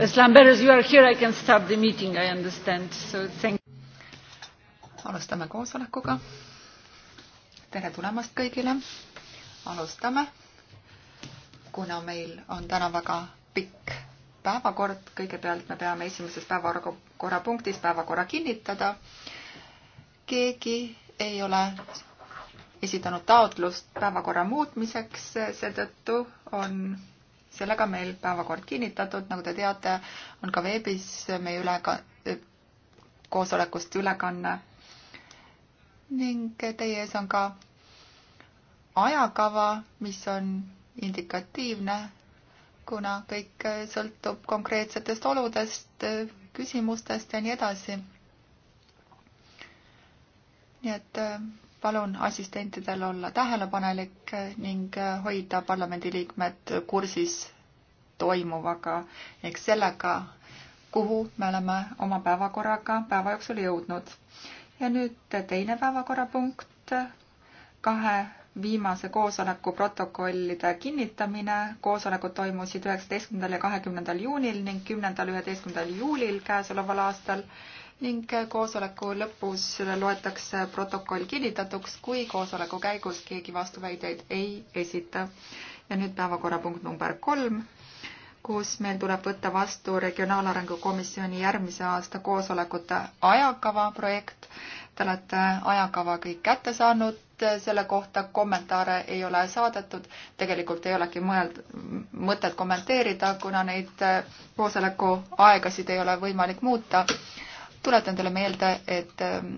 as Lambert, you are here, I can start the meeting, I understand. So thank alustame koosolekuga. tere tulemast kõigile alustame. kuna meil on täna väga pikk päevakord, kõigepealt me peame esimeses päevakorrapunktis päevakorra kinnitada. keegi ei ole esitanud taotlust päevakorra muutmiseks, seetõttu on sellega meil päevakord kinnitatud, nagu te teate, on ka veebis meie üleka-, koosolekust ülekanne ning teie ees on ka ajakava, mis on indikatiivne, kuna kõik eh, sõltub konkreetsetest oludest, eh, küsimustest ja nii edasi. nii et eh, palun assistentidel olla tähelepanelik ning hoida parlamendiliikmed kursis toimuvaga ehk sellega, kuhu me oleme oma päevakorraga päeva jooksul jõudnud. ja nüüd teine päevakorrapunkt, kahe viimase koosoleku protokollide kinnitamine. koosolekud toimusid üheksateistkümnendal ja kahekümnendal juunil ning kümnendal, üheteistkümnendal juulil käesoleval aastal ning koosoleku lõpus loetakse protokoll kinnitatuks, kui koosoleku käigus keegi vastuväideid ei esita. ja nüüd päevakorrapunkt number kolm kus meil tuleb võtta vastu Regionaalarengu Komisjoni järgmise aasta koosolekute ajakava projekt. Te olete ajakava kõik kätte saanud, selle kohta kommentaare ei ole saadetud. tegelikult ei olegi mõeld-, mõtet kommenteerida, kuna neid koosoleku aegasid ei ole võimalik muuta. tuletan teile meelde, et ähm,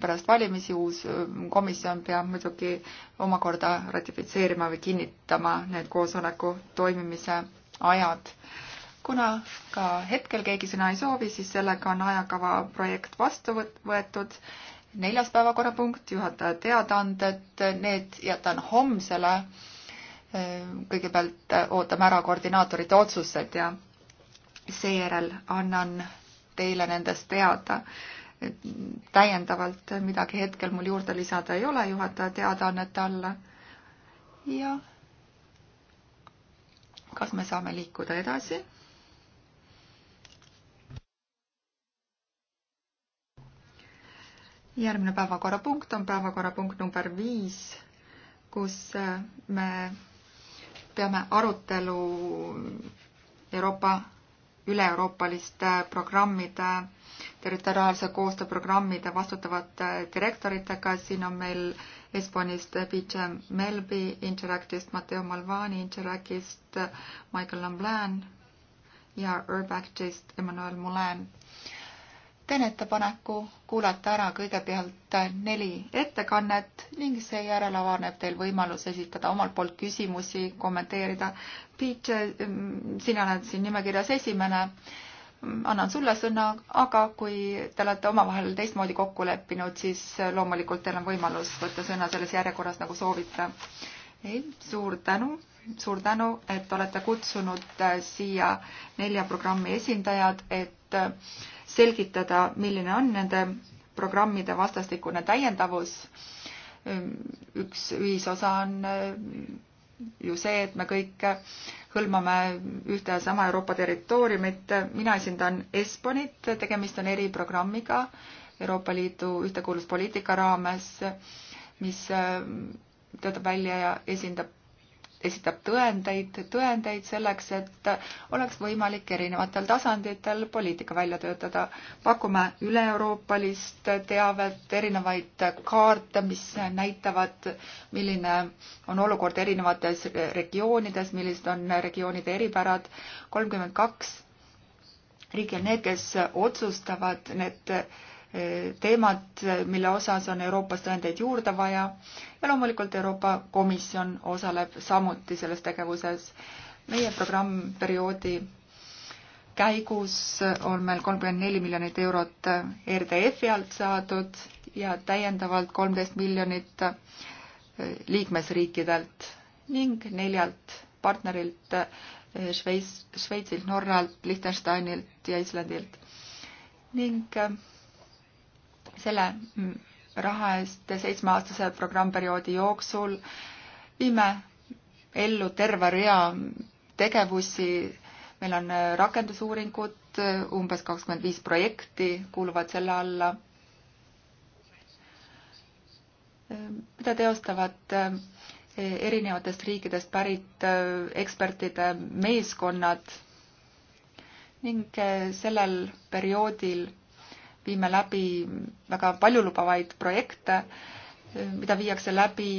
pärast valimisi uus ähm, komisjon peab muidugi omakorda ratifitseerima või kinnitama need koosoleku toimimise ajad. kuna ka hetkel keegi sõna ei soovi, siis sellega on ajakava projekt vastu võetud. neljas päevakorrapunkt, juhataja teadaanded, need jätan homsele. kõigepealt ootame ära koordinaatorite otsused ja seejärel annan teile nendest teada täiendavalt midagi hetkel mul juurde lisada ei ole juhataja teadaannete alla. ja kas me saame liikuda edasi? järgmine päevakorrapunkt on päevakorrapunkt number viis, kus äh, me peame arutelu Euroopa, üle-euroopaliste programmide, territoriaalse koostööprogrammide vastutavate direktoritega, siin on meil äh, Hispaanist BJ Melby Interactist, Matteo Malvani Interactist, Michael Lamblan ja Urbactist Emmanuel Moulin. teen ettepaneku kuulata ära kõigepealt neli ettekannet ning seejärel avaneb teil võimalus esitada omalt poolt küsimusi, kommenteerida. BJ, mm, sina oled siin nimekirjas esimene annan sulle sõna, aga kui te olete omavahel teistmoodi kokku leppinud, siis loomulikult teil on võimalus võtta sõna selles järjekorras, nagu soovite. ei, suur tänu, suur tänu, et olete kutsunud äh, siia nelja programmi esindajad, et äh, selgitada, milline on nende programmide vastastikune täiendavus. üks ühisosa on äh, ju see, et me kõik hõlmame ühte ja sama Euroopa territooriumit. mina esindan Esponit, tegemist on eriprogrammiga Euroopa Liidu ühtekuuluvuspoliitika raames, mis töötab välja ja esindab esitab tõendeid, tõendeid selleks, et oleks võimalik erinevatel tasanditel poliitika välja töötada. pakume üle-euroopalist teavet, erinevaid kaarte, mis näitavad, milline on olukord erinevates regioonides, millised on regioonide eripärad. kolmkümmend kaks riiki on need, kes otsustavad need teemad, mille osas on Euroopas tõendeid juurde vaja ja loomulikult Euroopa Komisjon osaleb samuti selles tegevuses. meie programmperioodi käigus on meil kolmkümmend neli miljonit eurot RDF-i alt saadud ja täiendavalt kolmteist miljonit liikmesriikidelt ning neljalt partnerilt Šveits, Šveitsilt, Norralt, Liechtensteinilt ja Islandilt ning selle raha eest seitsmeaastase programmperioodi jooksul viime ellu terve rea tegevusi. meil on rakendusuuringud, umbes kakskümmend viis projekti kuuluvad selle alla, mida teostavad erinevatest riikidest pärit ekspertide meeskonnad ning sellel perioodil viime läbi väga paljulubavaid projekte, mida viiakse läbi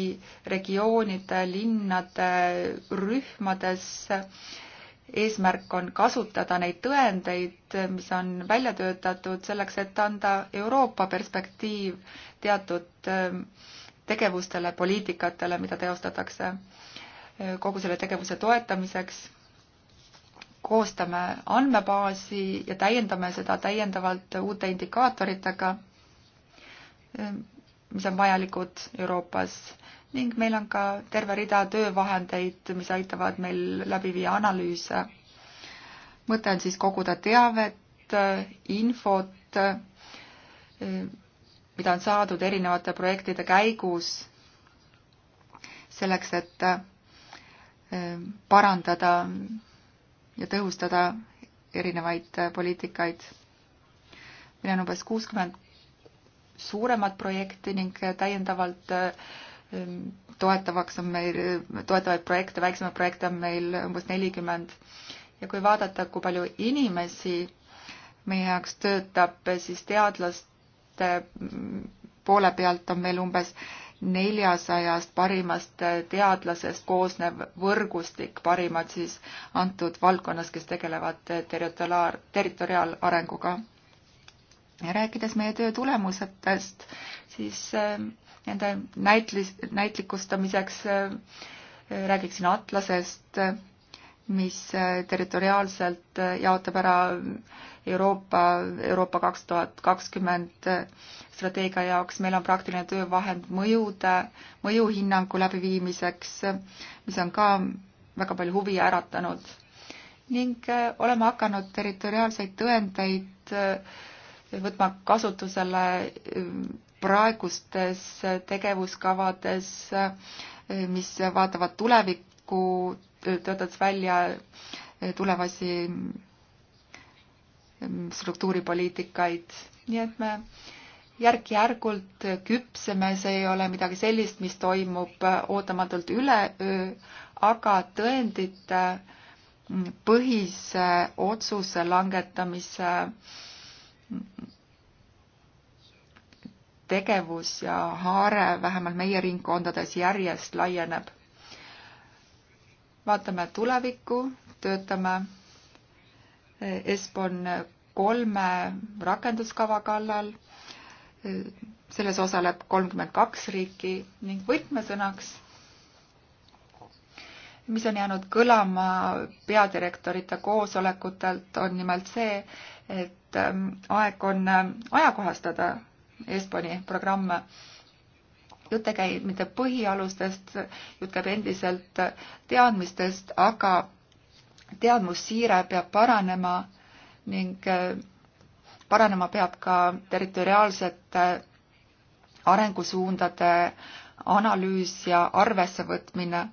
regioonide, linnade, rühmades. eesmärk on kasutada neid tõendeid, mis on välja töötatud selleks, et anda Euroopa perspektiiv teatud ähm, tegevustele, poliitikatele, mida teostatakse äh, kogu selle tegevuse toetamiseks koostame andmebaasi ja täiendame seda täiendavalt uute indikaatoritega, mis on vajalikud Euroopas ning meil on ka terve rida töövahendeid, mis aitavad meil läbi viia analüüse. mõte on siis koguda teavet, infot, mida on saadud erinevate projektide käigus, selleks et parandada ja tõhustada erinevaid äh, poliitikaid. meil on umbes kuuskümmend suuremat projekti ning äh, täiendavalt äh, ähm, toetavaks on meil, toetavaid projekte, väiksemaid projekte on meil umbes nelikümmend. ja kui vaadata, kui palju inimesi meie jaoks töötab, siis teadlaste mm, poole pealt on meil umbes neljasajast parimast teadlasest koosnev võrgustik, parimad siis antud valdkonnas, kes tegelevad territoriaal, territoriaalarenguga. ja rääkides meie töö tulemusetest, siis ähm, nende näitlis, näitlikustamiseks äh, räägiksin Atlasest mis äh, territoriaalselt äh, jaotab ära Euroopa, Euroopa kaks tuhat kakskümmend äh, strateegia jaoks. meil on praktiline töövahend mõjude, mõjuhinnangu läbiviimiseks, mis on ka väga palju huvi äratanud. ning oleme hakanud territoriaalseid tõendeid võtma kasutusele praegustes tegevuskavades, mis vaatavad tulevikku töötades välja eh, tulevasi mm, struktuuripoliitikaid, nii et me järk-järgult küpseme, see ei ole midagi sellist, mis toimub eh, ootamatult üleöö, aga tõendite mm, põhise otsuse langetamise mm, tegevus ja haare vähemalt meie ringkondades järjest laieneb vaatame tulevikku, töötame eh, Espon kolme rakenduskava kallal. Eh, selles osaleb kolmkümmend kaks riiki ning võtmesõnaks, mis on jäänud kõlama peadirektorite koosolekutelt, on nimelt see, et eh, aeg on ajakohastada Esponi programme jutte käib mitte põhialustest, jutt käib endiselt teadmistest, aga teadmussiire peab paranema ning äh, paranema peab ka territoriaalsete arengusuundade analüüs ja arvessevõtmine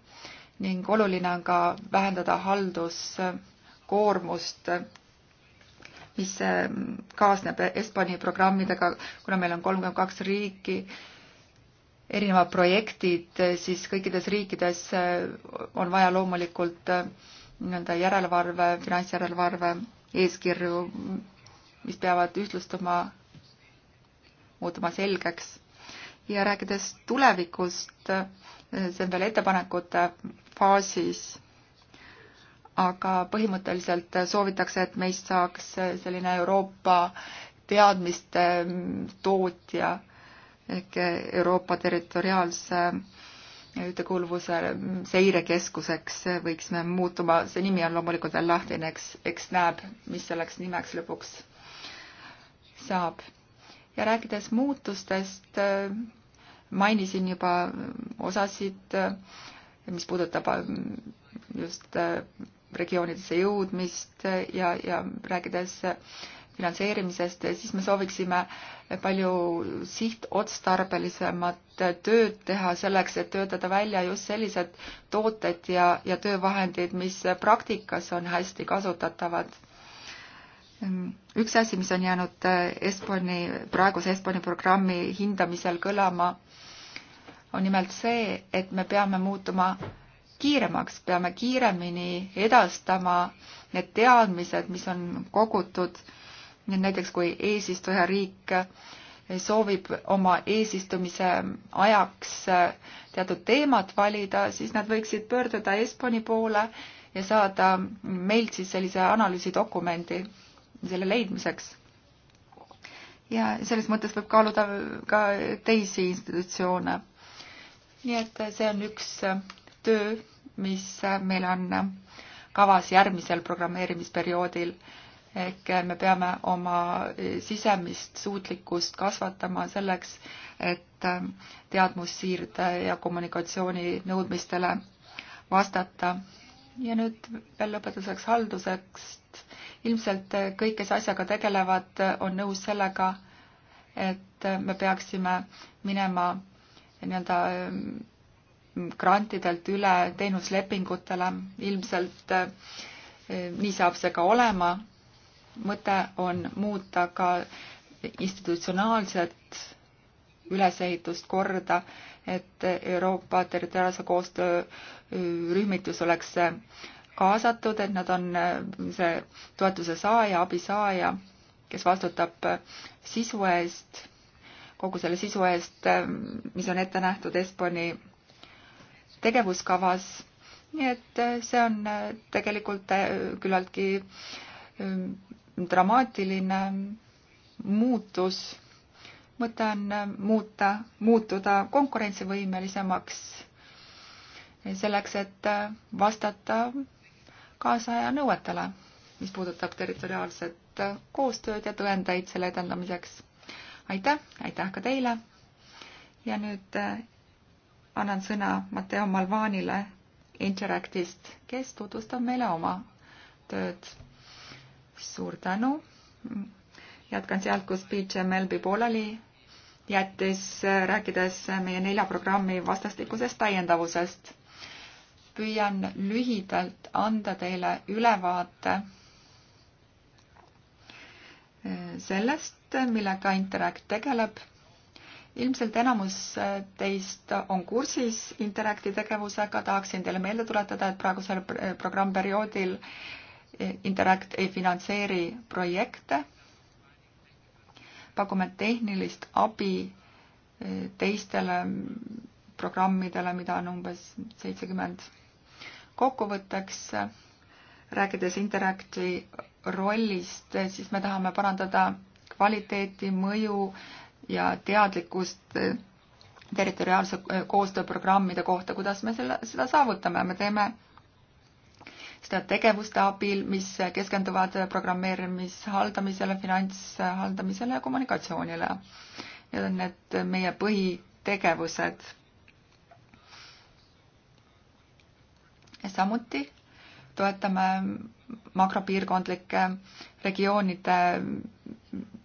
ning oluline on ka vähendada halduskoormust, mis äh, kaasneb Espani programmidega, kuna meil on kolmkümmend kaks riiki erinevad projektid, siis kõikides riikides on vaja loomulikult äh, nii-öelda järelevalve, finantsjärelevalve eeskirju, mis peavad ühtlustuma, muutuma selgeks. ja rääkides tulevikust, äh, see on veel ettepanekute faasis, aga põhimõtteliselt soovitakse, et meist saaks äh, selline Euroopa teadmiste mm, tootja ehk Euroopa territoriaalse ühtekuuluvuse seirekeskuseks võiksime muutuma, see nimi on loomulikult veel lahtine, eks, eks näeb, mis selleks nimeks lõpuks saab. ja rääkides muutustest, mainisin juba osasid, mis puudutab just regioonidesse jõudmist ja, ja rääkides äh, finantseerimisest, siis me sooviksime palju sihtotstarbelisemat tööd teha selleks, et töötada välja just sellised tooted ja, ja töövahendid, mis praktikas on hästi kasutatavad. üks asi, mis on jäänud Estboni, praeguse Estboni programmi hindamisel kõlama, on nimelt see, et me peame muutuma kiiremaks, peame kiiremini edastama need teadmised, mis on kogutud näiteks kui eesistujariik soovib oma eesistumise ajaks teatud teemat valida, siis nad võiksid pöörduda Esponi poole ja saada meilt siis sellise analüüsidokumendi selle leidmiseks. ja selles mõttes võib kaaluda ka teisi institutsioone. nii et see on üks töö, mis meil on kavas järgmisel programmeerimisperioodil ehk me peame oma sisemist suutlikkust kasvatama selleks, et teadmussiirde ja kommunikatsiooni nõudmistele vastata. ja nüüd veel lõpetuseks haldusest. ilmselt kõik, kes asjaga tegelevad, on nõus sellega, et me peaksime minema nii-öelda mm, grantidelt üle teenuslepingutele. ilmselt mm, nii saab see ka olema mõte on muuta ka institutsionaalset ülesehitust korda, et Euroopa territoriaalse koostöö rühmitus oleks kaasatud, et nad on see toetuse saaja, abi saaja, kes vastutab sisu eest, kogu selle sisu eest, mis on ette nähtud Estboni tegevuskavas. nii et see on tegelikult küllaltki dramaatiline muutus. mõte on muuta, muutuda konkurentsivõimelisemaks selleks, et vastata kaasaja nõuetele, mis puudutab territoriaalset koostööd ja tõendeid selle edendamiseks. aitäh, aitäh ka teile. ja nüüd äh, annan sõna Matteo Malvanile Interactist, kes tutvustab meile oma tööd suur tänu. jätkan sealt, kus BGMLB pooleli jättis, rääkides meie nelja programmi vastastikusest täiendavusest. püüan lühidalt anda teile ülevaate sellest, millega Interact tegeleb. ilmselt enamus teist on kursis Interacti tegevusega, tahaksin teile meelde tuletada, et praegusel programmperioodil Interact ei finantseeri projekte, pakume tehnilist abi eh, teistele programmidele, mida on umbes seitsekümmend. kokkuvõtteks, rääkides Interacti rollist, eh, siis me tahame parandada kvaliteeti, mõju ja teadlikkust eh, territoriaalse koostööprogrammide kohta, kuidas me selle, seda saavutame, me teeme seda tegevuste abil, mis keskenduvad programmeerimishaldamisele, finantshaldamisele ja kommunikatsioonile. Need on need meie põhitegevused. samuti toetame makropiirkondlike regioonide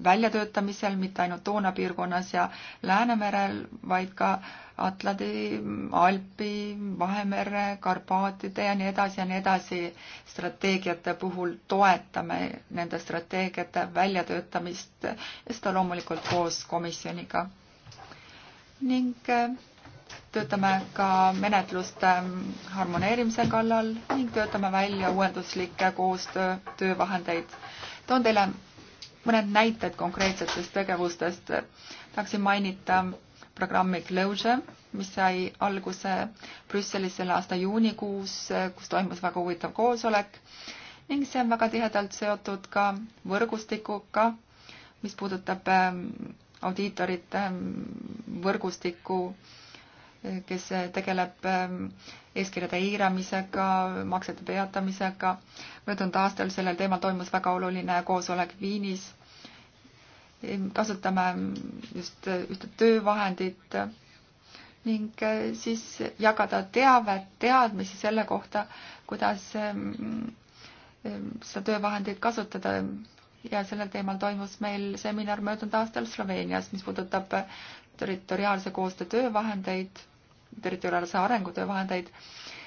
väljatöötamisel mitte ainult Toona piirkonnas ja Läänemerel, vaid ka Atlandi, Alpi, Vahemere, Karpaatide ja nii edasi ja nii edasi strateegiate puhul toetame nende strateegiate väljatöötamist ja seda loomulikult koos komisjoniga. ning äh, töötame ka menetluste harmoneerimise kallal ning töötame välja uuenduslikke koostöö töövahendeid. toon teile mõned näited konkreetsetest tegevustest. tahaksin mainita programmi Closure, mis sai alguse Brüsselis selle aasta juunikuus, kus toimus väga huvitav koosolek ning see on väga tihedalt seotud ka võrgustikuga, mis puudutab ähm, audiitorite ähm, võrgustiku äh, kes tegeleb ähm, eeskirjade eiramisega, maksete peatamisega. möödunud aastal sellel teemal toimus väga oluline koosolek Viinis. kasutame just ühte töövahendit ning äh, siis jagada teavet, teadmisi selle kohta, kuidas ähm, ähm, seda töövahendit kasutada ja sellel teemal toimus meil seminar möödunud aastal Sloveenias, mis puudutab territoriaalse koostöö töövahendeid territoriaalse arengutöö vahendeid,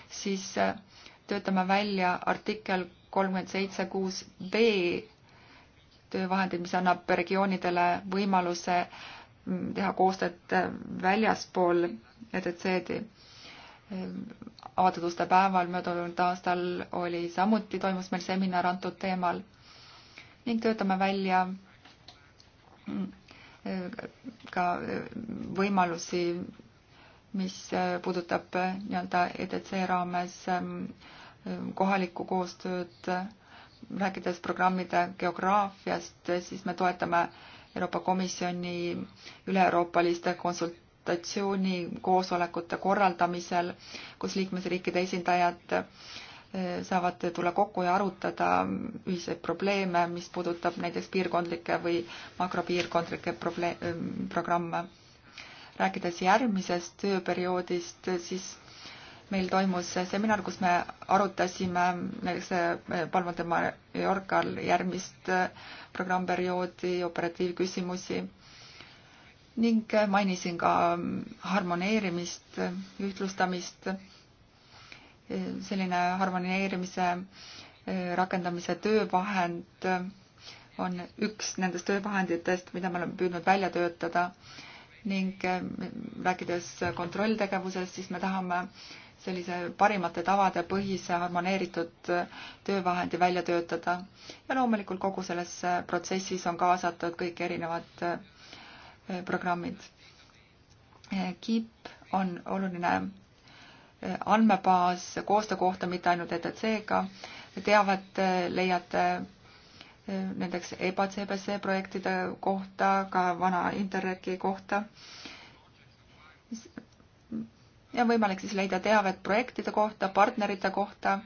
siis äh, töötame välja artikkel kolmkümmend seitse kuus B töövahendid, mis annab regioonidele võimaluse mm, teha koostööd äh, väljaspool EDC-d. Äh, avatud uste päeval möödunud aastal oli samuti, toimus meil seminar antud teemal ning töötame välja mm, ka võimalusi mis äh, puudutab äh, nii-öelda EDC raames ähm, äh, kohalikku koostööd, rääkides programmide geograafiast, siis me toetame Euroopa Komisjoni üle-euroopaliste konsultatsiooni koosolekute korraldamisel, kus liikmesriikide esindajad saavad tulla kokku ja arutada ühiseid probleeme, mis puudutab näiteks piirkondlikke või makropiirkondlikke probleem, programme rääkides järgmisest tööperioodist, siis meil toimus seminar, kus me arutasime näiteks eh, Palma de Mallorcal järgmist eh, programmperioodi, operatiivküsimusi ning eh, mainisin ka mm, harmoneerimist, ühtlustamist, selline harmoneerimise rakendamise töövahend on üks nendest töövahenditest, mida me oleme püüdnud välja töötada ning eh, rääkides kontrolltegevusest, siis me tahame sellise parimate tavade põhise harmoneeritud eh, töövahendi välja töötada. ja loomulikult kogu selles protsessis on kaasatud kõik erinevad eh, programmid. KIP on oluline andmebaas koostöö kohta, mitte ainult ETC-ga. teavet leiate nendeks EBA CBC projektide kohta, ka vana Interregi kohta. ja on võimalik siis leida teavet projektide kohta, partnerite kohta.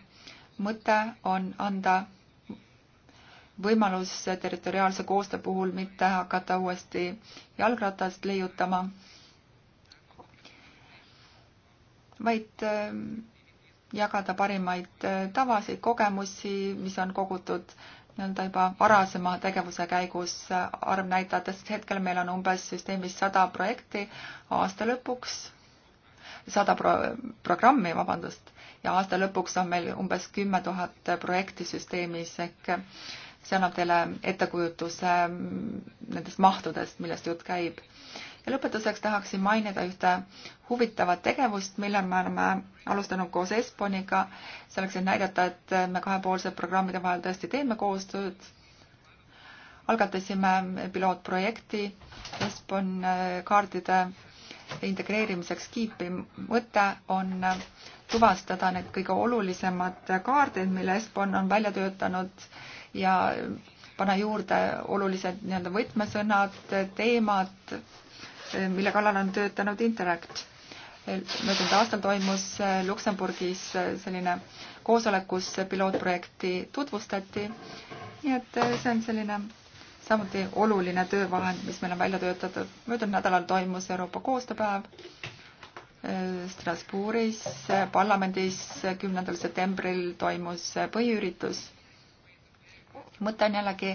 mõte on anda võimalus territoriaalse koostöö puhul mitte hakata uuesti jalgratast leiutama, vaid ähm, jagada parimaid äh, tavasid, kogemusi, mis on kogutud nii-öelda juba varasema tegevuse käigus arv näitajates, hetkel meil on umbes süsteemis sada projekti aasta lõpuks, sada pro-, programmi, vabandust, ja aasta lõpuks on meil umbes kümme tuhat projekti süsteemis ehk see annab teile ettekujutuse mm, nendest mahtudest, millest jutt käib ja lõpetuseks tahaksin mainida ühte huvitavat tegevust, mille me oleme alustanud koos Esponiga, selleks et näidata, et me kahepoolsed programmide vahel tõesti teeme koostööd. algatasime pilootprojekti Espon äh, kaardide integreerimiseks kiipi. mõte on tuvastada need kõige olulisemad kaardid, mille Espon on välja töötanud ja panna juurde olulised nii-öelda võtmesõnad, teemad Eh, mille kallal on töötanud Interact. Eh, möödunud aastal toimus eh, Luksemburgis selline koosolek, kus pilootprojekti tutvustati. nii et see on selline samuti oluline töövahend, mis meil on välja töötatud. möödunud nädalal toimus Euroopa koostööpäev Strasbourgis, parlamendis kümnendal septembril toimus põhiüritus mõte on jällegi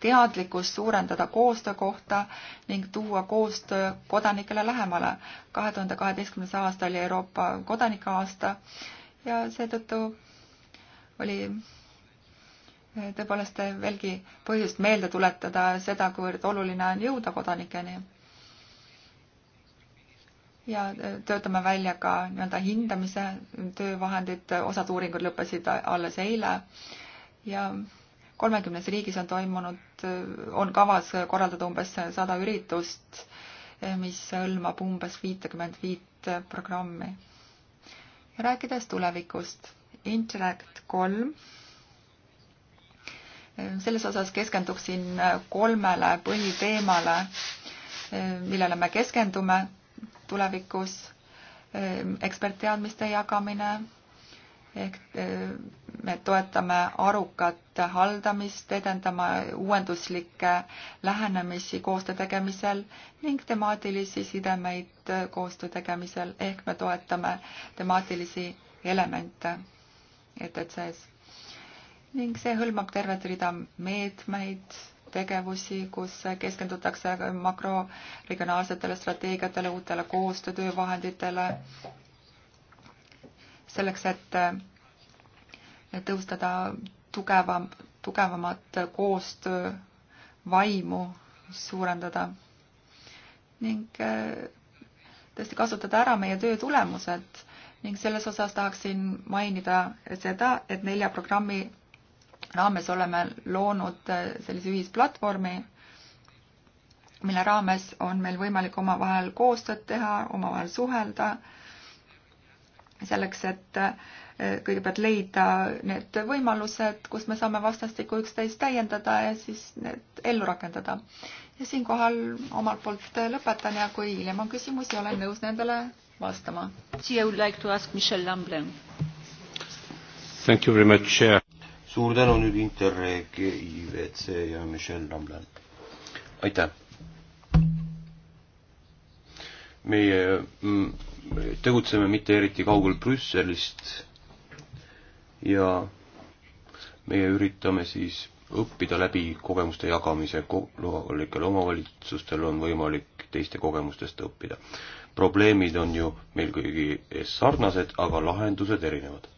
teadlikkust suurendada koostöö kohta ning tuua koostöö kodanikele lähemale. kahe tuhande kaheteistkümnes aasta oli Euroopa kodanike aasta ja seetõttu oli eh, tõepoolest veelgi põhjust meelde tuletada seda, kuivõrd oluline on jõuda kodanikeni. ja eh, töötame välja ka nii-öelda hindamise töövahendid, osad uuringud lõppesid alles eile ja kolmekümnes riigis on toimunud, on kavas korraldada umbes sada üritust, mis hõlmab umbes viitekümmet viit programmi. ja rääkides tulevikust, Interact kolm, selles osas keskenduksin kolmele põhiteemale, millele me keskendume tulevikus, ekspertteadmiste jagamine ehk eh, me toetame arukat haldamist, edendame uuenduslikke lähenemisi koostöö tegemisel ning temaatilisi sidemeid koostöö tegemisel ehk me toetame temaatilisi elemente ETC-s. ning see hõlmab tervet rida meetmeid, tegevusi, kus keskendutakse makroregionaalsetele strateegiatele, uutele koostöötöövahenditele selleks, et tõustada tugevam, tugevamat koostöövaimu suurendada ning tõesti kasutada ära meie töö tulemused ning selles osas tahaksin mainida seda, et nelja programmi raames oleme loonud sellise ühisplatvormi, mille raames on meil võimalik omavahel koostööd teha, omavahel suhelda selleks, et eh, kõigepealt leida need võimalused, kus me saame vastastikku üksteist täiendada ja siis need ellu rakendada. ja siinkohal omalt poolt lõpetan ja kui hiljem on küsimusi, olen nõus nendele vastama. suur tänu nüüd Interreg, IVC ja Michel Lamblen. aitäh. meie mm, me tegutseme mitte eriti kaugel Brüsselist ja meie üritame siis õppida läbi kogemuste jagamise, kohalikel omavalitsustel on võimalik teiste kogemustest õppida. probleemid on ju meil kõigi ees sarnased, aga lahendused erinevad.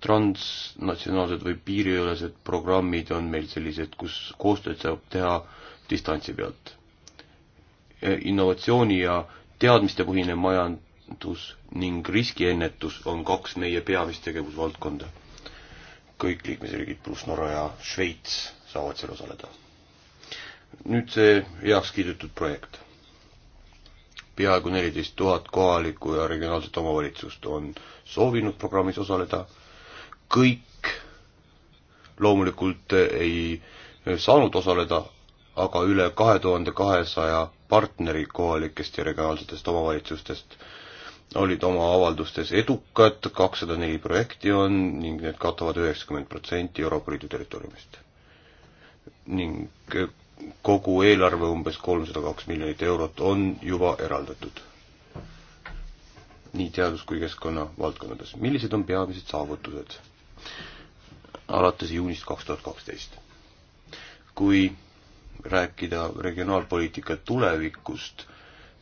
transnatsionaalsed või piiriülesed programmid on meil sellised, kus koostööd saab teha distantsi pealt innovatsiooni ja teadmistepõhine majandus ning riskiennetus on kaks meie peamist tegevusvaldkonda. kõik liikmesriigid pluss Norra ja Šveits saavad seal osaleda. nüüd see heaks kiidetud projekt. peaaegu neliteist tuhat kohalikku ja regionaalset omavalitsust on soovinud programmis osaleda, kõik loomulikult ei saanud osaleda, aga üle kahe tuhande kahesaja partneri kohalikest ja regionaalsetest omavalitsustest olid oma avaldustes edukad, kakssada neli projekti on ning need katavad üheksakümmend protsenti Euroopa Liidu territooriumist. ning kogu eelarve umbes kolmsada kaks miljonit eurot on juba eraldatud nii teadus- kui keskkonna valdkondades. millised on peamised saavutused alates juunist kaks tuhat kaksteist? kui rääkida regionaalpoliitika tulevikust,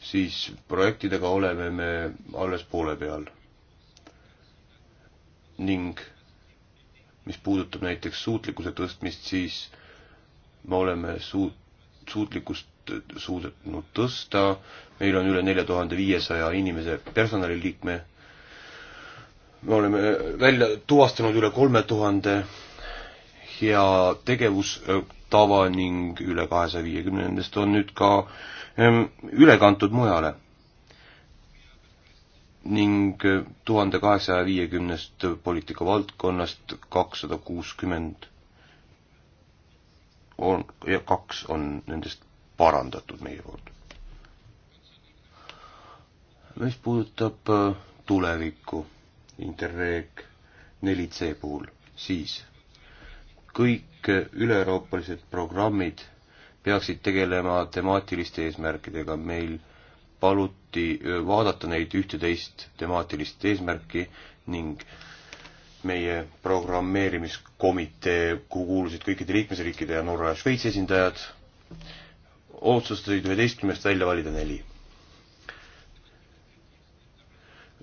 siis projektidega oleme me alles poole peal. ning mis puudutab näiteks suutlikkuse tõstmist, siis me oleme suut-, suutlikkust suutnud tõsta, meil on üle nelja tuhande viiesaja inimese personaliliikme, me oleme välja tuvastanud üle kolme tuhande hea tegevus tava ning üle kahesaja viiekümne nendest on nüüd ka üle kantud mujale. ning eh, tuhande kaheksaja viiekümnest poliitikavaldkonnast kakssada kuuskümmend on, kaks on nendest parandatud meie poolt. mis puudutab eh, tulevikku Interreg 4C puhul, siis kõik kõik üleeuroopalised programmid peaksid tegelema temaatiliste eesmärkidega, meil paluti vaadata neid ühteteist temaatilist eesmärki ning meie programmeerimiskomitee, kuhu kuulusid kõikide liikmesriikide ja Norra ja Šveitsi esindajad, otsustasid üheteistkümnest välja valida neli.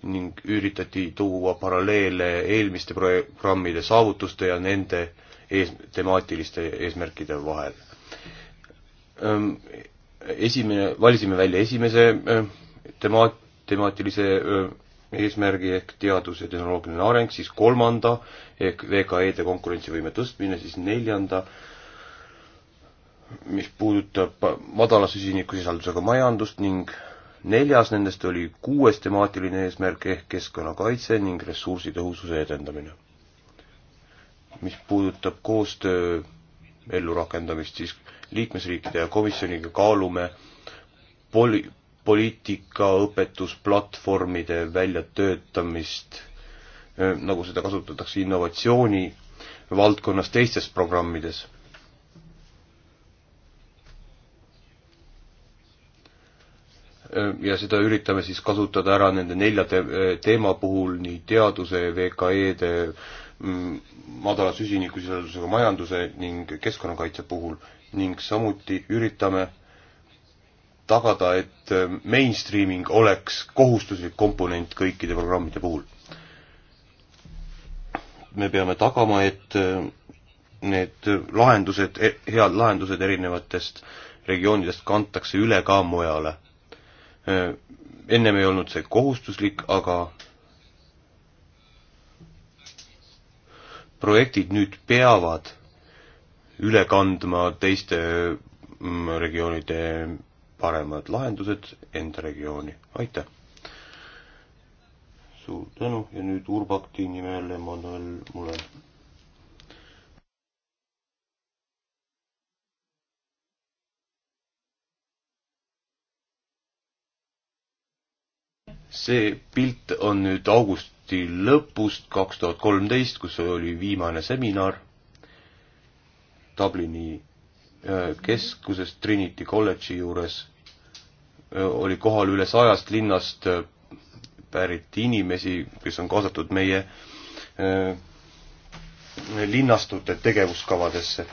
ning üritati tuua paralleele eelmiste programmide saavutuste ja nende ees, temaatiliste eesmärkide vahel. Esimene, valisime välja esimese tema-, temaatilise eesmärgi ehk teadus- ja tehnoloogiline areng, siis kolmanda ehk VKE-de konkurentsivõime tõstmine, siis neljanda, mis puudutab madala süsinikusisaldusega majandust ning neljas nendest oli kuues temaatiline eesmärk ehk keskkonnakaitse ning ressursitõhususe edendamine mis puudutab koostöö ellurakendamist, siis liikmesriikide ja komisjoniga kaalume poli-, poliitikaõpetusplatvormide väljatöötamist, nagu seda kasutatakse innovatsiooni valdkonnas teistes programmides. ja seda üritame siis kasutada ära nende nelja te teema puhul, nii teaduse, VKE-de, Mm, madala süsinikusisaldusega majanduse ning keskkonnakaitse puhul ning samuti üritame tagada, et äh, mainstreaming oleks kohustuslik komponent kõikide programmide puhul. me peame tagama, et äh, need lahendused, e-, head lahendused erinevatest regioonidest kantakse üle ka mujale. Äh, ennem ei olnud see kohustuslik, aga projektid nüüd peavad üle kandma teiste mm, regioonide paremad lahendused enda regiooni. aitäh! suur tänu ja nüüd Urbakti nimel Emmanuel Mulen. see pilt on nüüd august augusti lõpust kaks tuhat kolmteist, kus oli viimane seminar Dublini äh, keskuses Trinity kolledži juures, äh, oli kohal üle sajast linnast äh, pärit inimesi, kes on kaasatud meie linnastute tegevuskavadesse.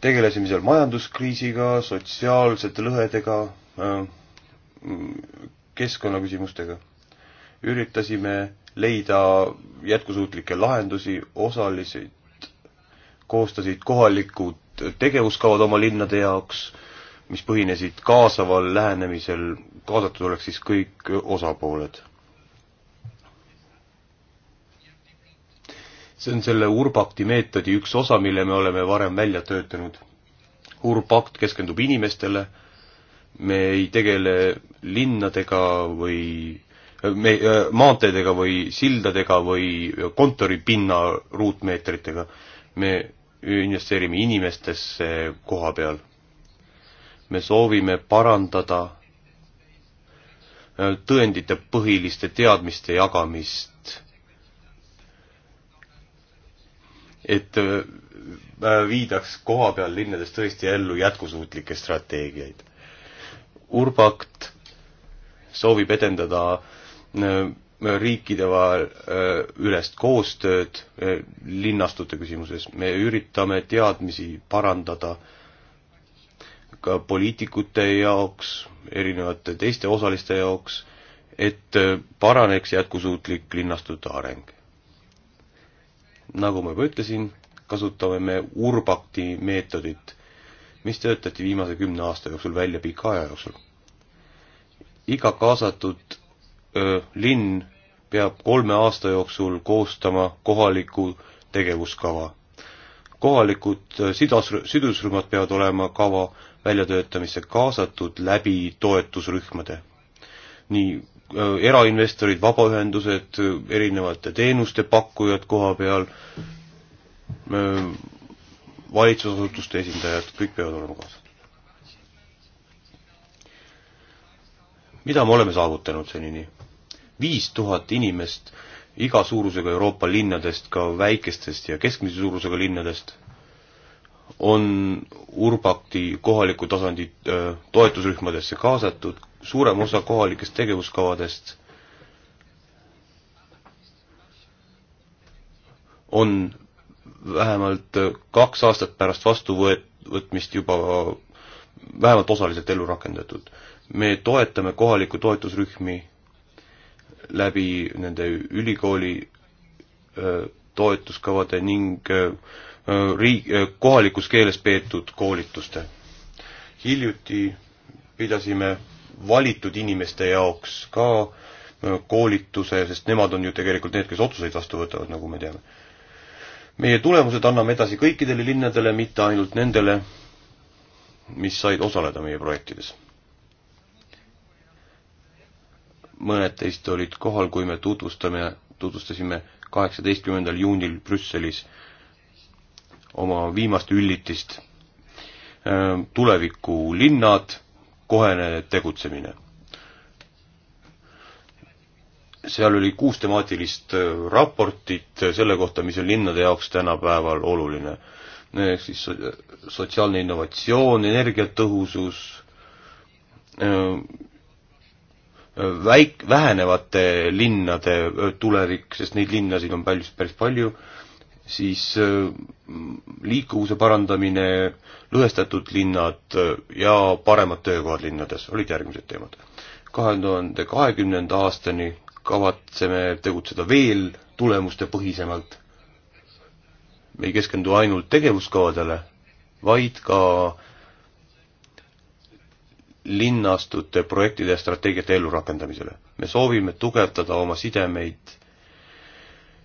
tegelesime seal majanduskriisiga, sotsiaalsete lõhedega, keskkonnaküsimustega üritasime leida jätkusuutlikke lahendusi, osaliselt koostasid kohalikud tegevuskavad oma linnade jaoks, mis põhinesid kaasaval lähenemisel, kaasatud oleks siis kõik osapooled. see on selle Urbakti meetodi üks osa, mille me oleme varem välja töötanud. Urbakt keskendub inimestele, me ei tegele linnadega või me-, maanteedega või sildadega või kontoripinna ruutmeetritega. me investeerime inimestesse koha peal. me soovime parandada tõendite põhiliste teadmiste jagamist. et äh, viidaks koha peal linnades tõesti ellu jätkusuutlikke strateegiaid. Urbakt soovib edendada Äh, riikide vahel äh, ülest koostööd äh, linnastute küsimuses, me üritame teadmisi parandada ka poliitikute jaoks, erinevate teiste osaliste jaoks, et paraneks jätkusuutlik linnastute areng. nagu ma juba ütlesin, kasutame me Urbakti meetodit, mis töötati viimase kümne aasta jooksul välja pika aja jooksul. iga kaasatud linn peab kolme aasta jooksul koostama kohaliku tegevuskava. kohalikud sidas, sidusrühmad peavad olema kava väljatöötamisse kaasatud läbi toetusrühmade. nii erainvestorid, vabaühendused, erinevate teenuste pakkujad koha peal, valitsusasutuste esindajad, kõik peavad olema kaasatud. mida me oleme saavutanud senini? viis tuhat inimest iga suurusega Euroopa linnadest, ka väikestest ja keskmise suurusega linnadest, on Urbakti kohaliku tasandi toetusrühmadesse kaasatud, suurem osa kohalikest tegevuskavadest on vähemalt kaks aastat pärast vastuvõtmist juba vähemalt osaliselt ellu rakendatud. me toetame kohalikku toetusrühmi läbi nende ülikooli toetuskavade ning riik, kohalikus keeles peetud koolituste. hiljuti pidasime valitud inimeste jaoks ka koolituse, sest nemad on ju tegelikult need, kes otsuseid vastu võtavad, nagu me teame. meie tulemused anname edasi kõikidele linnadele, mitte ainult nendele, mis said osaleda meie projektides mõned teist olid kohal, kui me tutvustame, tutvustasime kaheksateistkümnendal juunil Brüsselis oma viimast üllitist äh, tulevikulinnad, kohene tegutsemine. seal oli kuus temaatilist äh, raportit selle kohta, mis on linnade jaoks tänapäeval oluline. ehk siis sotsiaalne innovatsioon, energiatõhusus, äh, väik-, vähenevate linnade tulevik, sest neid linnasid on päris, päris palju, siis liikuvuse parandamine, lõhestatud linnad ja paremad töökohad linnades olid järgmised teemad. kahe tuhande kahekümnenda aastani kavatseme tegutseda veel tulemustepõhisemalt. me ei keskendu ainult tegevuskavadele, vaid ka linnastute projektide ja strateegiate ellurakendamisele. me soovime tugevdada oma sidemeid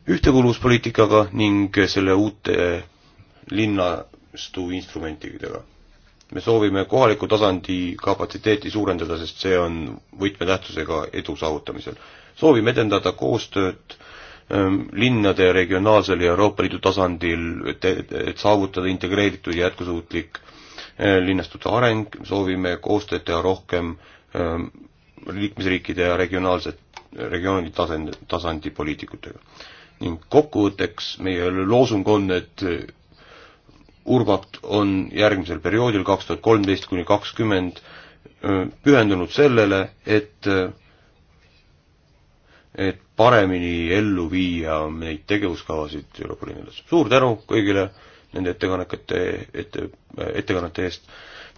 ühtekuuluvuspoliitikaga ning selle uute linnastu instrumentidega. me soovime kohaliku tasandi kapatsiteeti suurendada, sest see on võtmetähtsusega edu saavutamisel. soovime edendada koostööd ähm, linnade regionaalsel ja Euroopa Liidu tasandil, et, et saavutada integreeritud ja jätkusuutlik Eh, linnastute areng, soovime koostööd teha rohkem eh, liikmesriikide ja regionaalset, regiooni tasand, tasandi poliitikutega. ning kokkuvõtteks meie loosung on, et eh, Urbat on järgmisel perioodil, kaks tuhat kolmteist kuni kakskümmend, pühendunud sellele, et et paremini ellu viia neid tegevuskavasid Euroopa Liidus. suur tänu kõigile nende ettekannete, ette, ettekannete eest.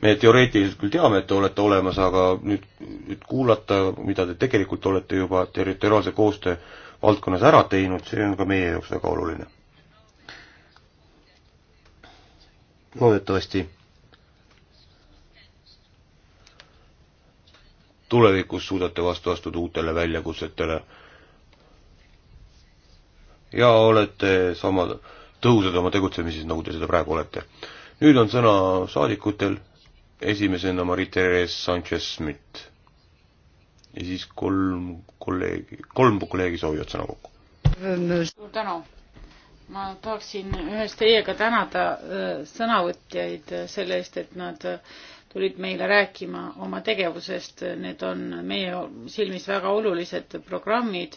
me teoreetiliselt küll teame, et te olete olemas, aga nüüd, nüüd kuulata, mida te tegelikult olete juba territoriaalse koostöö valdkonnas ära teinud, see on ka meie jaoks väga oluline. loodetavasti tulevikus suudate vastu astuda uutele väljakutsetele ja olete sama tõhusad oma tegutsemises, nagu te seda praegu olete. nüüd on sõna saadikutel, esimesena Marie-Therese Sanchez-Smith ja siis kolm kolleegi, kolm kolleegi soovivad sõna kokku. suur tänu. ma tahaksin ühes teiega tänada äh, sõnavõtjaid selle eest, et nad äh, tulid meile rääkima oma tegevusest, need on meie silmis väga olulised programmid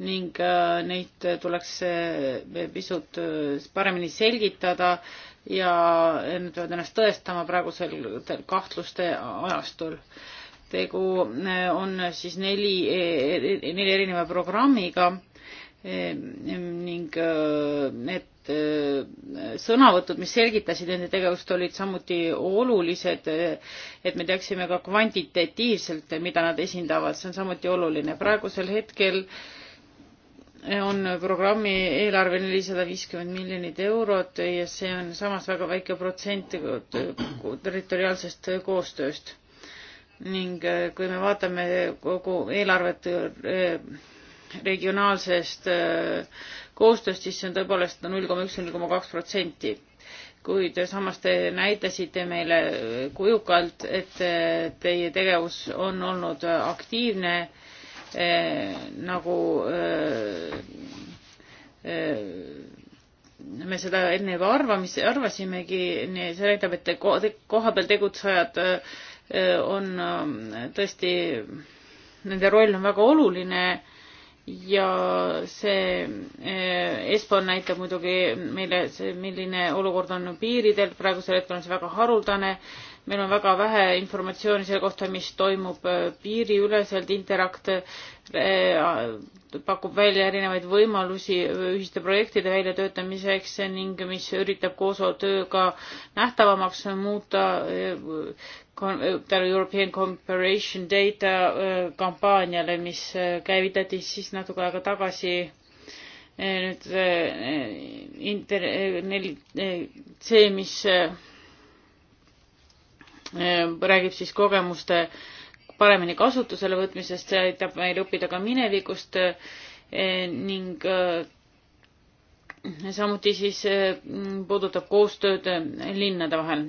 ning äh, neid tuleks äh, pisut äh, paremini selgitada ja nad peavad ennast tõestama praegusel kahtluste ajastul. tegu on siis neli, neli erineva programmiga ning need sõnavõtud, mis selgitasid nende tegevust, olid samuti olulised, et me teaksime ka kvantitatiivselt, mida nad esindavad, see on samuti oluline. praegusel hetkel äh, on programmi eelarve nelisada viiskümmend miljonit eurot ja see on samas väga väike protsent territoriaalsest koostööst. ning äh, kui me vaatame kogu eelarvet äh, regionaalsest äh, koostööst, siis see on tõepoolest null koma üks, null koma kaks protsenti. kuid samas te näitasite meile kujukalt, et teie tegevus on olnud aktiivne Eh, nagu eh, eh, me seda enne juba arvamis, arvasimegi, nii see näitab, et kohapeal tegutsejad on tõesti, nende roll on väga oluline ja see Espan näitab muidugi meile, milline olukord on piiridel, praegusel hetkel on see väga haruldane meil on väga vähe informatsiooni selle kohta, mis toimub äh, piiriüleselt, Interact äh, pakub välja erinevaid võimalusi äh, ühiste projektide väljatöötamiseks ning mis üritab koostööga nähtavamaks muuta European Comparison Data kampaaniale, mis käivitati siis natuke aega tagasi nüüd inter-, see, mis Ehm, räägib siis kogemuste paremini kasutusele võtmisest, see aitab meil õppida ka minevikust eh, ning eh, samuti siis eh, puudutab koostööd linnade vahel.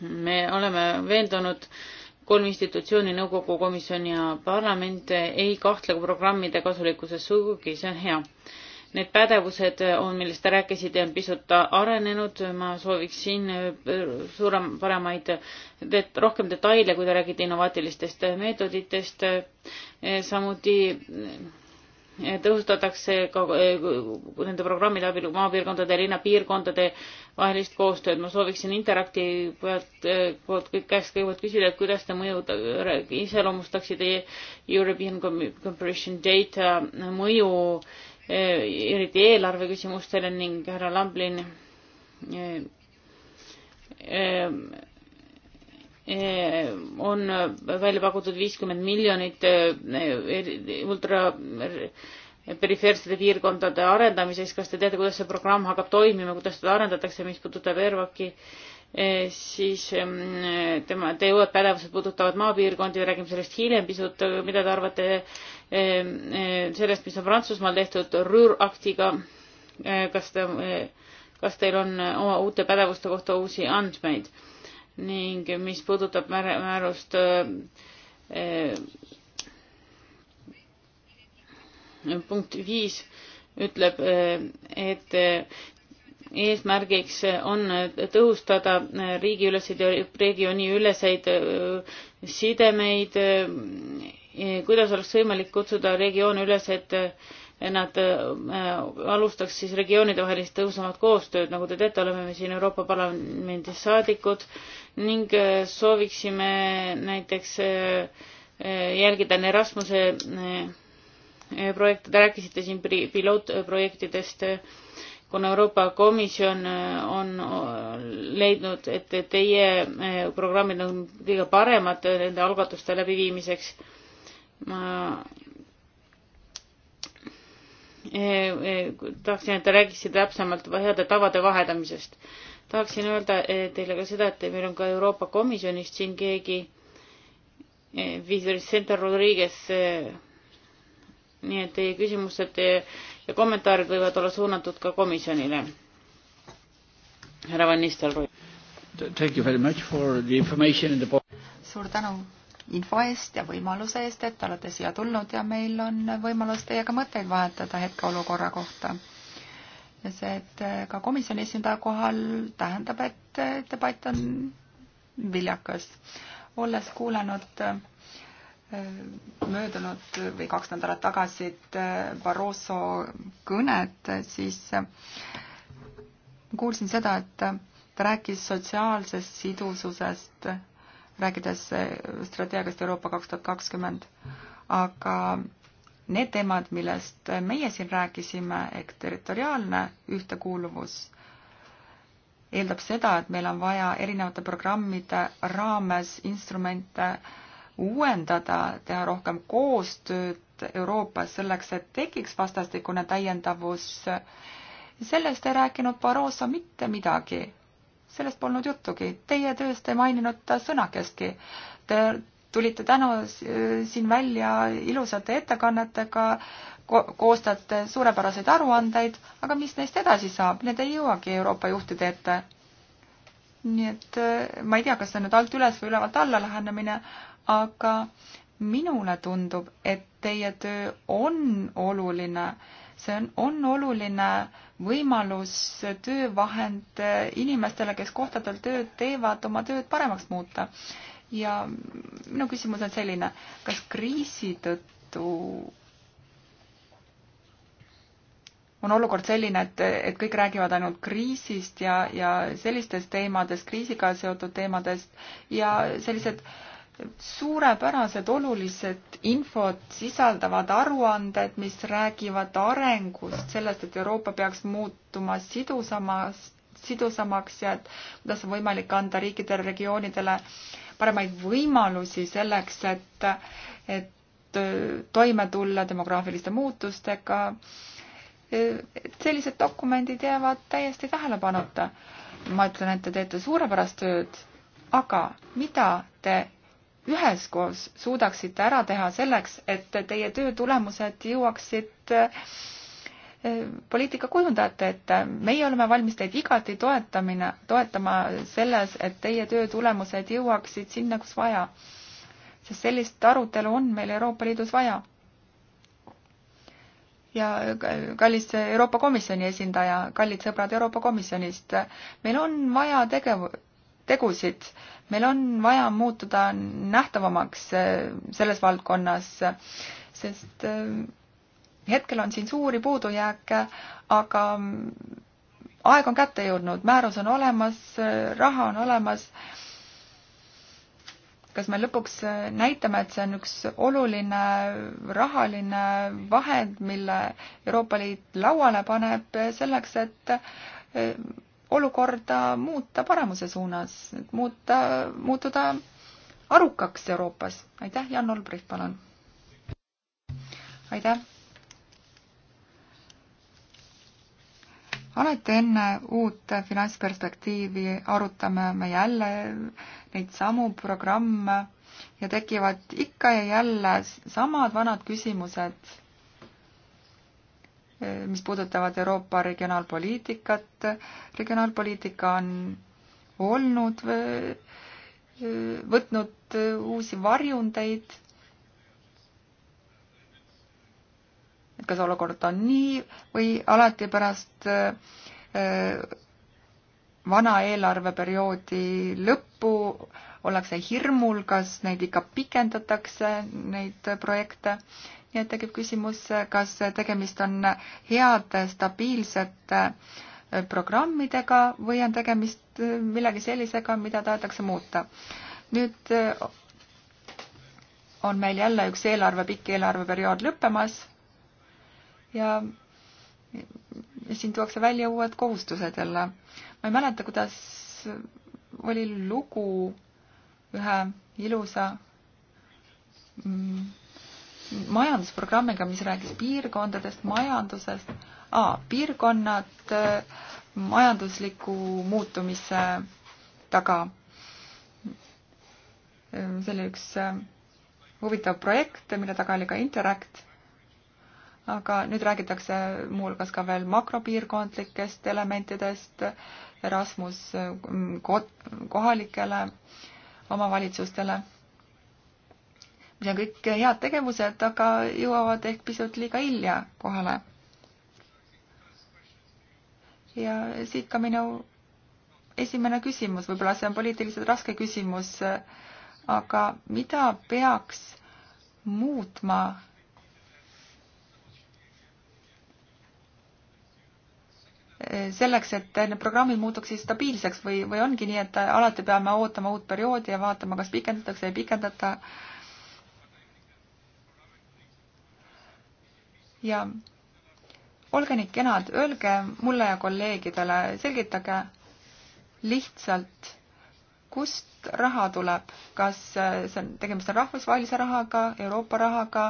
me oleme veendunud, kolm institutsiooni, nõukogu, komisjon ja parlament ei kahtle programmide kasulikkuses sugugi, see on hea Need pädevused on, millest te rääkisite, on pisut arenenud, ma sooviksin äh, suurem, paremaid, rohkem detaile, kui te räägite innovaatilistest meetoditest, äh, samuti äh, tõhustatakse ka nende programmide abil maapiirkondade ja linnapiirkondade vahelist koostööd. ma sooviksin Interacti pealt, poolt kõik käest kõigepealt küsida, et kuidas te mõju, iseloomustaksite European Compression Data mõju Eh, eriti eelarve küsimustele ning härra Lamblin eh, eh, on välja pakutud viiskümmend miljonit ultra perifeersete piirkondade arendamiseks, kas te teate, kuidas see programm hakkab toimima, kuidas seda arendatakse, mis puudutab ERVAK-i Eh, siis eh, tema, teie uued pädevused puudutavad maapiirkondi, räägime sellest hiljem pisut, mida te arvate eh, sellest, mis on Prantsusmaal tehtud rüüraktiga, kas te, kas teil on oma uute pädevuste kohta uusi andmeid ning mis puudutab määr, määrust punkt viis ütleb, et eesmärgiks on tõhustada riigiüleseid ja regiooniüleseid äh, sidemeid, äh, kuidas oleks võimalik kutsuda regioone üles, et äh, nad alustaks siis regioonidevahelist tõhusamat koostööd, nagu te teate, oleme me siin Euroopa Parlamendis saadikud ning sooviksime näiteks jälgida Erasmuse projekte, te rääkisite siin pilootprojektidest kuna Euroopa Komisjon äh, on äh, leidnud, et teie äh, programmid on kõige paremad nende algatuste läbiviimiseks. ma tahtsin, et te räägiksite täpsemalt heade tavade vahetamisest. tahaksin öelda teile ka seda, et meil on ka Euroopa Komisjonist siin keegi, Vicente Rodriguez nii et teie küsimused ja kommentaarid võivad olla suunatud ka komisjonile. härra Van Nistelrooy. suur tänu info eest ja võimaluse eest, et olete siia tulnud ja meil on võimalus teiega mõtteid vahetada hetkeolukorra kohta. ja see, et eh, ka komisjoni esindaja kohal tähendab, et eh, debatt on viljakas. olles kuulanud eh, Äh, möödunud või kaks nädalat tagasi äh, Barroso kõnet, äh, siis kuulsin seda, et ta rääkis sotsiaalsest sidususest, rääkides strateegiast Euroopa kaks tuhat kakskümmend, aga need teemad, millest meie siin rääkisime, ehk territoriaalne ühtekuuluvus, eeldab seda, et meil on vaja erinevate programmide raames instrumente äh, uuendada, teha rohkem koostööd Euroopas selleks, et tekiks vastastikune täiendavus. sellest ei rääkinud Barroso mitte midagi. sellest polnud juttugi. Teie tööst ei maininud ta sõnakestki. Te tulite täna siin välja ilusate ettekannetega, koostate suurepäraseid aruandeid, aga mis neist edasi saab, need ei jõuagi Euroopa juhtide ette. nii et äh, ma ei tea, kas see on nüüd alt üles või ülevalt alla lähenemine, aga minule tundub, et teie töö on oluline. see on, on oluline võimalus, töövahend inimestele, kes kohtadel tööd teevad, oma tööd paremaks muuta. ja minu küsimus on selline, kas kriisi tõttu on olukord selline, et, et kõik räägivad ainult kriisist ja, ja sellistest teemadest, kriisiga seotud teemadest ja sellised äh, suurepärased olulised infot sisaldavad aruanded, mis räägivad arengust, sellest, et Euroopa peaks muutuma sidusamast, sidusamaks ja et kuidas on võimalik anda riikidele, regioonidele paremaid võimalusi selleks, et, et äh, toime tulla demograafiliste muutustega. Äh, et sellised dokumendid jäävad täiesti tähelepanuta. ma ütlen, et te teete suurepärast tööd, aga mida te üheskoos suudaksite ära teha selleks, et teie töö tulemused jõuaksid äh, poliitikakujundajate ette. meie oleme valmis teid igati toetamine, toetama selles, et teie töö tulemused jõuaksid sinna, kus vaja. sest sellist arutelu on meil Euroopa Liidus vaja. ja äh, kallis Euroopa Komisjoni esindaja, kallid sõbrad Euroopa Komisjonist, meil on vaja tegev-, tegusid äh, meil on vaja muutuda nähtavamaks äh, selles valdkonnas, sest äh, hetkel on siin suuri puudujääke, aga mm, aeg on kätte jõudnud, määrus on olemas, äh, raha on olemas. kas me lõpuks näitame, et see on üks oluline rahaline vahend, mille Euroopa Liit lauale paneb selleks, et olukorda muuta paremuse suunas, muuta, muutuda arukaks Euroopas. aitäh, Jan Olbrich, palun. aitäh. alati enne uut finantsperspektiivi arutame me jälle neid samu programme ja tekivad ikka ja jälle samad vanad küsimused Eh, mis puudutavad Euroopa regionaalpoliitikat. regionaalpoliitika on olnud, eh, võtnud eh, uusi varjundeid. et kas olukord on nii või alati pärast vana eelarveperioodi lõppu ollakse hirmul, kas neid ikka pikendatakse, neid projekte äh, nii et tekib küsimus, kas tegemist on heade, stabiilsete äh, programmidega või on tegemist äh, millegi sellisega, mida tahetakse muuta. nüüd äh, on meil jälle üks eelarve, pikk eelarveperiood lõppemas ja siin tuuakse välja uued kohustused jälle. ma ei mäleta, kuidas oli lugu ühe ilusa mm, majandusprogrammiga, mis rääkis piirkondadest, majandusest ah,, piirkonnad äh, majandusliku muutumise taga. Äh, see oli üks äh, huvitav projekt, mille taga oli ka Interact. aga nüüd räägitakse muuhulgas ka veel makropiirkondlikest elementidest, Erasmus kohalikele omavalitsustele mis on kõik head tegevused, aga jõuavad ehk pisut liiga hilja kohale. ja siit ka minu esimene küsimus, võib-olla see on poliitiliselt raske küsimus, aga mida peaks muutma selleks, et need programmid muutuksid stabiilseks või, või ongi nii, et alati peame ootama uut perioodi ja vaatama, kas pikendatakse või ei pikendata äh, ja olge nii kenad, öelge mulle ja kolleegidele, selgitage lihtsalt, kust raha tuleb, kas see on, tegemist on rahvusvahelise rahaga, Euroopa rahaga,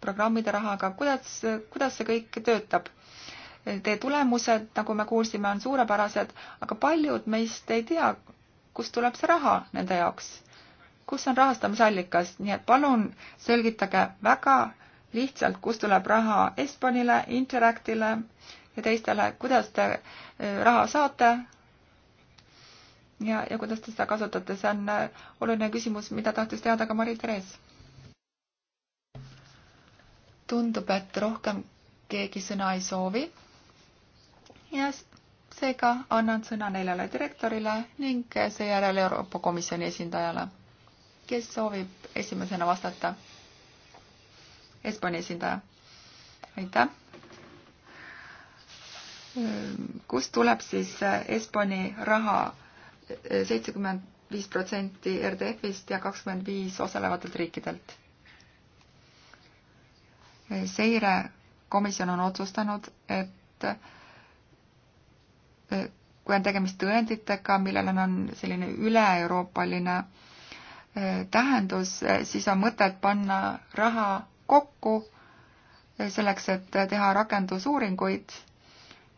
programmide rahaga, kuidas, kuidas see kõik töötab? Teie tulemused, nagu me kuulsime, on suurepärased, aga paljud meist ei tea, kust tuleb see raha nende jaoks, kus on rahastamisallikas, nii et palun selgitage väga lihtsalt, kust tuleb raha Espanile, Interactile ja teistele, kuidas te äh, raha saate ja, ja kuidas te seda kasutate, see on äh, oluline küsimus, mida tahtis teada ka Mari-Terees. tundub, et rohkem keegi sõna ei soovi. ja seega annan sõna neljale direktorile ning seejärel Euroopa Komisjoni esindajale, kes soovib esimesena vastata Hispaania esindaja. aitäh! kust tuleb siis Espani raha seitsekümmend viis protsenti RDF-ist ja kakskümmend viis osalevatelt riikidelt? seirekomisjon on otsustanud, et kui on tegemist tõenditega, millel on selline üle-euroopaline eh, tähendus, eh, siis on mõtet panna raha kokku selleks, et teha rakendusuuringuid.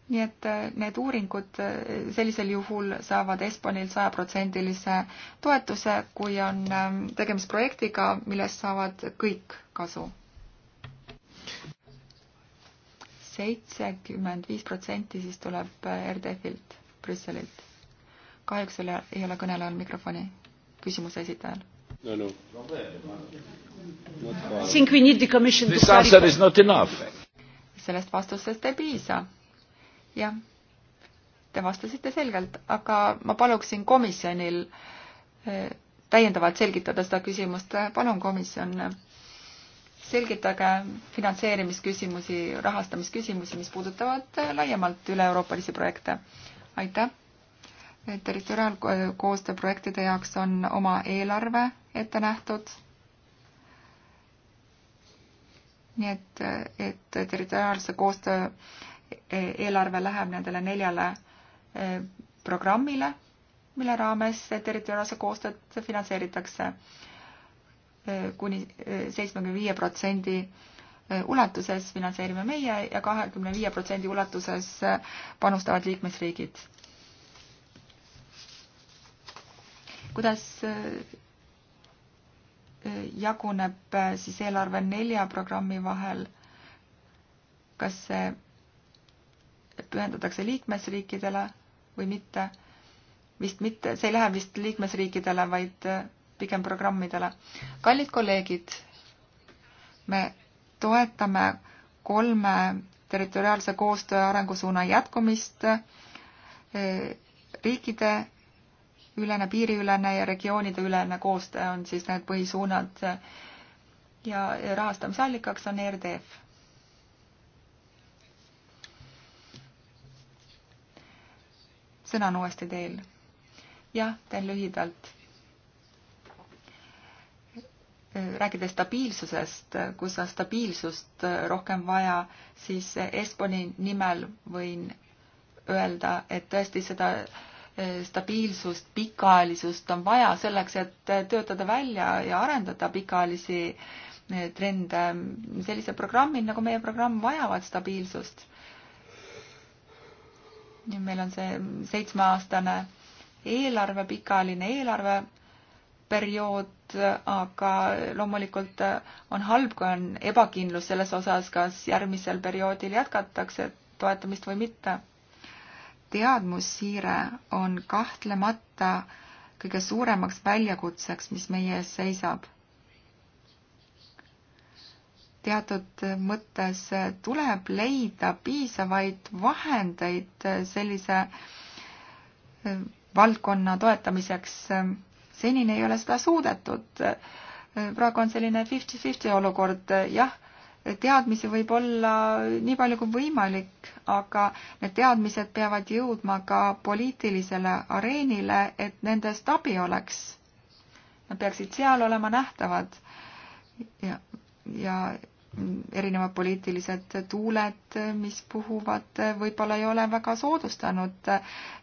nii et äh, need uuringud äh, sellisel juhul saavad Espanil sajaprotsendilise toetuse, kui on ähm, tegemist projektiga, millest saavad kõik kasu. seitsekümmend viis protsenti siis tuleb äh, RDF-ilt, Brüsselilt. kahjuks ei ole, ei ole kõnelejal mikrofoni küsimuse esitajal no, no. I think we need the commission This to answer is not enough. sellest vastusest ei piisa. jah, te vastasite selgelt, aga ma paluksin komisjonil eh, täiendavalt selgitada seda küsimust. palun, komisjon, selgitage finantseerimisküsimusi, rahastamisküsimusi, mis puudutavad eh, laiemalt üle-euroopalisi projekte. aitäh territoriaalkoostöö projektide jaoks on oma eelarve ette nähtud. nii et, et territoriaalse koostöö eelarve läheb nendele neljale e, programmile, mille raames territoriaalse koostööd finantseeritakse e, kuni e, seitsmekümne viie protsendi ulatuses finantseerime meie ja kahekümne viie protsendi ulatuses panustavad liikmesriigid kuidas äh, äh, jaguneb äh, siis eelarve nelja programmi vahel, kas see pühendatakse liikmesriikidele või mitte, vist mitte, see ei lähe vist liikmesriikidele, vaid pigem programmidele. kallid kolleegid, me toetame kolme territoriaalse koostöö arengusuuna jätkumist, riikide ülene, piiriülene ja regioonideülene koostöö on siis need põhisuunad ja rahastamise allikaks on ERDF. sõna on uuesti teil. jah, teen lühidalt. rääkides stabiilsusest, kus on stabiilsust rohkem vaja, siis Esponi nimel võin öelda, et tõesti seda äh, stabiilsust, pikaajalisust on vaja selleks, et töötada välja ja arendada pikaajalisi eh, trende. sellised programmid nagu meie programm vajavad stabiilsust. meil on see seitsmeaastane eelarve, pikaajaline eelarve periood, aga loomulikult on halb, kui on ebakindlus selles osas, kas järgmisel perioodil jätkatakse toetamist või mitte teadmussiire on kahtlemata kõige suuremaks väljakutseks, mis meie ees seisab. teatud mõttes tuleb leida piisavaid vahendeid sellise eh, valdkonna toetamiseks. senini ei ole seda suudetud. Eh, praegu on selline fifty-fifty olukord, jah teadmisi võib olla nii palju kui võimalik, aga need teadmised peavad jõudma ka poliitilisele areenile, et nendest abi oleks. Nad peaksid seal olema nähtavad ja, ja erinevad poliitilised tuuled, mis puhuvad, võib-olla ei ole väga soodustanud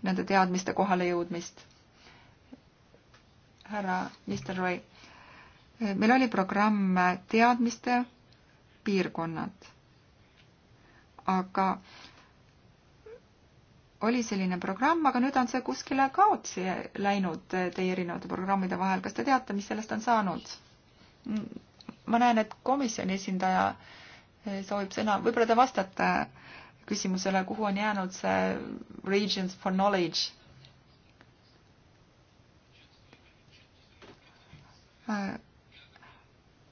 nende teadmiste kohale jõudmist. härra Mr. Roy, meil oli programm teadmiste piirkonnad. aga oli selline programm, aga nüüd on see kuskile kaotsi läinud teie erinevate programmide vahel. kas te teate, mis sellest on saanud? ma näen, et komisjoni esindaja soovib sõna, võib-olla te vastate küsimusele, kuhu on jäänud see regions for knowledge?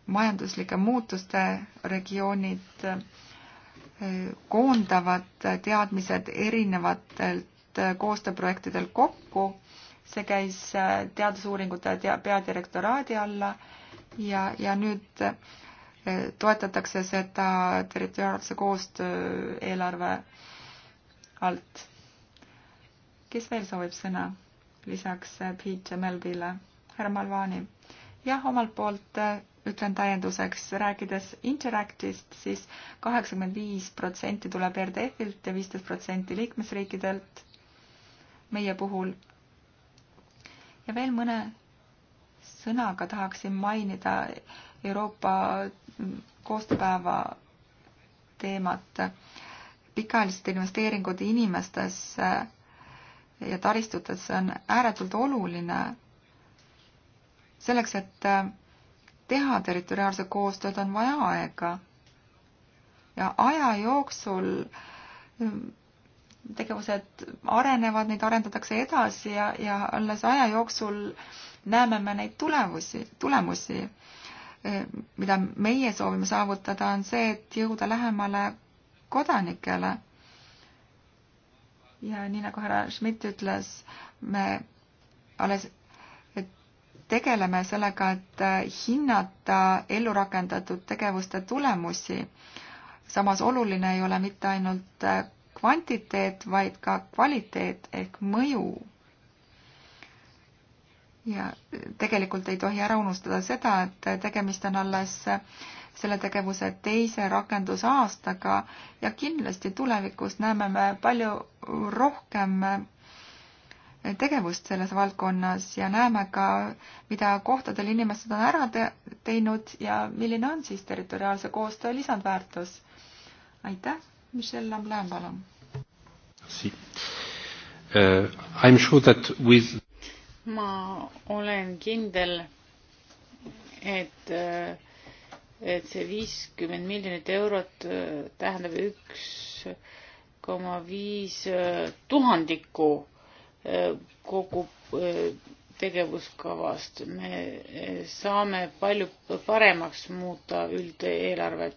majanduslike muutuste regioonid eh, koondavad teadmised erinevatelt koostööprojektidelt kokku. see käis eh, teadusuuringute peadirektoraadi alla ja, ja nüüd eh, toetatakse seda territoriaalse koostöö eelarve alt. kes veel soovib sõna lisaks Pete Melville, härra Malvani? jah, omalt poolt ütlen täienduseks, rääkides Interactist, siis kaheksakümmend viis protsenti tuleb RDF-ilt ja viisteist protsenti liikmesriikidelt meie puhul. ja veel mõne sõnaga tahaksin mainida Euroopa koostööpäeva teemat. pikaajalised investeeringud inimestesse ja taristutesse on ääretult oluline selleks, et teha territoriaalset koostööd, on vaja aega. ja aja jooksul ähm, tegevused arenevad, neid arendatakse edasi ja, ja alles aja jooksul näeme me neid tulemusi, tulemusi, ähm, mida meie soovime saavutada, on see, et jõuda lähemale kodanikele. ja nii nagu härra Schmidt ütles, me alles tegeleme sellega, et äh, hinnata ellurakendatud tegevuste tulemusi. samas oluline ei ole mitte ainult äh, kvantiteet, vaid ka kvaliteet ehk mõju. ja tegelikult ei tohi ära unustada seda, et tegemist on alles äh, selle tegevuse teise rakendusaastaga ja kindlasti tulevikus näeme me palju rohkem tegevust selles valdkonnas ja näeme ka, mida kohtadel inimesed on ära te teinud ja milline on siis territoriaalse koostöö lisandväärtus. aitäh, Michelle Lamblin, palun. Uh, I am sure that with ma olen kindel, et, uh, et see viiskümmend miljonit eurot uh, tähendab üks koma viis uh, tuhandikku kogu tegevuskavast. me saame palju paremaks muuta üldeelarvet,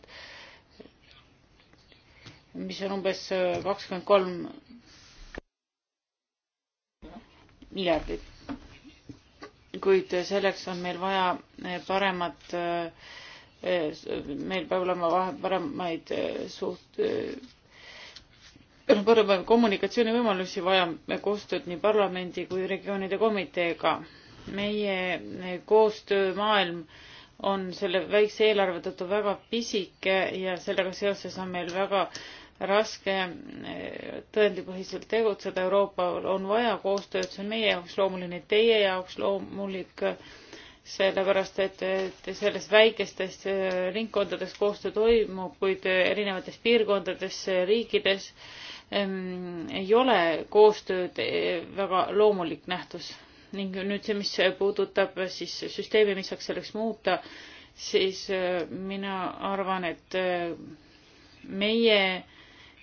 mis on umbes kakskümmend kolm miljardit. kuid selleks on meil vaja paremat, meil peab olema paremaid suht- parema kommunikatsioonivõimalusi, vajame koostööd nii parlamendi kui regioonide komiteega. meie koostöömaailm on selle väikse eelarve tõttu väga pisike ja sellega seoses on meil väga raske eh, tõendipõhiselt tegutseda, Euroopal on vaja koostööd, see on meie jaoks loomuline, teie jaoks loomulik, sellepärast et, et selles väikestes eh, ringkondades koostöö toimub, kuid eh, erinevates piirkondades, riikides äh, ei ole koostööd e, väga loomulik nähtus ning nüüd see, mis puudutab siis süsteemi, mis saaks selleks muuta, siis e, mina arvan, et e, meie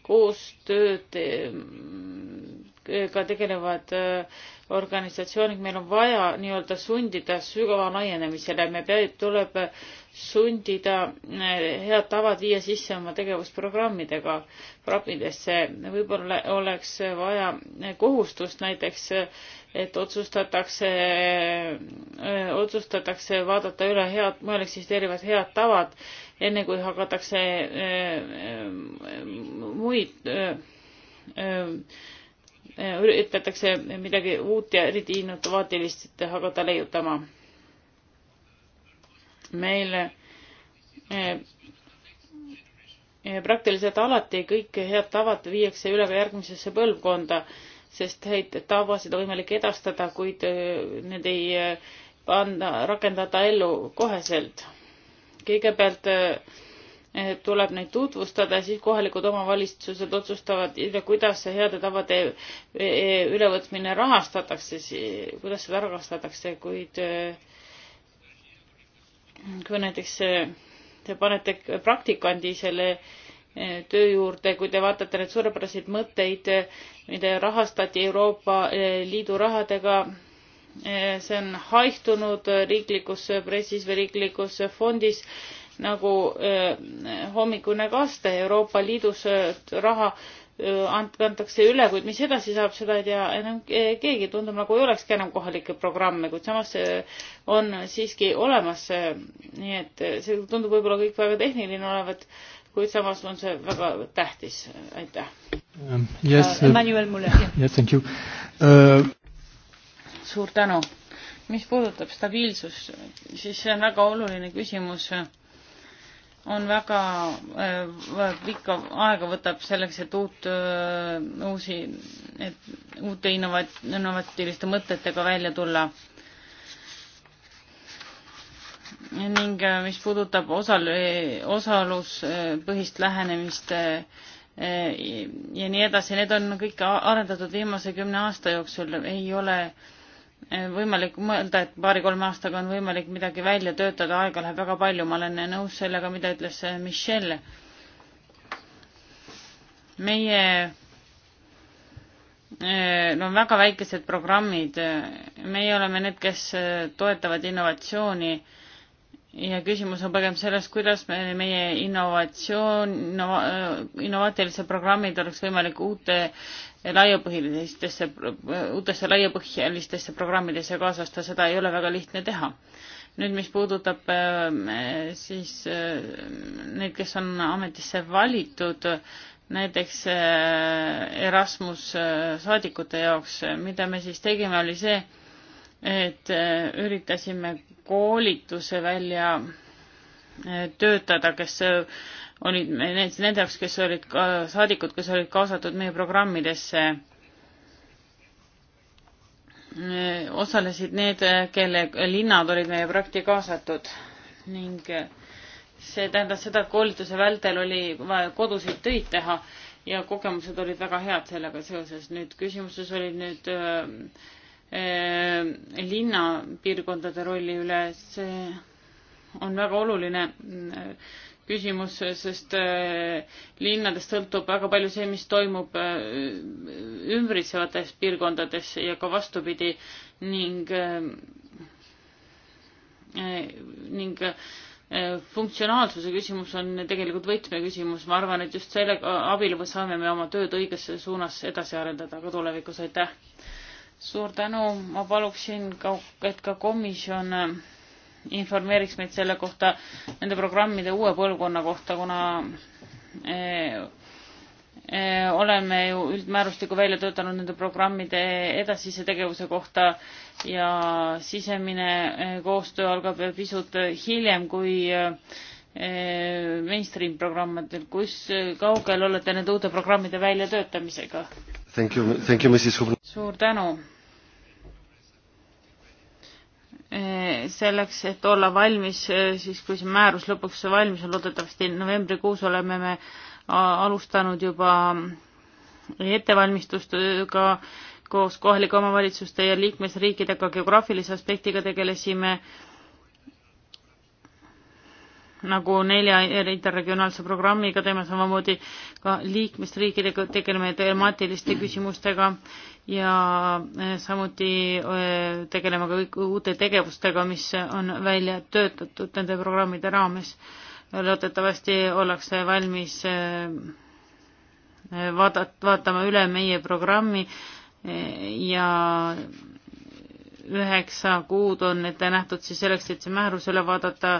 koostööd ka tegelevad äh, organisatsioonid, meil on vaja nii-öelda sundida sügava laienemisele, me peab, tuleb sundida äh, head tavad viia sisse oma tegevusprogrammidega, programmidesse. võib-olla oleks vaja kohustust näiteks, et otsustatakse, äh, otsustatakse vaadata üle head, mujal eksisteerivad head tavad, enne kui hakatakse muid öö, öö, Äh, üritatakse midagi uut ja eriti innovaatilist hakata leiutama. meil äh, äh, praktiliselt alati kõik head tavad viiakse üle ka järgmisesse põlvkonda, sest häid tavasid on võimalik edastada, kuid need ei panda, rakendada ellu koheselt. kõigepealt äh, Eh, tuleb neid tutvustada, siis kohalikud omavalitsused otsustavad, kuidas see heade tavade eh, eh, ülevõtmine rahastatakse, kuidas seda rahastatakse, kuid kui näiteks te panete praktikandi selle töö juurde, kui te vaatate neid suurepäraseid mõtteid, mida rahastati Euroopa Liidu rahadega, see on haihtunud riiklikus pressis või riiklikus fondis nagu äh, hommikune kaste Euroopa Liidus äh, raha äh, antakse üle, kuid mis edasi saab, seda ei tea enam keegi, tundub nagu ei olekski enam kohalikke programme, kuid samas on siiski olemas, nii et see tundub võib-olla kõik väga tehniline olevat, kuid samas on see väga tähtis, aitäh um,. Yes, uh, uh Emmanuel Muller. Yes, thank you uh.... suur tänu. mis puudutab stabiilsust, siis see on väga oluline küsimus on väga äh, pikka aega võtab selleks, et uut äh,, uusi, et uute innovat-, innovatiiviste mõtetega välja tulla. ning äh, mis puudutab osal-, osaluspõhist lähenemist äh, ja nii edasi, need on kõik arendatud viimase kümne aasta jooksul, ei ole äh, võimalik mõelda, et paari-kolme aastaga on võimalik midagi välja töötada, aega läheb väga palju, ma olen nõus sellega, mida ütles Michelle. meie eh, no väga väikesed programmid, meie oleme need, kes eh, toetavad innovatsiooni ja küsimus on pigem selles, kuidas me, meie innovatsioon innova,, eh, innovaatilise programmid oleks võimalik uute laiapõhjalistesse, uutesse laiapõhjalistesse programmidesse kaasasta, seda ei ole väga lihtne teha. nüüd, mis puudutab äh, siis äh, neid, kes on ametisse valitud, näiteks äh, Erasmus saadikute jaoks, mida me siis tegime, oli see, et üritasime koolituse välja töötada, kes olid need, nende jaoks, kes olid ka saadikud, kes olid kaasatud meie programmidesse. osalesid need, kelle linnad olid meie projekti kaasatud ning see tähendas seda, et koolituse vältel oli vaja koduseid töid teha ja kogemused olid väga head sellega seoses. nüüd küsimuses olid nüüd öö, äh, öö, äh, linnapiirkondade rolli üle, see on väga oluline mm, küsimus, sest äh, linnadest sõltub väga palju see, mis toimub äh, ümbritsevates piirkondades ja ka vastupidi ning äh, ning funktsionaalsuse küsimus on tegelikult võtmeküsimus, ma arvan, et just selle abil me saame me oma tööd õigesse suunas edasi arendada ka tulevikus, aitäh! suur tänu, ma paluksin ka, et ka komisjon informeeriks meid selle kohta, nende programmide uue põlvkonna kohta, kuna e, e, oleme ju üldmäärustiku välja töötanud nende programmide edasise tegevuse kohta ja sisemine eh, koostöö algab pisut hiljem kui e, mainstream programmadel, kus kaugel olete nende uute programmide väljatöötamisega? suur tänu Eh, selleks, et olla valmis eh, siis, kui see määrus lõpuks valmis on, loodetavasti novembrikuus oleme me alustanud juba mm, ettevalmistustega koos kohalike omavalitsuste ja liikmesriikidega geograafilise aspektiga tegelesime äh, nagu nelja interregionaalse programmiga, teeme samamoodi ka liikmesriikidega, tegeleme temaatiliste küsimustega ja eh, samuti eh, tegeleme ka kõik uute tegevustega, mis on välja töötatud nende programmide raames. loodetavasti ollakse valmis eh, vaadat-, vaatama üle meie programmi ja üheksa kuud on ette nähtud siis selleks, et see määrus üle vaadata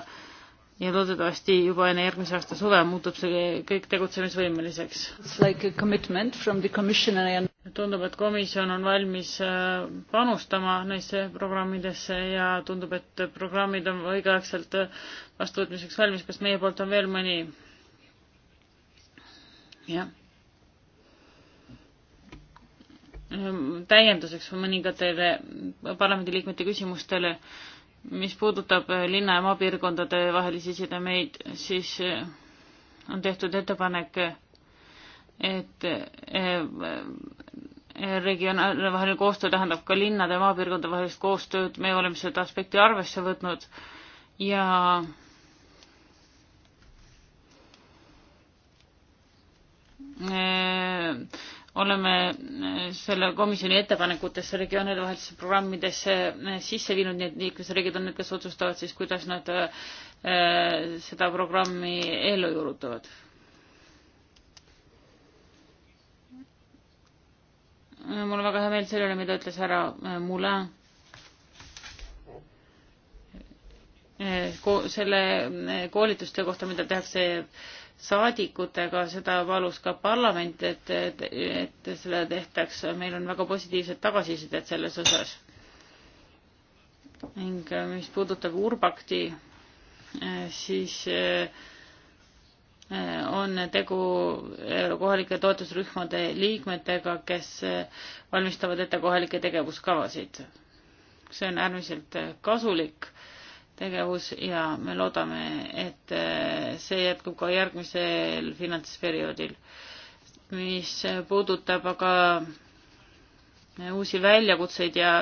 ja loodetavasti juba enne järgmise aasta suve muutub see kõik tegutsemisvõimeliseks. Like and... tundub, et komisjon on valmis äh, panustama neisse programmidesse ja tundub, et programmid on õigeaegselt äh, vastuvõtmiseks valmis. kas meie poolt on veel mõni? jah. Ehm, täienduseks mõningatele parlamendiliikmete küsimustele äh, mis puudutab eh, linna ja maapiirkondade vahelisi sidemeid, siis eh, on tehtud ettepanek, et eh, regionaalne vaheline koostöö tähendab ka linnade ja maapiirkondade vahelist koostööd, me oleme seda aspekti arvesse võtnud ja oleme äh, selle komisjoni ettepanekutesse regioonide vahelisse programmidesse äh, sisse viinud, nii et liikmesriigid on need, kes otsustavad siis, kuidas nad äh, seda programmi ellu juurutavad. mul on väga hea meel selle üle, mida ütles härra Moulin. selle koolituste kohta, mida tehakse saadikutega, seda palus ka parlament, et, et, et seda tehtaks, meil on väga positiivsed tagasisidet selles osas. ning äh, mis puudutab Urbakti, äh, siis äh, on tegu kohalike toetusrühmade liikmetega, kes valmistavad ette kohalikke tegevuskavasid. see on äärmiselt kasulik tegevus ja me loodame, et eh, see jätkub ka järgmisel finantsperioodil. mis puudutab aga uusi väljakutseid ja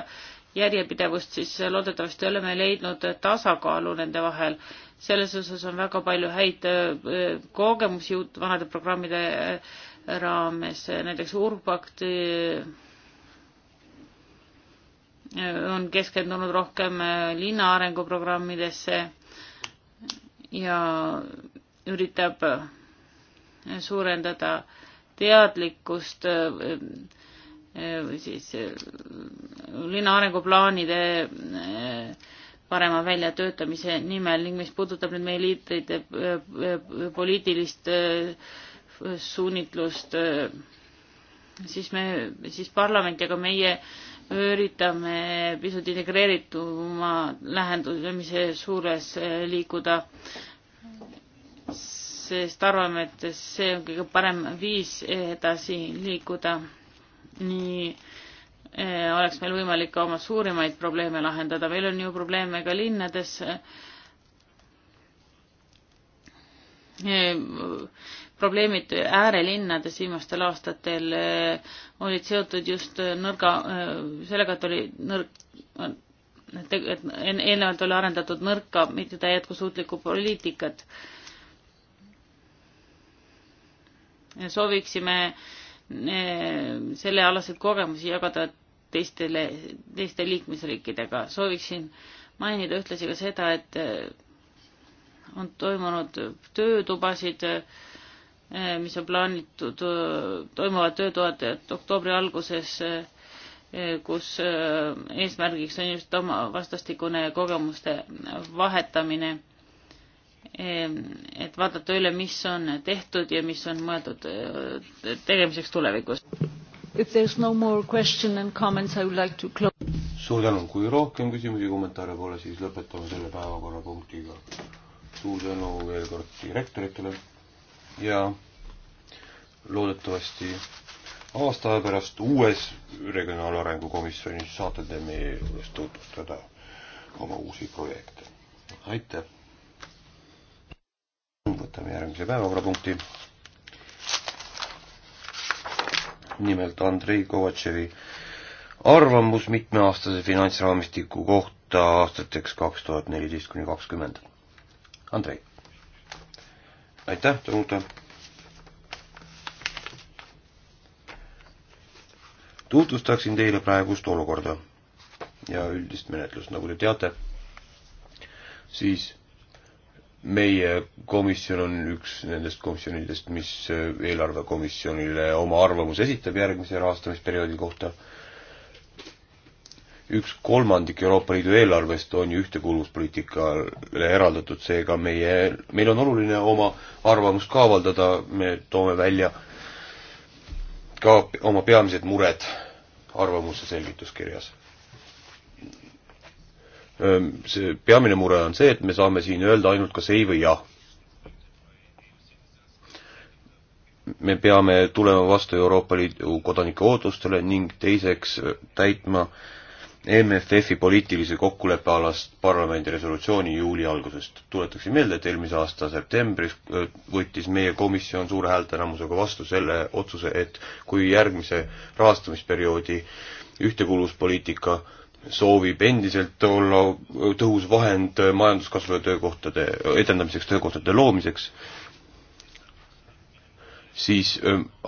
järjepidevust, siis loodetavasti oleme leidnud tasakaalu nende vahel. selles osas on väga palju häid eh, kogemusi uut, vanade programmide eh, raames, näiteks Urbakt on keskendunud rohkem äh, linna arenguprogrammidesse ja üritab äh, suurendada teadlikkust äh, siis linna arenguplaanide parema väljatöötamise nimel ning mis puudutab nüüd meie liitrite poliitilist suunitlust, siis me, siis parlament ja ka meie üritame pisut integreerituma lähendamise suures eh, liikuda, sest arvame, et see on kõige parem viis edasi liikuda. nii eh, oleks meil võimalik ka oma suurimaid probleeme lahendada, meil on ju probleeme ka linnades eh, Eh, probleemid äärelinnades viimastel aastatel eh, olid seotud just nõrga, eh, sellega, et oli nõrk, et eelnevalt oli arendatud nõrka, mitte jätkusuutlikku poliitikat. sooviksime sellealaseid kogemusi jagada teistele, teiste liikmesriikidega. sooviksin mainida ühtlasi ka seda, et on toimunud töötubasid, mis on plaanitud, toimuvad töötoad oktoobri alguses, kus eesmärgiks on just oma vastastikune kogemuste vahetamine. et vaadata üle, mis on tehtud ja mis on mõeldud tegemiseks tulevikus. If there is no more question and comments, I would like to close suur tänu, kui rohkem küsimusi kommentaare pole, siis lõpetame selle päevakorrapunktiga suur tänu veel kord direktoritele ja loodetavasti aasta aja pärast uues regionaalarengu komisjonis saate te meie juures tutvustada oma uusi projekte. aitäh! võtame järgmise päevakorrapunkti. nimelt Andrei Kovatševi arvamus mitmeaastase finantsraamistiku kohta aastateks kaks tuhat neliteist kuni kakskümmend Andrei. aitäh, Turuta. tutvustaksin teile praegust olukorda ja üldist menetlust, nagu te teate, siis meie komisjon on üks nendest komisjonidest, mis eelarvekomisjonile oma arvamuse esitab järgmise rahastamisperioodi kohta üks kolmandik Euroopa Liidu eelarvest on ju ühtekuuluvuspoliitikale eraldatud, seega meie, meil on oluline oma arvamust ka avaldada, me toome välja ka oma peamised mured arvamuse selgituskirjas. see peamine mure on see, et me saame siin öelda ainult kas ei või jah. me peame tulema vastu Euroopa Liidu kodanike ootustele ning teiseks täitma äh, MFF-i poliitilise kokkuleppe alast parlamendi resolutsiooni juuli algusest. tuletaksin meelde, et eelmise aasta septembris äh, võttis meie komisjon suure häälteenamusega vastu selle otsuse, et kui järgmise rahastamisperioodi ühtekuuluvuspoliitika soovib endiselt olla äh, tõhus vahend äh, majanduskasvu ja töökohtade edendamiseks, töökohtade loomiseks, siis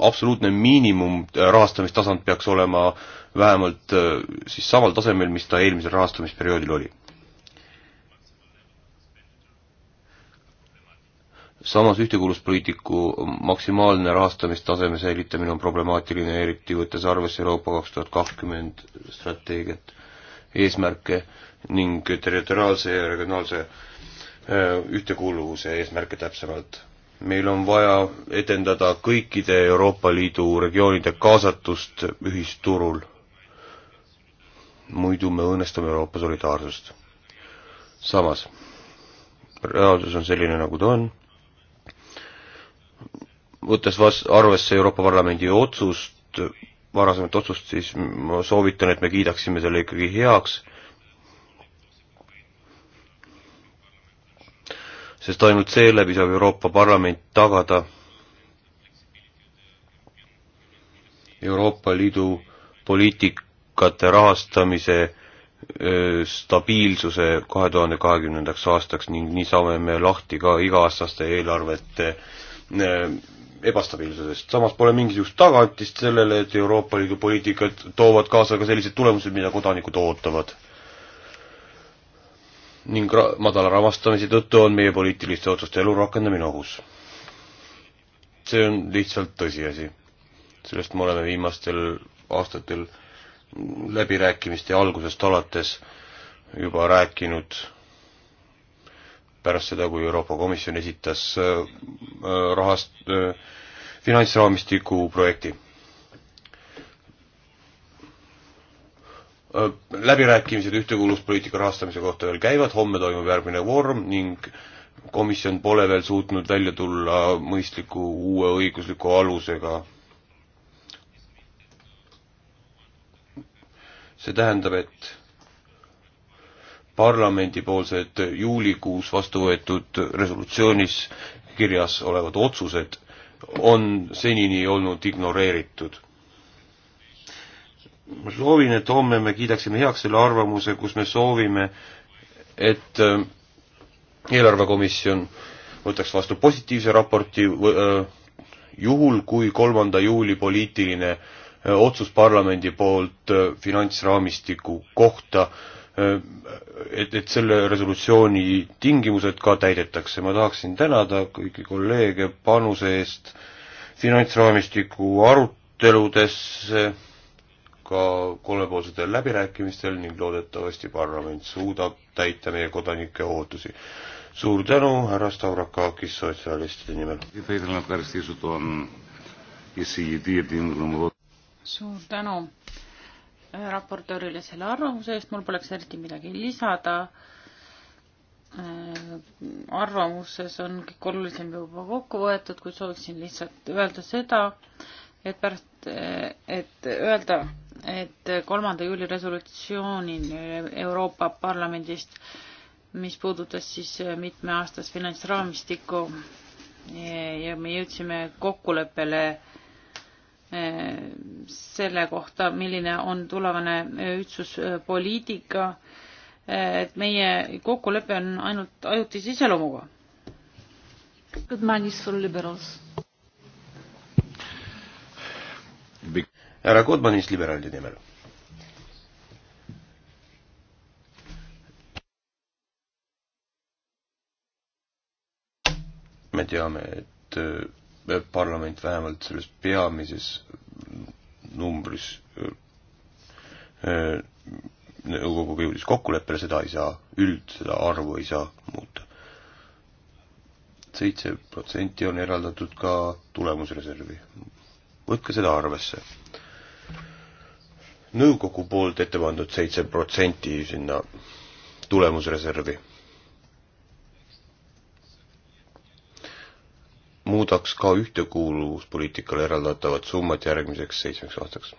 absoluutne miinimum äh, rahastamistasand peaks olema äh, vähemalt äh, siis samal tasemel, mis ta eelmisel rahastamisperioodil oli. samas ühtekuuluvuspoliitiku maksimaalne rahastamistase säilitamine on problemaatiline, eriti võttes arvesse Euroopa kaks tuhat kakskümmend strateegiat, eesmärke ning territoriaalse ja regionaalse ühtekuuluvuse eesmärke täpsemalt meil on vaja edendada kõikide Euroopa Liidu regioonide kaasatust ühisturul. muidu me õõnestame Euroopa solidaarsust. samas, reaalsus on selline, nagu ta on, võttes vas-, arvesse Euroopa Parlamendi otsust, varasemat otsust, siis ma soovitan, et me kiidaksime selle ikkagi heaks sest ainult seeläbi saab Euroopa Parlament tagada Euroopa Liidu poliitikate rahastamise stabiilsuse kahe tuhande kahekümnendaks aastaks ning nii saame me lahti ka iga-aastaste eelarvete ebastabiilsusest. samas pole mingisugust tagatist sellele, et Euroopa Liidu poliitikad toovad kaasa ka sellised tulemused, mida kodanikud ootavad ning ra madala rahastamise tõttu on meie poliitiliste otsuste elu rakendamine ohus. see on lihtsalt tõsiasi. sellest me oleme viimastel aastatel läbirääkimiste algusest alates juba rääkinud pärast seda, kui Euroopa Komisjon esitas äh, rahast, äh, finantsraamistiku projekti. Äh, läbirääkimised ühtekuuluvuspoliitika rahastamise kohta veel käivad, homme toimub järgmine vorm ning komisjon pole veel suutnud välja tulla mõistliku uue õigusliku alusega. see tähendab, et parlamendipoolsed juulikuus vastu võetud resolutsioonis kirjas olevad otsused on senini olnud ignoreeritud ma soovin, et homme me kiidaksime heaks selle arvamuse, kus me soovime, et äh, eelarvekomisjon võtaks vastu positiivse raporti äh, juhul, kui kolmanda juuli poliitiline äh, otsus parlamendi poolt finantsraamistiku kohta, et, et selle resolutsiooni tingimused ka täidetakse. ma tahaksin tänada kõiki kolleege panuse eest finantsraamistiku aruteludesse ka kolmepoolsetel läbirääkimistel ning loodetavasti parlament suudab täita meie kodanike ootusi. suur tänu, härra Stavrakakis sotsialistide nimel. suur tänu raportöörile selle arvamuse eest, mul poleks eriti midagi lisada. Äh, arvamuses on kõik olulisem juba kokku võetud, kuid sooviksin lihtsalt öelda seda, et pärast, äh, et öelda et kolmanda juuli resolutsioonil Euroopa Parlamendist, mis puudutas siis mitmeaastast finantsraamistikku ja me jõudsime kokkuleppele eh, selle kohta, milline on tulevane ühtsuspoliitika, eh, et meie kokkulepe on ainult ajutise iseloomuga. Good morning, liberals härra Kodmanist liberaalide nimel. me teame, et äh, parlament vähemalt selles peamises numbris äh, äh, nõukoguga jõudis kokkuleppele, seda ei saa, üld seda arvu ei saa muuta. seitse protsenti on eraldatud ka tulemusreservi. võtke seda arvesse nõukogu poolt ette pandud seitse protsenti sinna tulemusreservi. muudaks ka ühtekuuluvuspoliitikale eraldatavad summad järgmiseks seitsmeks aastaks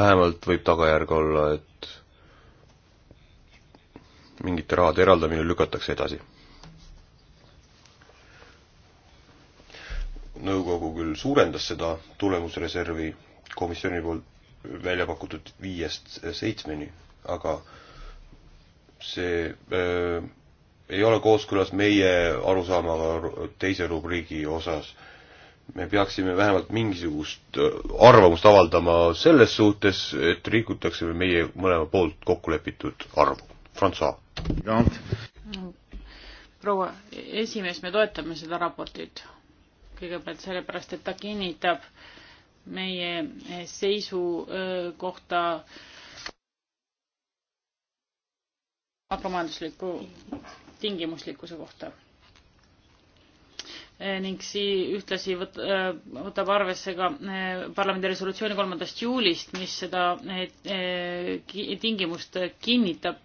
vähemalt võib tagajärg olla, et mingite rahade eraldamine lükatakse edasi. nõukogu küll suurendas seda tulemusreservi komisjoni poolt välja pakutud viiest seitsmeni, aga see öö, äh, ei ole kooskõlas meie arusaamaga teise rubriigi osas. me peaksime vähemalt mingisugust äh, arvamust avaldama selles suhtes, et rikutakse meie mõlema poolt kokku lepitud arvu. Francois proua esimees, me toetame seda raportit. kõigepealt sellepärast, et ta kinnitab meie seisukohta makromajandusliku tingimuslikkuse kohta ning sii-, ühtlasi võt-, võtab arvesse ka parlamendi resolutsiooni kolmandast juulist, mis seda et, et, tingimust kinnitab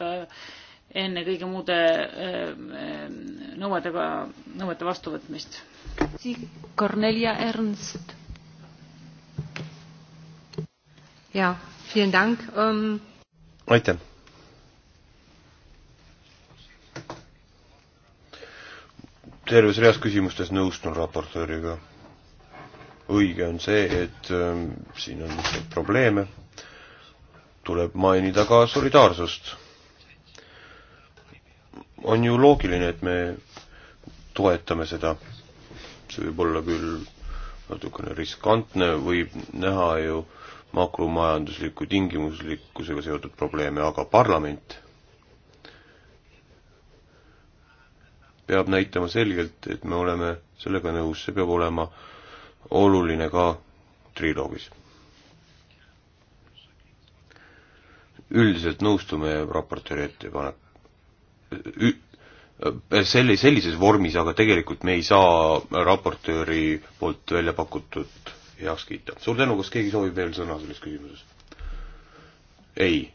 enne kõige muude ehm, nõuetega, nõuete vastuvõtmist. Cornelia Ernst. jaa, vielen dank um.... aitäh. terves reas küsimustes nõustun raportööriga. õige on see, et ähm, siin on lihtsalt probleeme. tuleb mainida ka solidaarsust on ju loogiline, et me toetame seda. see võib olla küll natukene riskantne, võib näha ju makromajandusliku tingimuslikkusega seotud probleeme, aga parlament peab näitama selgelt, et me oleme sellega nõus, see peab olema oluline ka triloogis. üldiselt nõustume raportööri ettepanek, Äh, selli-, sellises vormis, aga tegelikult me ei saa raportööri poolt välja pakutut heaks kiita. suur tänu, kas keegi soovib veel sõna selles küsimuses? ei.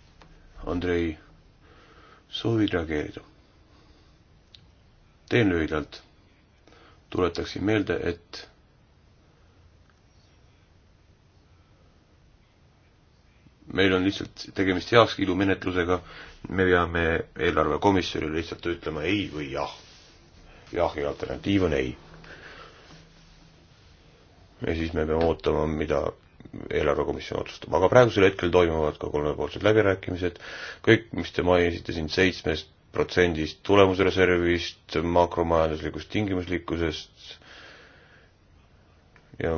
Andrei soovib reageerida. teen lühidalt. tuletaksin meelde, et meil on lihtsalt tegemist heakskiidumenetlusega, me peame eelarvekomisjonile lihtsalt ütlema ei või jah. jah ja alternatiiv on ei. ja siis me peame ootama, mida eelarvekomisjon otsustab, aga praegusel hetkel toimuvad ka kolmepoolsed läbirääkimised, kõik, mis te mainisite siin seitsmest protsendist tulemusreservist, makromajanduslikust tingimuslikkusest ja,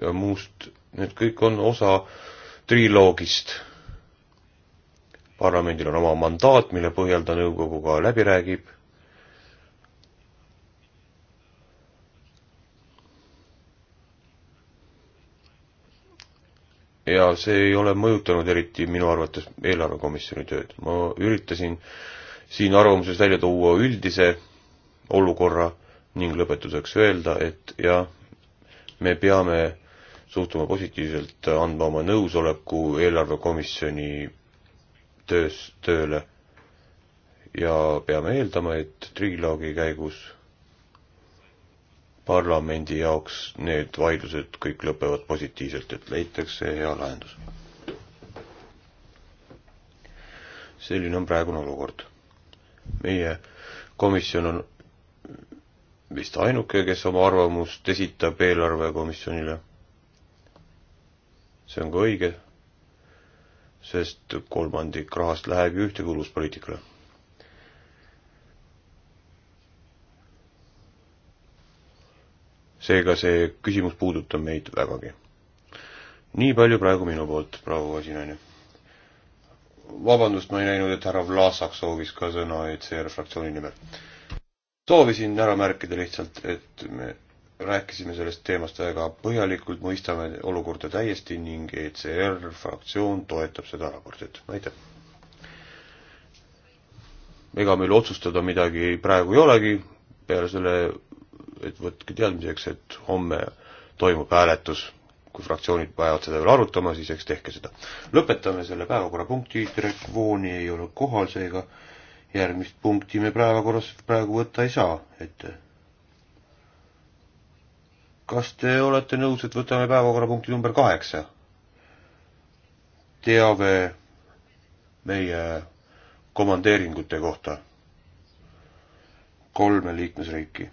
ja muust, need kõik on osa triloogist. parlamendil on oma mandaat, mille põhjal ta nõukoguga läbi räägib. ja see ei ole mõjutanud eriti minu arvates eelarvekomisjoni tööd. ma üritasin siin arvamuses välja tuua üldise olukorra ning lõpetuseks öelda, et jah, me peame suhtuma positiivselt, andma oma nõusoleku eelarvekomisjoni töös, tööle ja peame eeldama, et triloogi käigus parlamendi jaoks need vaidlused kõik lõpevad positiivselt, et leitakse hea lahendus. selline on praegune olukord. meie komisjon on vist ainuke, kes oma arvamust esitab eelarvekomisjonile see on ka õige, sest kolmandik rahast läheb ju ühtekuuluvuspoliitikale. seega see küsimus puudutab meid vägagi. nii palju praegu minu poolt, proua esinaine. vabandust, ma ei näinud, et härra Vlasak soovis ka sõna ECR fraktsiooni nimel. soovisin ära märkida lihtsalt, et me rääkisime sellest teemast väga põhjalikult, mõistame olukorda täiesti ning ECR fraktsioon toetab seda raportit, aitäh! ega meil otsustada midagi praegu ei olegi, peale selle, et võtke teadmiseks, et homme toimub hääletus, kui fraktsioonid peavad seda veel arutama, siis eks tehke seda. lõpetame selle päevakorrapunkti, Direkt Vooni ei ole kohal, seega järgmist punkti me päevakorras praegu võtta ei saa ette kas te olete nõus, et võtame päevakorrapunkti number kaheksa? teave meie komandeeringute kohta kolme liikmesriiki.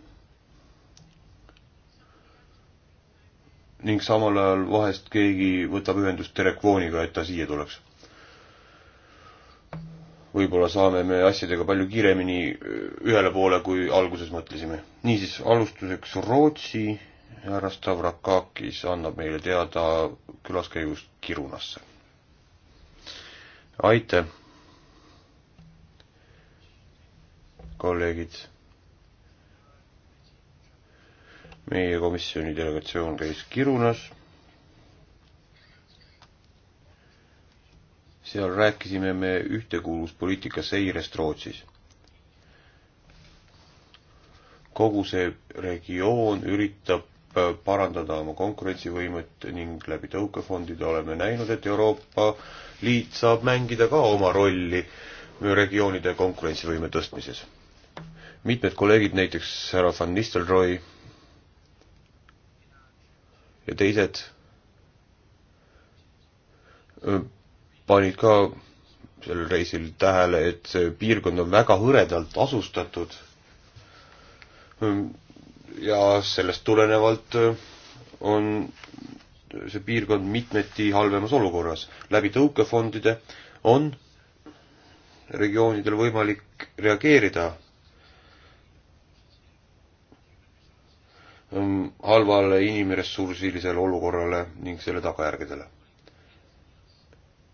ning samal ajal vahest keegi võtab ühendust telefoniga, et ta siia tuleks. võib-olla saame me asjadega palju kiiremini äh, ühele poole, kui alguses mõtlesime. niisiis, alustuseks Rootsi härra Stavrakakis annab meile teada külaskäigust Kirunasse. aitäh, kolleegid. meie komisjoni delegatsioon käis Kirunas. seal rääkisime me ühtekuuluvuspoliitika seirest Rootsis kogu see regioon üritab Äh, parandada oma konkurentsivõimet ning läbi tõukefondide oleme näinud, et Euroopa Liit saab mängida ka oma rolli regioonide konkurentsivõime tõstmises. mitmed kolleegid, näiteks härra Van Nistelrooy ja teised äh, panid ka sellel reisil tähele, et see piirkond on väga hõredalt asustatud ja sellest tulenevalt äh, on see piirkond mitmeti halvemas olukorras. läbi tõukefondide on regioonidel võimalik reageerida ähm, halvale inimressursilisele olukorrale ning selle tagajärgedele.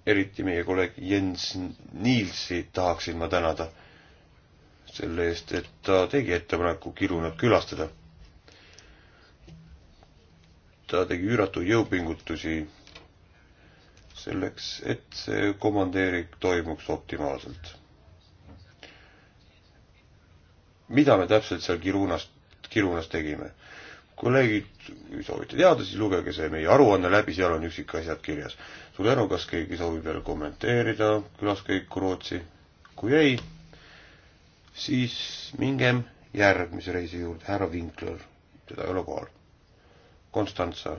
eriti meie kolleeg Jens Niilsi tahaksin ma tänada selle eest, et ta tegi ettepaneku Kirunud külastada ta tegi üüratuid jõupingutusi selleks, et see komandeering toimuks optimaalselt. mida me täpselt seal Kirunas, Kirunas tegime? kolleegid, kui soovite teada, siis lugege see meie aruanne läbi, seal on üksikasjad kirjas. suur tänu, kas keegi soovib veel kommenteerida külaskäiku Rootsi? kui ei, siis mingem järgmise reisi juurde, härra Vinkler, teda ei ole kohal. Konstantsa.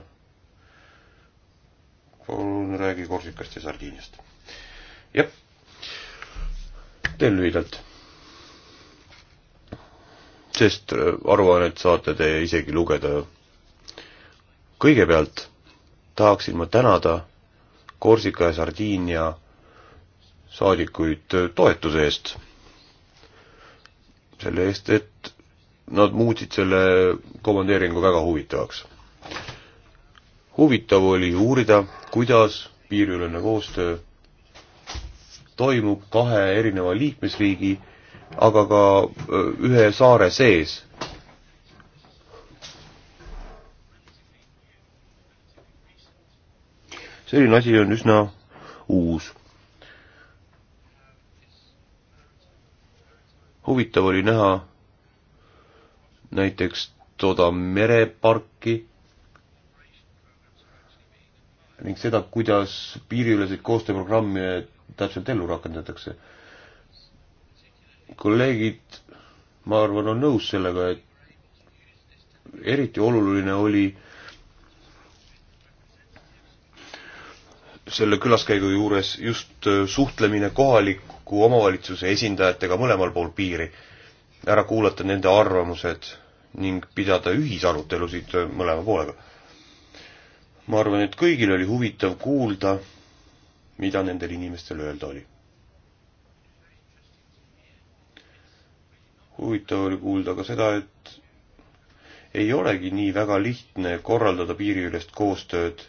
palun räägi Korsikast ja Sardiiniast. jah, teen lühidalt. sest äh, aruannet saate te isegi lugeda. kõigepealt tahaksin ma tänada Korsika ja Sardiinia saadikuid äh, toetuse eest. selle eest, et nad muutsid selle komandeeringu väga huvitavaks huvitav oli uurida, kuidas piiriülene koostöö toimub kahe erineva liikmesriigi, aga ka ühe saare sees. selline asi on üsna uus. huvitav oli näha näiteks toda mereparki ning seda, kuidas piiriüleseid koostööprogramme täpselt ellu rakendatakse. kolleegid, ma arvan, on nõus sellega, et eriti oluline oli selle külaskäigu juures just suhtlemine kohaliku omavalitsuse esindajatega mõlemal pool piiri, ära kuulata nende arvamused ning pidada ühisarutelusid mõlema poolega ma arvan, et kõigil oli huvitav kuulda, mida nendel inimestel öelda oli. huvitav oli kuulda ka seda, et ei olegi nii väga lihtne korraldada piiriülest koostööd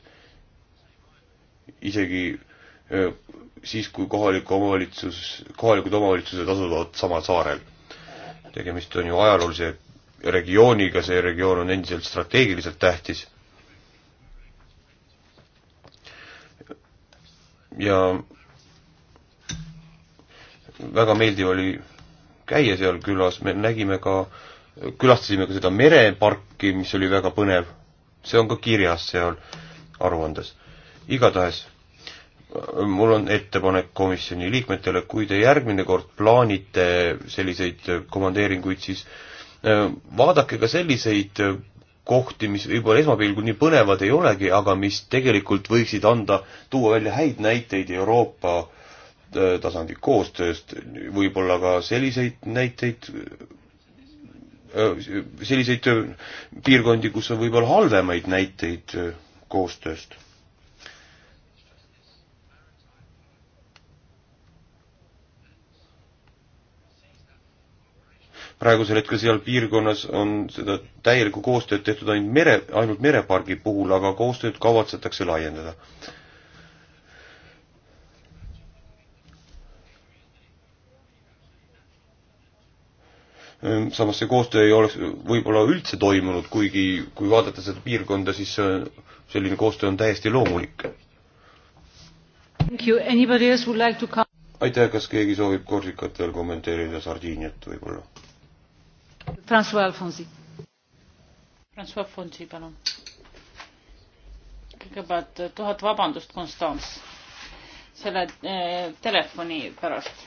isegi siis, kui kohalik omavalitsus, kohalikud omavalitsused asuvad samal saarel. tegemist on ju ajaloolise regiooniga, see regioon on endiselt strateegiliselt tähtis ja väga meeldiv oli käia seal külas, me nägime ka, külastasime ka seda mereparki, mis oli väga põnev. see on ka kirjas seal aruandes. igatahes mul on ettepanek komisjoni liikmetele, kui te järgmine kord plaanite selliseid komandeeringuid, siis eh, vaadake ka selliseid kohti, mis võib-olla esmapilgul nii põnevad ei olegi, aga mis tegelikult võiksid anda, tuua välja häid näiteid Euroopa äh, tasandi koostööst, võib-olla ka selliseid näiteid, äh, selliseid äh, piirkondi, kus on võib-olla halvemaid näiteid koostööst praegusel hetkel seal piirkonnas on seda täielikku koostööd tehtud ainult mere, ainult merepargi puhul, aga koostööd kavatsetakse laiendada. Ehm, samas see koostöö ei oleks võib-olla üldse toimunud, kuigi kui vaadata seda piirkonda, siis selline koostöö on täiesti loomulik. Like aitäh, kas keegi soovib Korsikat veel kommenteerida, Sardiiniat võib-olla? Francois Alfonsi. Francois Alfonsi, palun. kõigepealt eh, tuhat vabandust, Konstants, selle eh, telefoni pärast.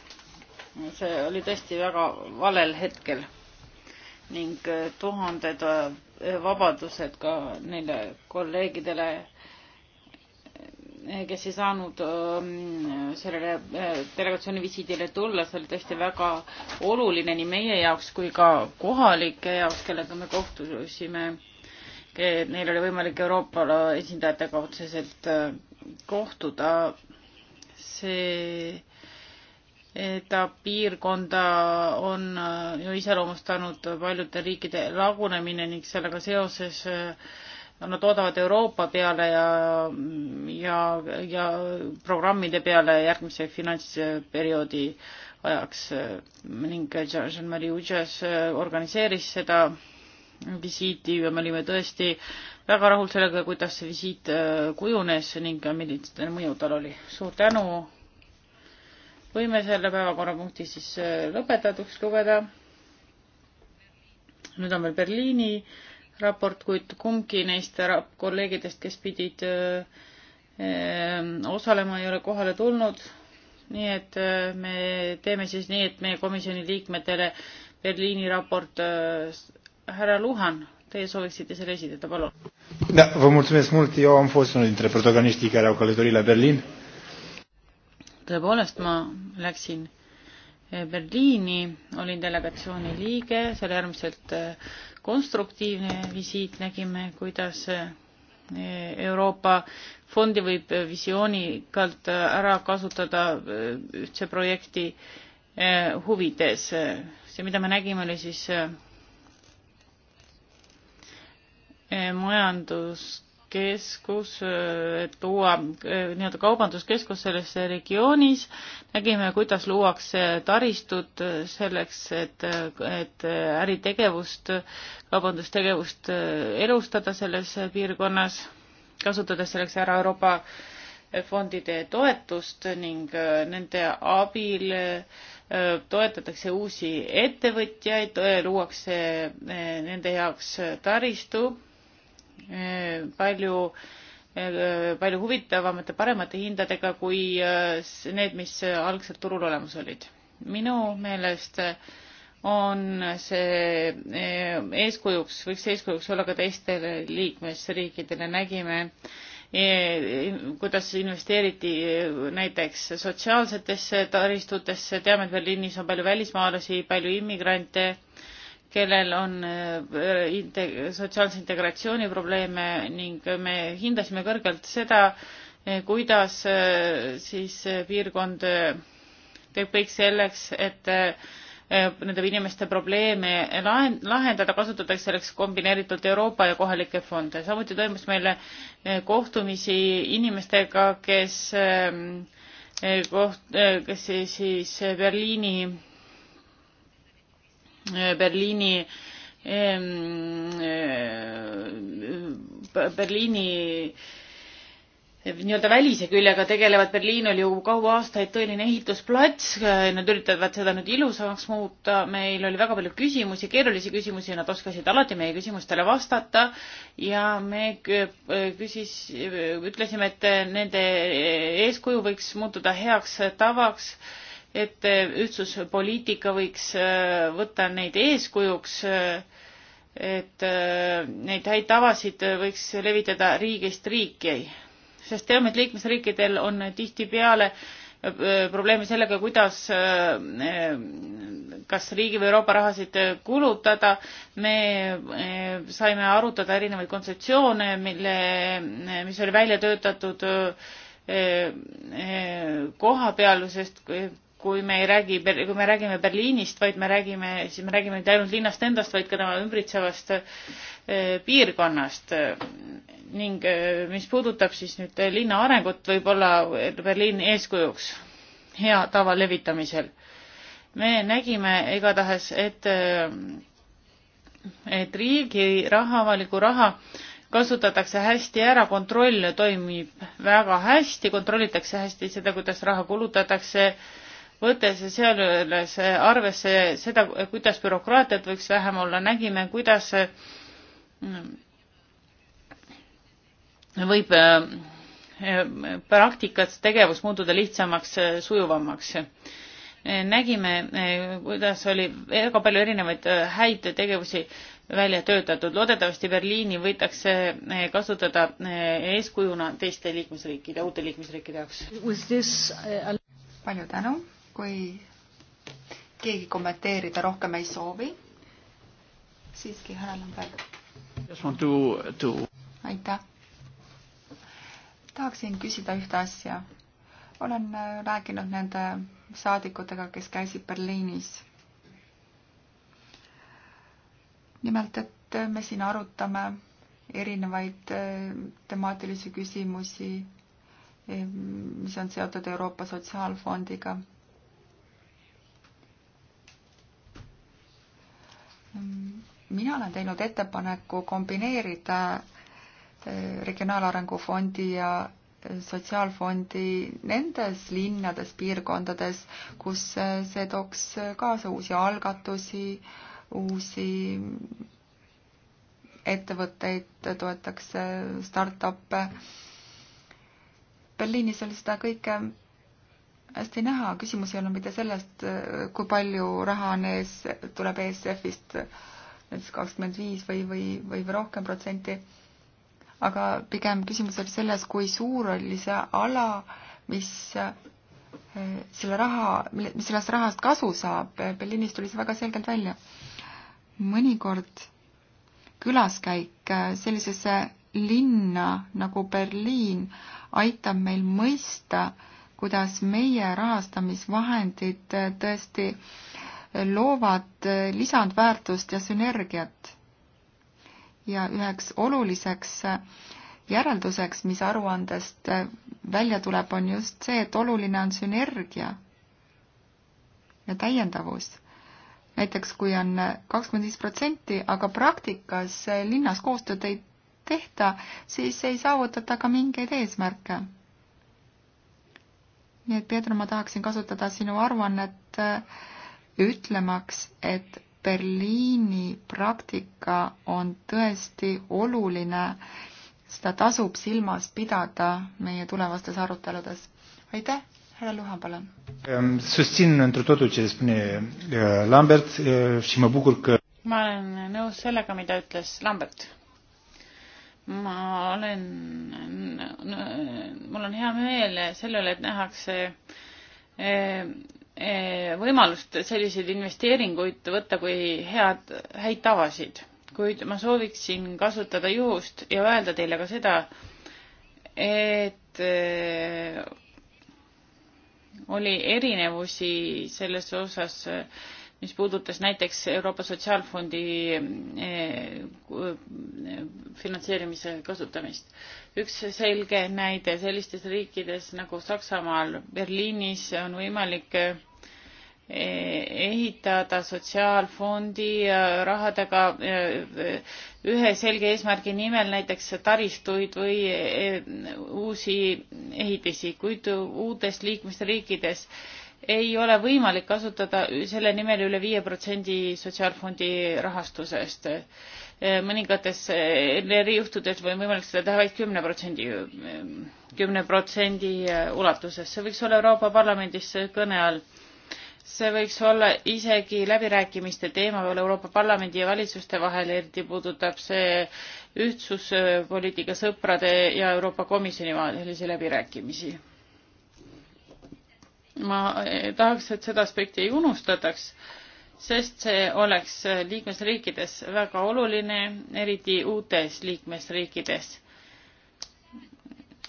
see oli tõesti väga valel hetkel ning eh, tuhanded eh, vabadused ka neile kolleegidele kes ei saanud ähm, sellele äh, delegatsiooni visiidile tulla, see oli tõesti väga oluline nii meie jaoks kui ka kohalike jaoks, kellega me kohtusime. Neil oli võimalik Euroopa esindajatega otseselt äh, kohtuda. see, ta piirkonda on äh, ju iseloomustanud paljude riikide lagunemine ning sellega seoses äh, nad oodavad Euroopa peale ja, ja, ja programmide peale järgmise finantsperioodi ajaks ning Jean-Marie Ujas organiseeris seda visiiti ja me olime tõesti väga rahul sellega, kuidas see visiit äh, kujunes ning milline mõju tal oli. suur tänu. võime selle päevakorrapunkti siis äh, lõpetatuks lugeda. nüüd on veel Berliini raport, kuid kumbki neist kolleegidest, kes pidid öö, osalema, ei ole kohale tulnud. nii et öö, me teeme siis nii, et meie komisjoni liikmetele Berliini raport, härra Luhan, teie sooviksite selle esitada, palun. Da, vă mulțumesc mult, eu am fost unul dintre protagoniștii care au călătorit la Berlin. tõepoolest, ma läksin Berliini, olin delegatsiooni liige, see oli äärmiselt äh, konstruktiivne visiit, nägime, kuidas eh, Euroopa fondi võib eh, visioonikalt eh, ära kasutada ühtse projekti huvides. see, mida me nägime, oli siis majandust keskus, et luua eh, nii-öelda kaubanduskeskus selles regioonis. nägime, kuidas luuakse taristut selleks, et, et äritegevust, kaubandustegevust elustada selles piirkonnas, kasutades selleks ära Euroopa fondide toetust ning eh, nende abil eh, toetatakse uusi ettevõtjaid, luuakse nende jaoks taristu Eh, palju eh, palju huvitavamate, paremate hindadega kui eh, need, mis algselt turul olemas olid. minu meelest on see eeskujuks, võiks eeskujuks olla ka teistele liikmesriikidele, nägime, kuidas investeeriti näiteks sotsiaalsetesse taristutesse, teame, et Berliinis on palju välismaalasi, palju immigrante kellel on äh, inte-, sotsiaalse integratsiooni probleeme ning me hindasime kõrgelt seda, äh, kuidas äh, siis piirkond teeb kõik selleks, et nende inimeste probleeme lahen-, lahendada, kasutatakse selleks kombineeritult Euroopa ja kohalikke fonde. samuti toimus meil kohtumisi inimestega, kes ähm, koht-, kes siis Berliini Berliini eh, Berliini eh, eh, nii-öelda välise küljega tegelevad, Berliin oli ju kaua aastaid tõeline ehitusplats, nad üritavad seda nüüd ilusamaks muuta, meil oli väga palju küsimusi, keerulisi küsimusi, nad oskasid alati meie küsimustele vastata ja me küsis, ütlesime, et nende eeskuju võiks muutuda heaks tavaks et ühtsuspoliitika võiks äh, võtta neid eeskujuks, äh, et äh, neid häid tavasid võiks levitada riigist riiki, sest teame, et liikmesriikidel on tihtipeale probleeme sellega, kuidas kas riigi või Euroopa rahasid kulutada. me saime arutada erinevaid kontseptsioone, mille, mis oli välja töötatud koha peal, sest kui me ei räägi, kui me räägime Berliinist, vaid me räägime, siis me räägime mitte ainult linnast endast, vaid ka tema ümbritsevast äh, piirkonnast. ning äh, mis puudutab siis nüüd linna arengut, võib-olla Berliin eeskujuks hea tava levitamisel. me nägime igatahes, et, äh, et riigi raha, avaliku raha kasutatakse hästi ära, kontroll toimib väga hästi, kontrollitakse hästi seda, kuidas raha kulutatakse võttes sealjuures arvesse seda, kuidas bürokraatiat võiks vähem olla, nägime, kuidas mm, võib äh, praktikas tegevus muutuda lihtsamaks, sujuvamaks. nägime, kuidas oli väga palju erinevaid äh, häid tegevusi välja töötatud. loodetavasti Berliini võidakse äh, kasutada eeskujuna teiste liikmesriikide, uute liikmesriikide jaoks. palju tänu kui keegi kommenteerida rohkem ei soovi, siiski hääl on veel. aitäh. tahaksin küsida ühte asja. olen äh, rääkinud nende saadikutega, kes käisid Berliinis. nimelt, et me siin arutame erinevaid äh, temaatilisi küsimusi, eh, mis on seotud Euroopa Sotsiaalfondiga mina olen teinud ettepaneku kombineerida äh, Regionaalarengu Fondi ja äh, Sotsiaalfondi nendes linnades, piirkondades, kus äh, see tooks kaasa uusi algatusi, uusi ettevõtteid, toetaks startup'e. Berliinis oli seda kõike hästi näha, küsimus ei olnud mitte sellest, kui palju raha on ees, tuleb ESF-ist näiteks kakskümmend viis või, või, või rohkem protsenti, aga pigem küsimus oli selles, kui suur oli see ala, mis selle raha, mis sellest rahast kasu saab, Berliinis tuli see väga selgelt välja. mõnikord külaskäik sellisesse linna nagu Berliin aitab meil mõista, kuidas meie rahastamisvahendid äh, tõesti äh, loovad äh, lisandväärtust ja sünergiat. ja üheks oluliseks järelduseks, mis aruandest välja tuleb, on just see, et oluline on sünergia ja täiendavus. näiteks kui on kakskümmend viis protsenti, aga praktikas linnas koostööd ei tehta, siis ei saavutata ka mingeid eesmärke nii et Pedro, ma tahaksin kasutada sinu aruannet äh, ütlemaks, et Berliini praktika on tõesti oluline, seda tasub silmas pidada meie tulevastes aruteludes. aitäh, härra Luha, palun! Ähm, susțin întru totul ce spune äh, Lambert äh, și mă bucur că ma olen nõus sellega, mida ütles Lambert ma olen, mul on hea meel selle üle, et nähakse eh, eh, võimalust selliseid investeeringuid võtta kui head, häid tavasid, kuid ma sooviksin kasutada juhust ja öelda teile ka seda, et eh, oli erinevusi selles osas äh, mis puudutas näiteks Euroopa Sotsiaalfondi eh, eh, finantseerimise kasutamist. üks selge näide sellistes riikides nagu Saksamaal, Berliinis on võimalik eh, ehitada sotsiaalfondi rahadega ühe selge eesmärgi nimel näiteks taristuid või uusi ehitisi, kuid uutes liikmesriikides ei ole võimalik kasutada selle nimel üle viie protsendi sotsiaalfondi rahastusest. mõningates juhtudes või võimalik seda teha vaid kümne protsendi, kümne protsendi ulatuses. see võiks olla Euroopa Parlamendis kõne all. see võiks olla isegi läbirääkimiste teema veel Euroopa Parlamendi ja valitsuste vahel, eriti puudutab see ühtsuspoliitika sõprade ja Euroopa Komisjoni vahelisi läbirääkimisi ma eh, tahaks, et seda aspekti ei unustataks, sest see oleks eh, liikmesriikides väga oluline, eriti uutes liikmesriikides.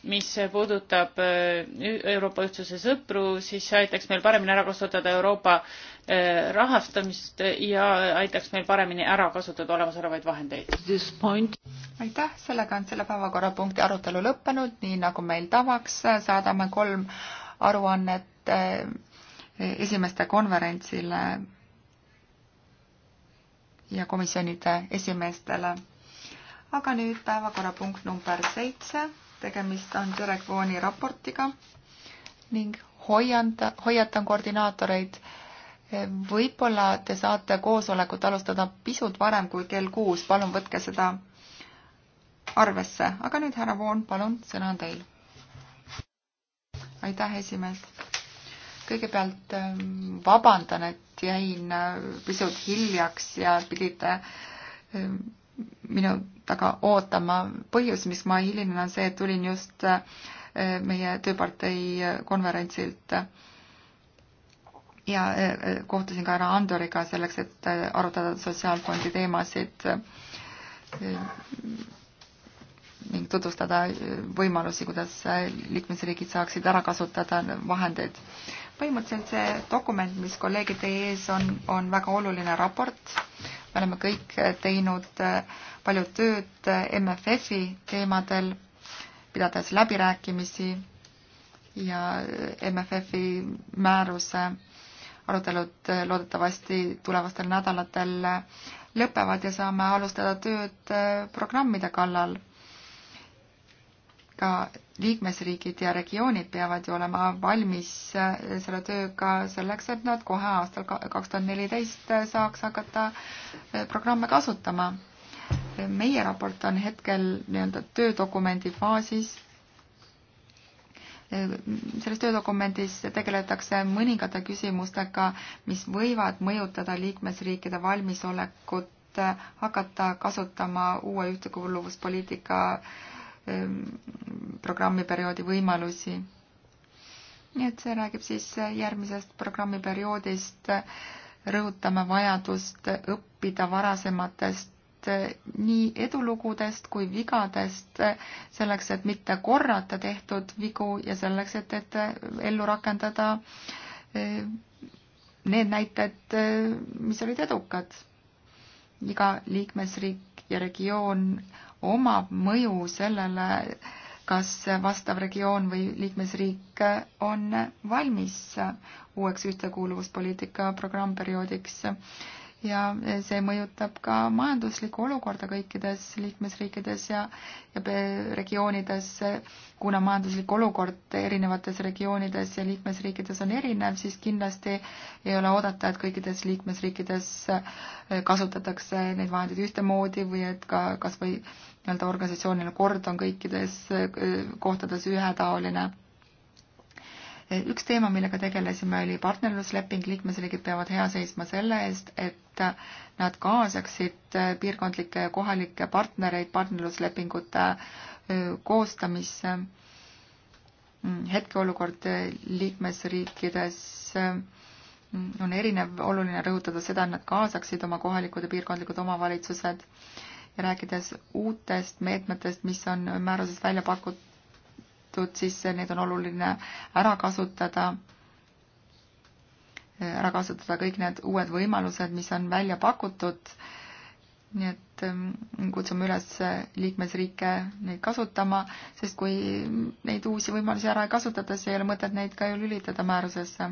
mis puudutab eh, Euroopa Ühtsuse sõpru, siis see aitaks meil paremini ära kasutada Euroopa rahastamist ja aitaks meil paremini ära kasutada olemasolevaid vahendeid. aitäh, sellega on selle päevakorrapunkti arutelu lõppenud, nii nagu meil tavaks, saadame kolm aruannet et esimeste konverentsile ja komisjonide esimeestele. aga nüüd päevakorrapunkt number seitse, tegemist on Derek Vooni raportiga ning hoianda, hoiatan koordinaatoreid. võib-olla te saate koosolekut alustada pisut varem kui kell kuus, palun võtke seda arvesse, aga nüüd härra Voon, palun, sõna on teil. aitäh, esimees kõigepealt ähm, vabandan, et jäin äh, pisut hiljaks ja pidite ähm, minu taga ootama. põhjus, mis ma hilinen, on see, et tulin just äh, meie tööpartei äh, konverentsilt ja kohtusin ka härra Andoriga selleks, et arutada sotsiaalfondi teemasid ning tutvustada võimalusi, kuidas liikmesriigid saaksid ära kasutada vahendeid põhimõtteliselt see dokument, mis kolleegid teie ees on, on väga oluline raport. me oleme kõik teinud äh, palju tööd äh, MFF-i teemadel, pidades läbirääkimisi ja äh, MFF-i määruse arutelud loodetavasti tulevastel nädalatel lõpevad ja saame alustada tööd programmide kallal ka liikmesriigid ja regioonid peavad ju olema valmis äh, selle tööga selleks, et nad kohe aastal kaks tuhat neliteist äh, saaks hakata äh, programme kasutama. meie raport on hetkel nii-öelda töödokumendi faasis. selles töödokumendis tegeletakse mõningate küsimustega, mis võivad mõjutada liikmesriikide valmisolekut hakata kasutama uue ühtekuuluvuspoliitika äh, Ähm, programmiperioodi võimalusi. nii et see räägib siis järgmisest programmiperioodist, rõhutame vajadust õppida varasematest äh, nii edulugudest kui vigadest, äh, selleks, et mitte korrata tehtud vigu ja selleks, et, et äh, ellu rakendada need näited, mis olid edukad. iga liikmesriik ja regioon omab mõju sellele, kas vastav regioon või liikmesriik on valmis uueks ühtekuuluvuspoliitika programmperioodiks ja see mõjutab ka majanduslikku olukorda kõikides liikmesriikides ja, ja regioonides, kuna majanduslik olukord erinevates regioonides ja liikmesriikides on erinev, siis kindlasti ei ole oodata, et kõikides liikmesriikides eh, kasutatakse neid vahendeid ühtemoodi või et ka kas või nii-öelda organisatsiooniline kord on kõikides eh, kohtades ühetaoline üks teema, millega tegelesime, oli partnerlusleping, liikmesriigid peavad hea seisma selle eest, et nad kaasaksid piirkondlikke ja kohalikke partnereid partnerluslepingute koostamisse. Mm, hetkeolukord liikmesriikides mm, on erinev, oluline rõhutada seda, et nad kaasaksid oma kohalikud ja piirkondlikud omavalitsused ja rääkides uutest meetmetest, mis on määruses välja pakutud, tehtud, siis need on oluline ära kasutada, ära kasutada kõik need uued võimalused, mis on välja pakutud. nii et ähm, kutsume üles liikmesriike neid kasutama, sest kui neid uusi võimalusi ära ei kasutata, siis ei ole mõtet neid ka ju lülitada määrusesse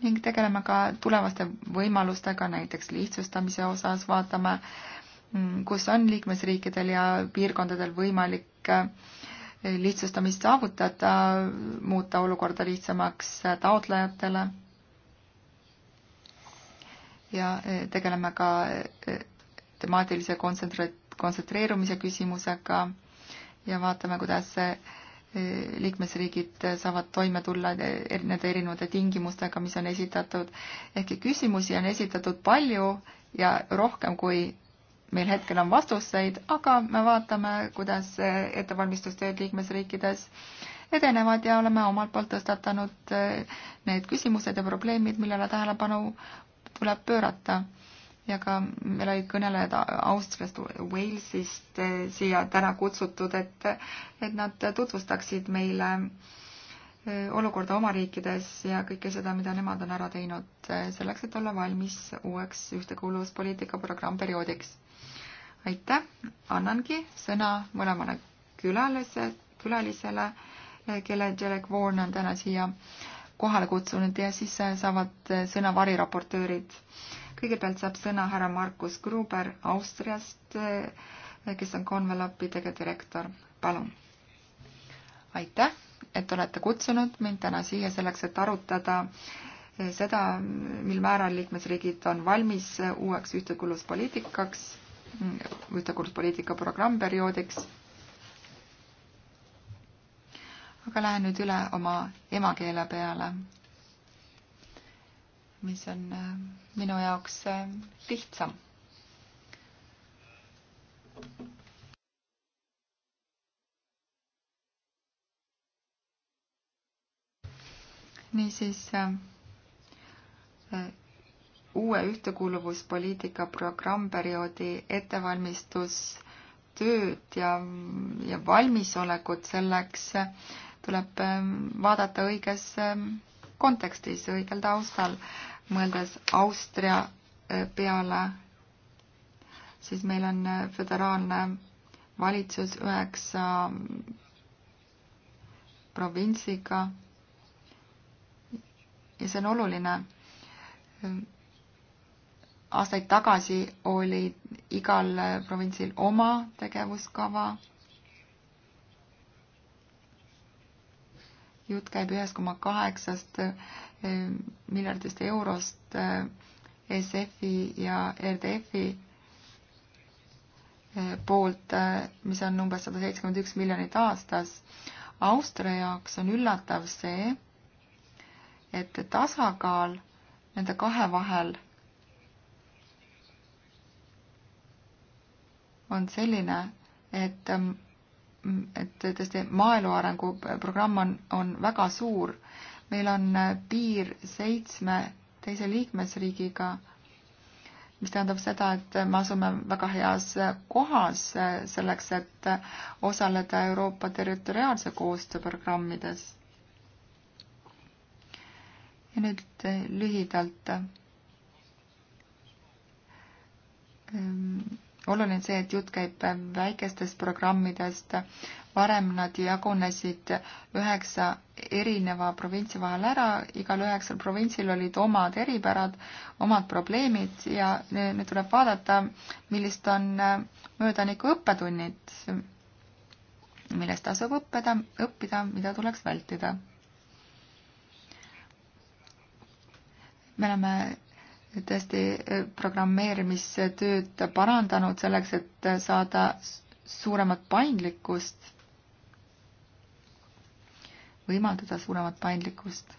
ning tegeleme ka tulevaste võimalustega, näiteks lihtsustamise osas vaatame, mm, kus on liikmesriikidel ja piirkondadel võimalik äh, lihtsustamist saavutada, muuta olukorda lihtsamaks taotlejatele ja e, tegeleme ka e, temaatilise kontsentre-, kontsentreerumise küsimusega ja vaatame, kuidas e, liikmesriigid saavad toime tulla nende erinevate tingimustega, mis on esitatud. ehkki küsimusi on esitatud palju ja rohkem, kui meil hetkel on vastuseid, aga me vaatame, kuidas ettevalmistustööd liikmesriikides edenevad ja oleme omalt poolt tõstatanud eh, need küsimused ja probleemid, millele tähelepanu tuleb pöörata. ja ka meil olid kõnelejad Austriast, Walesist eh, siia täna kutsutud, et, et nad tutvustaksid meile eh, olukorda oma riikides ja kõike seda, mida nemad on ära teinud selleks, et olla valmis uueks ühtekuuluvuspoliitika programmperioodiks aitäh, annangi sõna mõlemale külalise, külalisele, kelle Derek Vaughan on täna siia kohale kutsunud ja siis saavad sõna variraportöörid. kõigepealt saab sõna härra Markus Gruber Austriast, kes on Convelapi tegevdirektor. palun. aitäh, et olete kutsunud mind täna siia selleks, et arutada seda, mil määral liikmesriigid on valmis uueks ühtekuuluvuspoliitikaks ühtekuuluvuspoliitika programmperioodiks. aga lähen nüüd üle oma emakeele peale, mis on äh, minu jaoks äh, lihtsam. niisiis äh, uue ühtekuuluvuspoliitika programmperioodi ettevalmistustööd ja, ja valmisolekut selleks tuleb ähm, vaadata õiges ähm, kontekstis, õigel taustal, mõeldes Austria äh, peale, siis meil on äh, föderaalne valitsus üheksa ähm, provintsiga ja see on oluline aastaid tagasi oli igal provintsil oma tegevuskava. jutt käib ühest koma kaheksast eh, miljardist eurost eh, e SF-i ja RDF-i eh, poolt, mis on umbes sada seitsekümmend üks miljonit aastas. Austria jaoks on üllatav see, et tasakaal nende kahe vahel on selline, et, mm, et tõesti maaelu arenguprogramm on, on väga suur. meil on äh, piir seitsme teise liikmesriigiga, mis tähendab seda, et me asume väga heas äh, kohas äh, selleks, et osaleda Euroopa territoriaalse koostöö programmides. ja nüüd lühidalt oluline on see, et jutt käib väikestest programmidest. varem nad jagunesid üheksa erineva provintsi vahel ära, igal üheksal provintsil olid omad eripärad, omad probleemid ja nüüd tuleb vaadata, millised on möödaniku õppetunnid, millest tasub õppida, õppida, mida tuleks vältida. me oleme tõesti eh, programmeerimistööd parandanud selleks, et saada suuremat paindlikkust, võimaldada suuremat paindlikkust.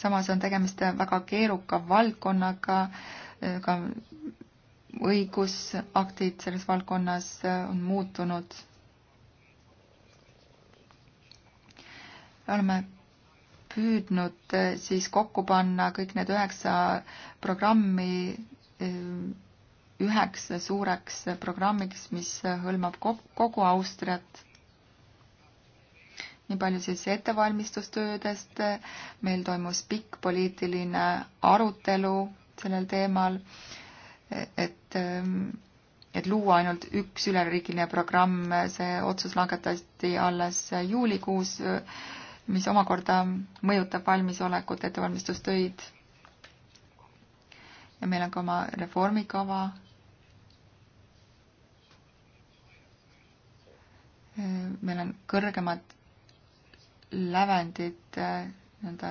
samas on tegemist väga keeruka valdkonnaga, eh, ka õigusaktid selles valdkonnas eh, on muutunud. oleme püüdnud äh, siis kokku panna kõik need üheksa programmi äh, üheks suureks programmiks, mis hõlmab kogu Austriat. nii palju siis ettevalmistustöödest, meil toimus pikk poliitiline arutelu sellel teemal, et, ähm, et luua ainult üks üleriigiline programm, see otsus langetati alles juulikuus mis omakorda mõjutab valmisolekut, ettevalmistustöid. ja meil on ka oma reformikava. meil on kõrgemad lävendid eh, nii-öelda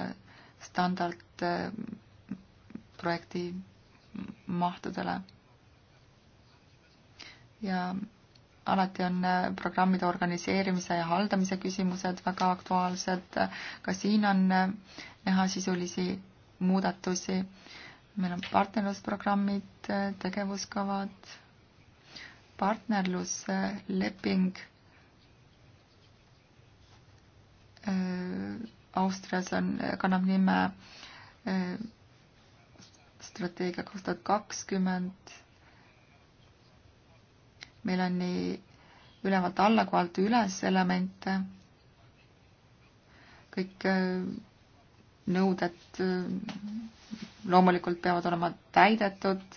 standardprojekti eh, mahtudele ja alati on äh, programmide organiseerimise ja haldamise küsimused väga aktuaalsed. ka siin on äh, näha sisulisi muudatusi. meil on partnerlusprogrammid, äh, tegevuskavad, partnerlusleping. Austrias on, kannab nime strateegia kaks tuhat kakskümmend meil on nii ülevalt alla kui alt üles elemente, kõik äh, nõuded äh, loomulikult peavad olema täidetud,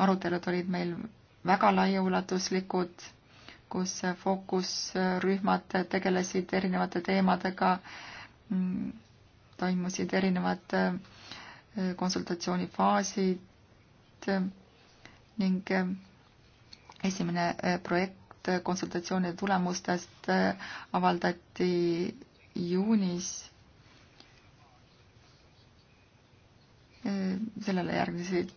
arutelud olid meil väga laiaulatuslikud kus fookusrühmad tegelesid erinevate teemadega, mm, toimusid erinevad äh, konsultatsioonifaasid ning esimene äh, projekt äh, konsultatsioonide tulemustest äh, avaldati juunis. sellele järgnesid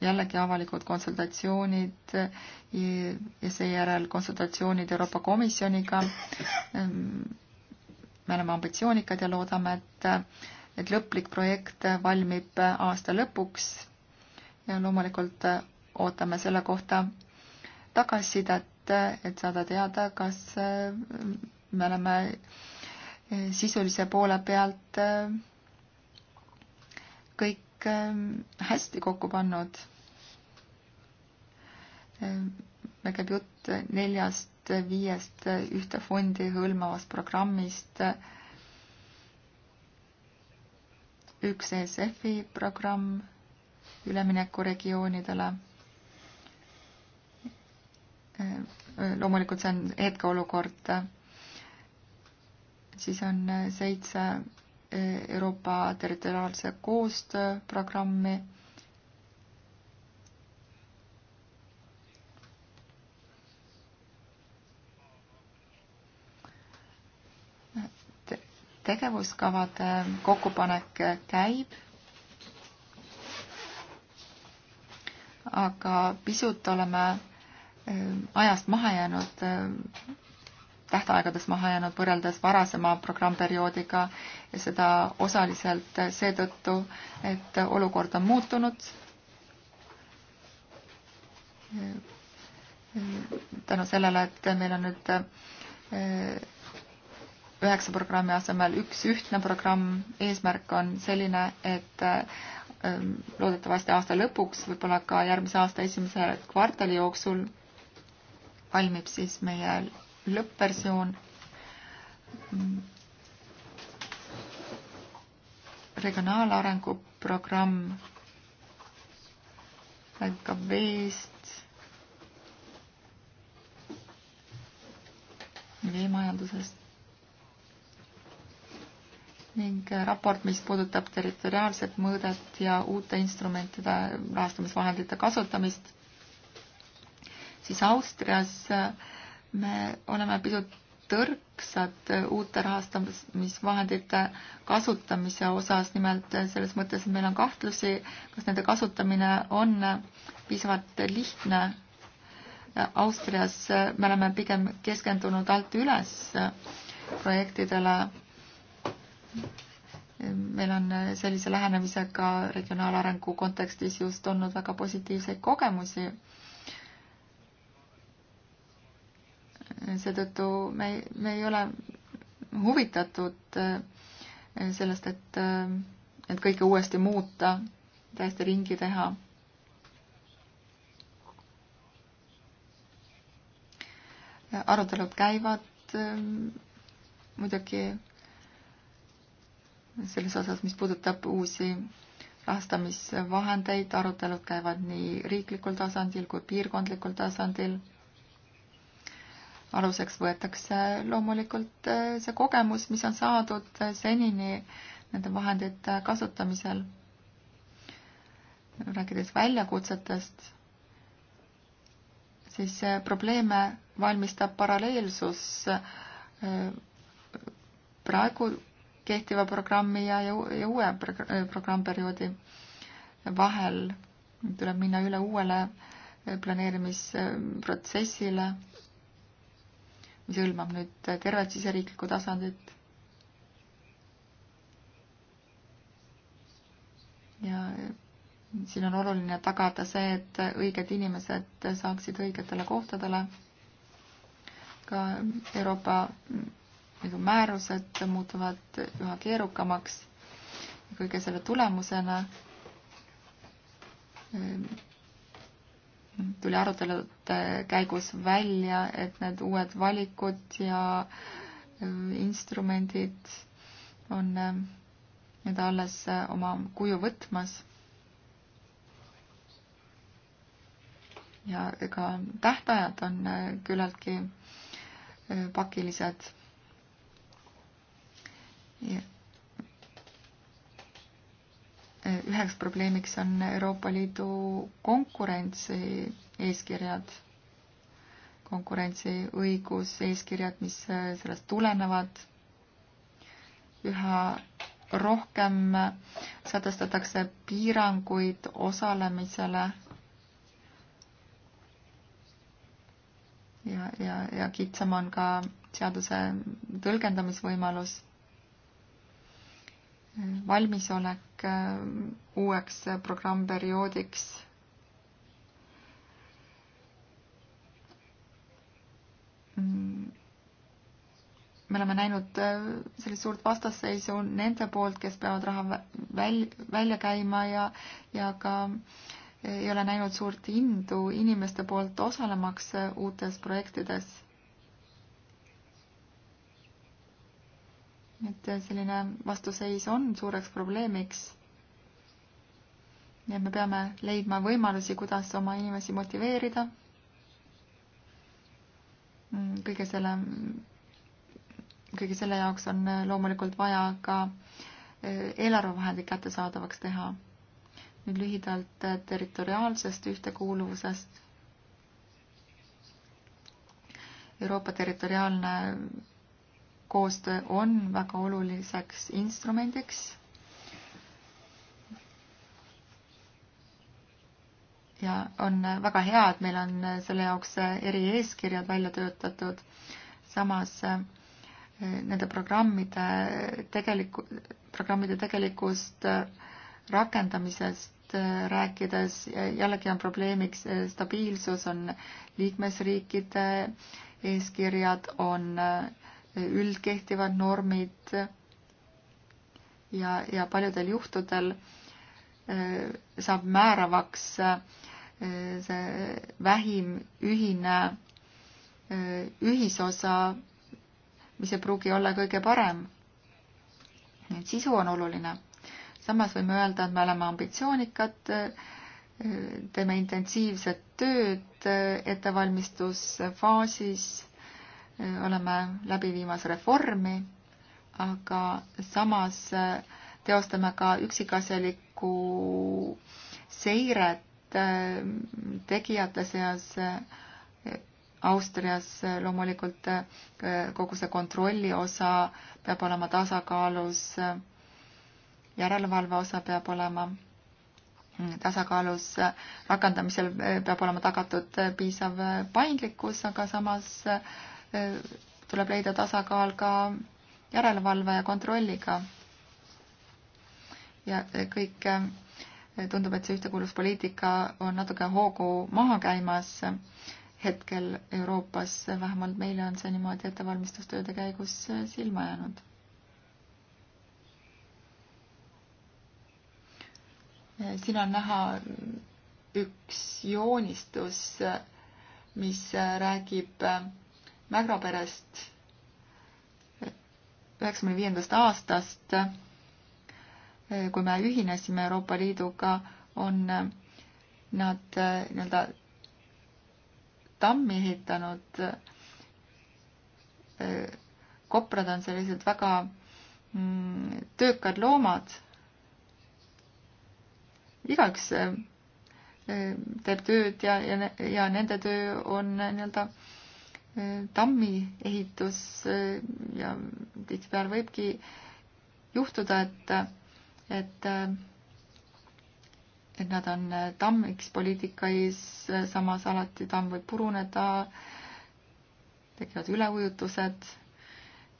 jällegi avalikud konsultatsioonid ja seejärel konsultatsioonid Euroopa Komisjoniga. me oleme ambitsioonikad ja loodame, et, et lõplik projekt valmib aasta lõpuks. ja loomulikult ootame selle kohta tagasisidet, et saada teada, kas äh, me oleme äh, sisulise poole pealt äh, kõik hästi kokku pannud. meil käib jutt neljast-viiest ühte fondi hõlmavast programmist, üks ESF-i programm üleminekuregioonidele Äh, loomulikult see on hetkeolukord, siis on äh, seitse äh, Euroopa territoriaalse koostöö programmi. tegevuskavade kokkupanek käib, aga pisut oleme Äh, ajast maha jäänud, äh, tähtaegades maha jäänud võrreldes varasema programmperioodiga ja seda osaliselt seetõttu, et olukord on muutunud. Äh, tänu sellele, et meil on nüüd üheksa programmi asemel üks ühtne programm, eesmärk on selline, et loodetavasti aasta lõpuks, võib-olla ka järgmise aasta esimese kvartali jooksul valmib siis meie lõppversioon. regionaalarengu programm ka veest, veemajandusest ning raport, mis puudutab territoriaalset mõõdet ja uute instrumentide rahastamisvahendite kasutamist siis Austrias äh, me oleme pisut tõrksad äh, uute rahastamisvahendite kasutamise osas, nimelt äh, selles mõttes, et meil on kahtlusi, kas nende kasutamine on piisavalt lihtne. Austrias me oleme pigem keskendunud alt üles projektidele. meil on sellise lähenemisega regionaalarengu kontekstis just olnud väga positiivseid kogemusi seetõttu me, me ei ole huvitatud eh, sellest, et, eh, et kõike uuesti muuta, täiesti ringi teha. arutelud käivad eh, muidugi selles osas, mis puudutab uusi rahastamisvahendeid, arutelud käivad nii riiklikul tasandil kui piirkondlikul tasandil aluseks võetakse loomulikult äh, see kogemus, mis on saadud äh, senini nende vahendite kasutamisel. rääkides väljakutsetest, siis probleeme valmistab paralleelsus äh, praegu kehtiva programmi ja, ja uue programmperioodi vahel tuleb minna üle uuele planeerimisprotsessile mis hõlmab nüüd tervet siseriiklikku tasandit. ja siin on oluline tagada see, et õiged inimesed saaksid õigetele kohtadele. ka Euroopa nagu määrused muutuvad üha keerukamaks. kõige selle tulemusena tuli arutelude käigus välja, et need uued valikud ja äh, instrumendid on äh, nüüd alles äh, oma kuju võtmas. ja ka tähtajad on küllaltki pakilised üheks probleemiks on Euroopa Liidu konkurentsi eeskirjad, konkurentsiõigus, eeskirjad, mis äh, sellest tulenevad. üha rohkem äh, sätestatakse piiranguid osalemisele ja, ja, ja kitsam on ka seaduse tõlgendamisvõimalus Mm. valmisolek äh, uueks programmperioodiks. Mm. me oleme näinud äh, sellist suurt vastasseisu nende poolt, kes peavad raha väl-, välja käima ja, ja ka äh, ei ole näinud suurt indu inimeste poolt osalemaks uutes projektides et selline vastuseis on suureks probleemiks. nii et me peame leidma võimalusi, kuidas oma inimesi motiveerida kõige selle, kõige selle jaoks on loomulikult vaja ka e, eelarvevahendid kättesaadavaks teha. nüüd lühidalt e, territoriaalsest ühtekuuluvusest. Euroopa territoriaalne koostöö on väga oluliseks instrumendiks. ja on väga hea, et meil on selle jaoks erieeskirjad välja töötatud. samas eh, nende programmide tegeliku, programmide tegelikust eh, rakendamisest eh, rääkides jällegi on probleemiks stabiilsus, on liikmesriikide eeskirjad, on äh, üldkehtivad normid ja, ja paljudel juhtudel äh, saab määravaks äh, see vähim ühine äh, ühisosa, mis ei pruugi olla kõige parem. nii et sisu on oluline. samas võime öelda, et me oleme ambitsioonikad, teeme intensiivset tööd ettevalmistusfaasis oleme läbi viimas reformi, aga samas äh, teostame ka üksikasjalikku seiret äh, tegijate seas äh, Austrias loomulikult kogu see kontrolli osa peab olema tasakaalus, järelevalve osa peab olema mm, tasakaalus rakendamisel peab olema tagatud piisav paindlikkus, aga samas tuleb leida tasakaal ka järelevalve ja kontrolliga. ja kõik, eh, tundub, et see ühtekuuluvuspoliitika on natuke hoogu maha käimas hetkel Euroopas, vähemalt meile on see niimoodi ettevalmistustööde käigus silma jäänud. siin on näha üks joonistus, mis räägib Mägra perest üheksakümne viiendast aastast, kui me ühinesime Euroopa Liiduga, on nad eh, nii-öelda tammi ehitanud. Eh, koprad on sellised väga mm, töökad loomad. igaüks eh, teeb tööd ja, ja, ja nende töö on nii-öelda äh, tammi ehitus eh, ja tihtipeale võibki juhtuda, et, et, et nad on tammiks poliitika ees, samas alati tamm võib puruneda, tekivad üleujutused.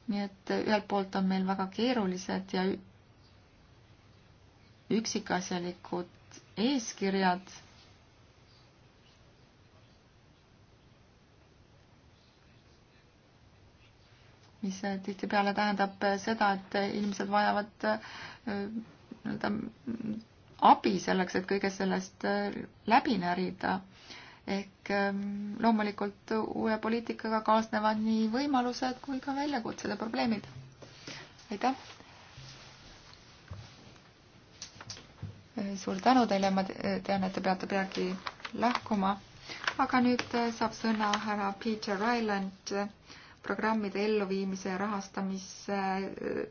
nii et ühelt poolt on meil väga keerulised ja üksikasjalikud eeskirjad mis äh, tihtipeale tähendab äh, seda, et äh, inimesed vajavad nii-öelda mm, abi selleks, et kõigest sellest läbi närida. ehk ähm, loomulikult uue poliitikaga kaasnevad nii võimalused kui ka väljakutsed ja probleemid. aitäh! suur tänu teile, ma tean, et te peate peagi lahkuma, aga nüüd saab sõna härra Peter Ryland programmide elluviimise ja rahastamise äh,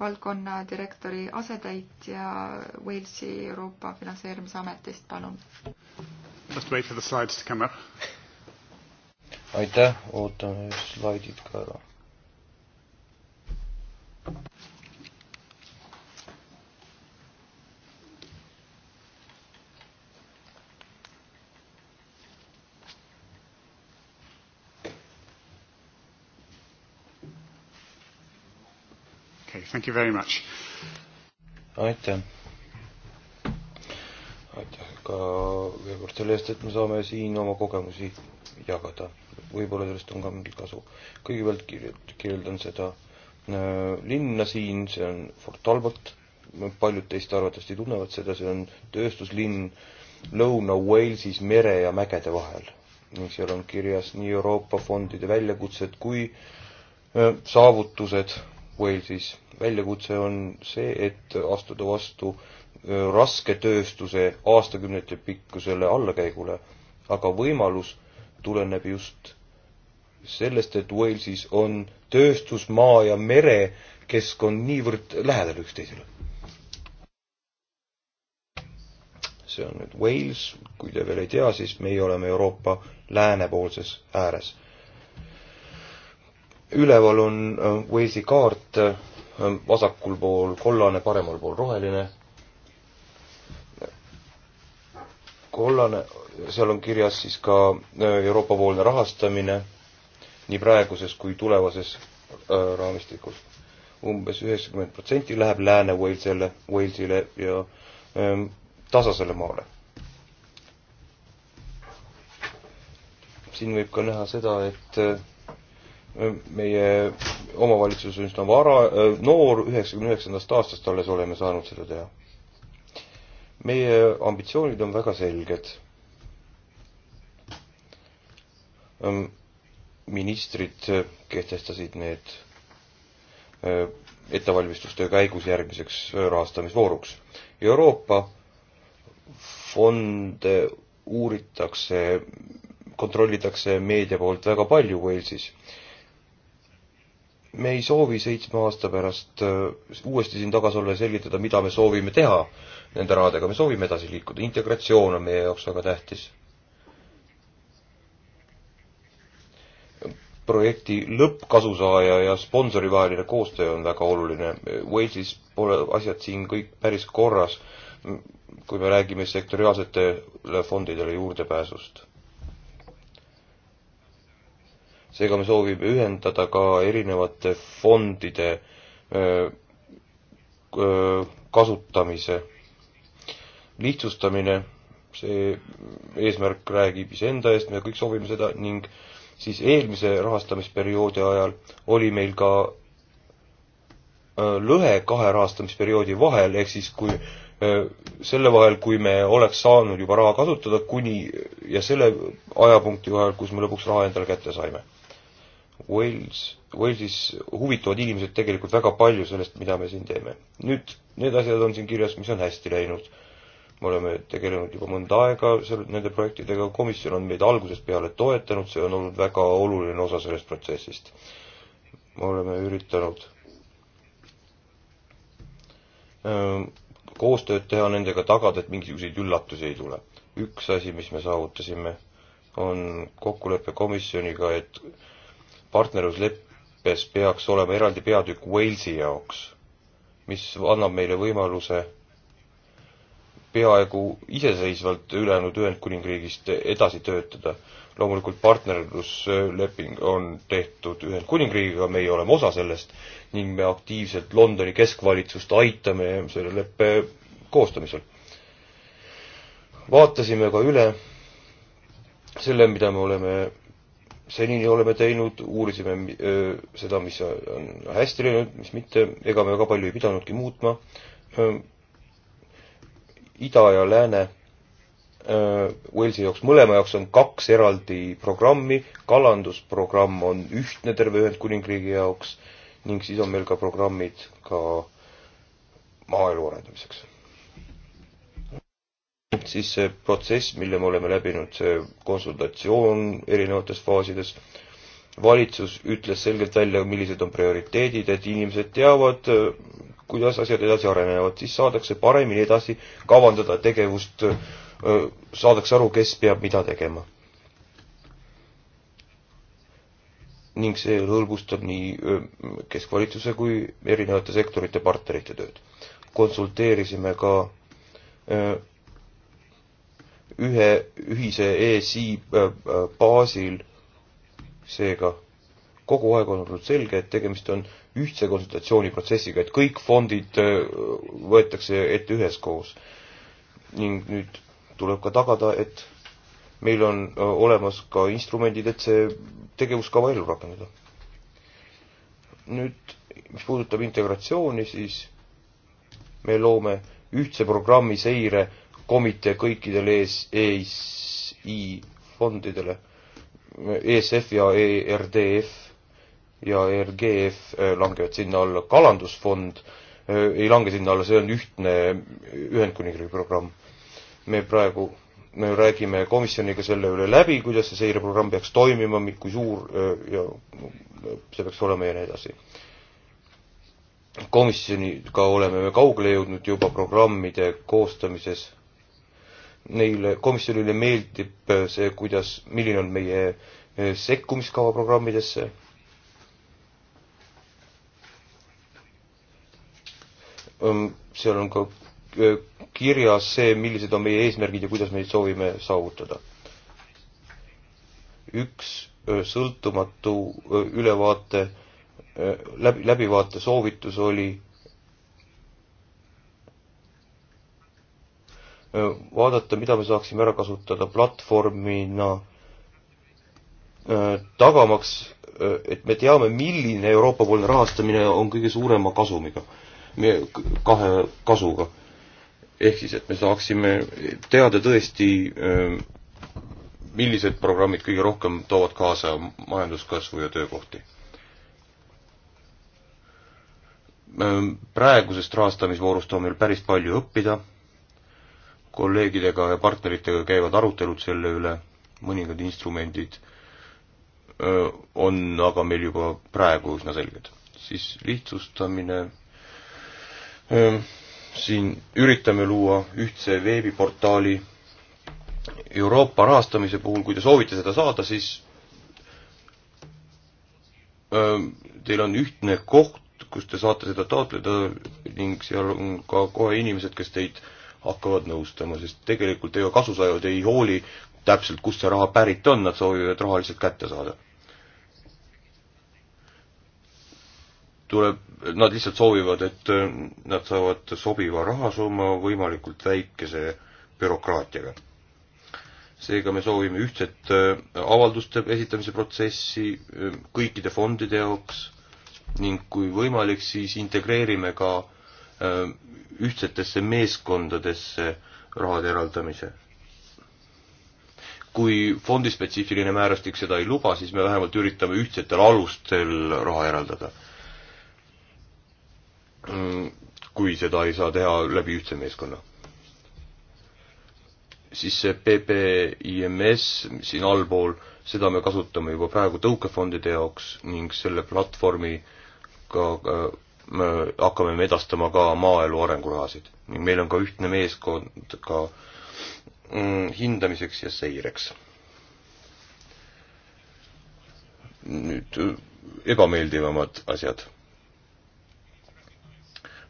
valdkonna direktori asetäitja Walesi Euroopa Finantseerimisametist, palun. aitäh, ootame slaidid ka ära Thank you very much. aitäh. aitäh ka veel kord selle eest, et me saame siin oma kogemusi jagada. võib-olla sellest on ka mingi kasu. kõigepealt kirjut-, kirjeldan seda äh, linna siin, see on Fort Talbot, paljud teist arvatavasti tunnevad seda, see on tööstuslinn Lõuna-Walesis mere ja mägede vahel. ning seal on kirjas nii Euroopa fondide väljakutsed kui äh, saavutused Walesis. väljakutse on see, et astuda vastu rasketööstuse aastakümnete pikkusele allakäigule, aga võimalus tuleneb just sellest, et Walesis on tööstus, maa ja mere keskkond niivõrd lähedal üksteisele. see on nüüd Wales, kui te veel ei tea, siis meie oleme Euroopa läänepoolses ääres üleval on äh, Waze'i kaart, äh, vasakul pool kollane, paremal pool roheline. kollane, seal on kirjas siis ka äh, Euroopa-poolne rahastamine nii praeguses kui tulevases raamistikus umbes. umbes üheksakümmend protsenti läheb Lääne-Walesile, Walesile ja ähm, tasasele maale. siin võib ka näha seda, et Äh, meie omavalitsus on üsna vara, äh, noor, üheksakümne üheksandast aastast alles oleme saanud seda teha. meie ambitsioonid on väga selged. Ähm, ministrid äh, kehtestasid need ettevalmistustöö käigus järgmiseks rahastamisvooruks. Euroopa fonde uuritakse, kontrollitakse meedia poolt väga palju Walesis me ei soovi seitsme aasta pärast äh, uuesti siin tagasi olla ja selgitada, mida me soovime teha nende rahadega, me soovime edasi liikuda, integratsioon on meie jaoks väga tähtis. projekti lõppkasusaaja ja sponsori vaheline koostöö on väga oluline, Walesis pole asjad siin kõik päris korras, kui me räägime sektoriaalsetele fondidele juurdepääsust seega me soovime ühendada ka erinevate fondide kasutamise. lihtsustamine, see eesmärk räägib iseenda eest, me kõik soovime seda ning siis eelmise rahastamisperioodi ajal oli meil ka lõhe kahe rahastamisperioodi vahel, ehk siis kui selle vahel, kui me oleks saanud juba raha kasutada, kuni ja selle ajapunkti vahel, kus me lõpuks raha endale kätte saime Wales, Walesis huvituvad inimesed tegelikult väga palju sellest, mida me siin teeme. nüüd need asjad on siin kirjas, mis on hästi läinud. me oleme tegelenud juba mõnda aega seal nende projektidega, komisjon on meid algusest peale toetanud, see on olnud väga oluline osa sellest protsessist. me oleme üritanud öö, ähm, koostööd teha nendega, tagada, et mingisuguseid üllatusi ei tule. üks asi, mis me saavutasime, on kokkulepe komisjoniga, et partnerlusleppes peaks olema eraldi peatükk Walesi jaoks, mis annab meile võimaluse peaaegu iseseisvalt ülejäänud Ühendkuningriigist edasi töötada. loomulikult partnerlusleping on tehtud Ühendkuningriigiga, meie oleme osa sellest ning me aktiivselt Londoni keskvalitsust aitame selle leppe koostamisel. vaatasime ka üle selle, mida me oleme senini oleme teinud, uurisime seda, mis on hästi läinud, mis mitte, ega me väga palju ei pidanudki muutma. Ida ja Lääne Walesi jaoks, mõlema jaoks on kaks eraldi programmi, kalandusprogramm on ühtne terve Ühendkuningriigi jaoks ning siis on meil ka programmid ka maaelu arendamiseks siis see protsess, mille me oleme läbinud, see konsultatsioon erinevates faasides, valitsus ütles selgelt välja, millised on prioriteedid, et inimesed teavad, äh, kuidas asjad edasi arenevad, siis saadakse paremini edasi kavandada tegevust, äh, saadakse aru, kes peab mida tegema. ning see hõlbustab nii äh, keskvalitsuse kui erinevate sektorite partnerite tööd. konsulteerisime ka ühe ühise ESI äh, äh, baasil. seega kogu aeg on olnud selge, et tegemist on ühtse konsultatsiooniprotsessiga, et kõik fondid äh, võetakse ette üheskoos. ning nüüd tuleb ka tagada, et meil on olemas ka instrumendid, et see tegevuskava ellu rakendada. nüüd, mis puudutab integratsiooni, siis me loome ühtse programmi seire komitee kõikidele ESI e fondidele, ESF ja ERDF ja ERGF äh, langevad sinna alla, kalandusfond äh, ei lange sinna alla, see on ühtne Ühendkuningriigi programm. me praegu, me räägime komisjoniga selle üle läbi, kuidas see seireprogramm peaks toimima, kui suur äh, ja see peaks olema ja nii edasi komisjoniga oleme me kaugele jõudnud juba programmide koostamises neile, komisjonile meeldib äh, see, kuidas, milline on meie äh, sekkumiskava programmidesse. Ähm, seal on ka äh, kirjas see, millised on meie eesmärgid ja kuidas me neid soovime saavutada. üks sõltumatu ülevaate läbi, läbivaate soovitus oli vaadata, mida me saaksime ära kasutada platvormina, tagamaks, et me teame, milline Euroopa-poolne rahastamine on kõige suurema kasumiga, kahe kasuga. ehk siis, et me saaksime teada tõesti, millised programmid kõige rohkem toovad kaasa majanduskasvu ja töökohti praegusest rahastamisvoorust on meil päris palju õppida kolleegidega ja partneritega käivad arutelud selle üle, mõningad instrumendid on aga meil juba praegu üsna selged. siis lihtsustamine, siin üritame luua ühtse veebiportaali Euroopa rahastamise puhul, kui te soovite seda saada, siis teil on ühtne koht, kus te saate seda taotleda ning seal on ka kohe inimesed, kes teid äh, hakkavad nõustama, sest tegelikult ega kasusaajad ei hooli täpselt, kust see raha pärit on, nad soovivad raha lihtsalt kätte saada. tuleb, nad lihtsalt soovivad, et äh, nad saavad sobiva rahasumma võimalikult väikese bürokraatiaga. seega me soovime ühtset äh, avalduste esitamise protsessi äh, kõikide fondide jaoks ning kui võimalik, siis integreerime ka äh, Äh, ühtsetesse meeskondadesse rahade eraldamise. kui fondispetsiifiline määrastik seda ei luba, siis me vähemalt üritame ühtsetel alustel raha eraldada. Mm, kui seda ei saa teha läbi ühtse meeskonna siis see PPIMS siin allpool, seda me kasutame juba praegu tõukefondide jaoks ning selle platvormiga me hakkame me edastama ka maaelu arengurahasid ning meil on ka ühtne meeskond ka mm, hindamiseks ja seireks. nüüd ebameeldivamad asjad.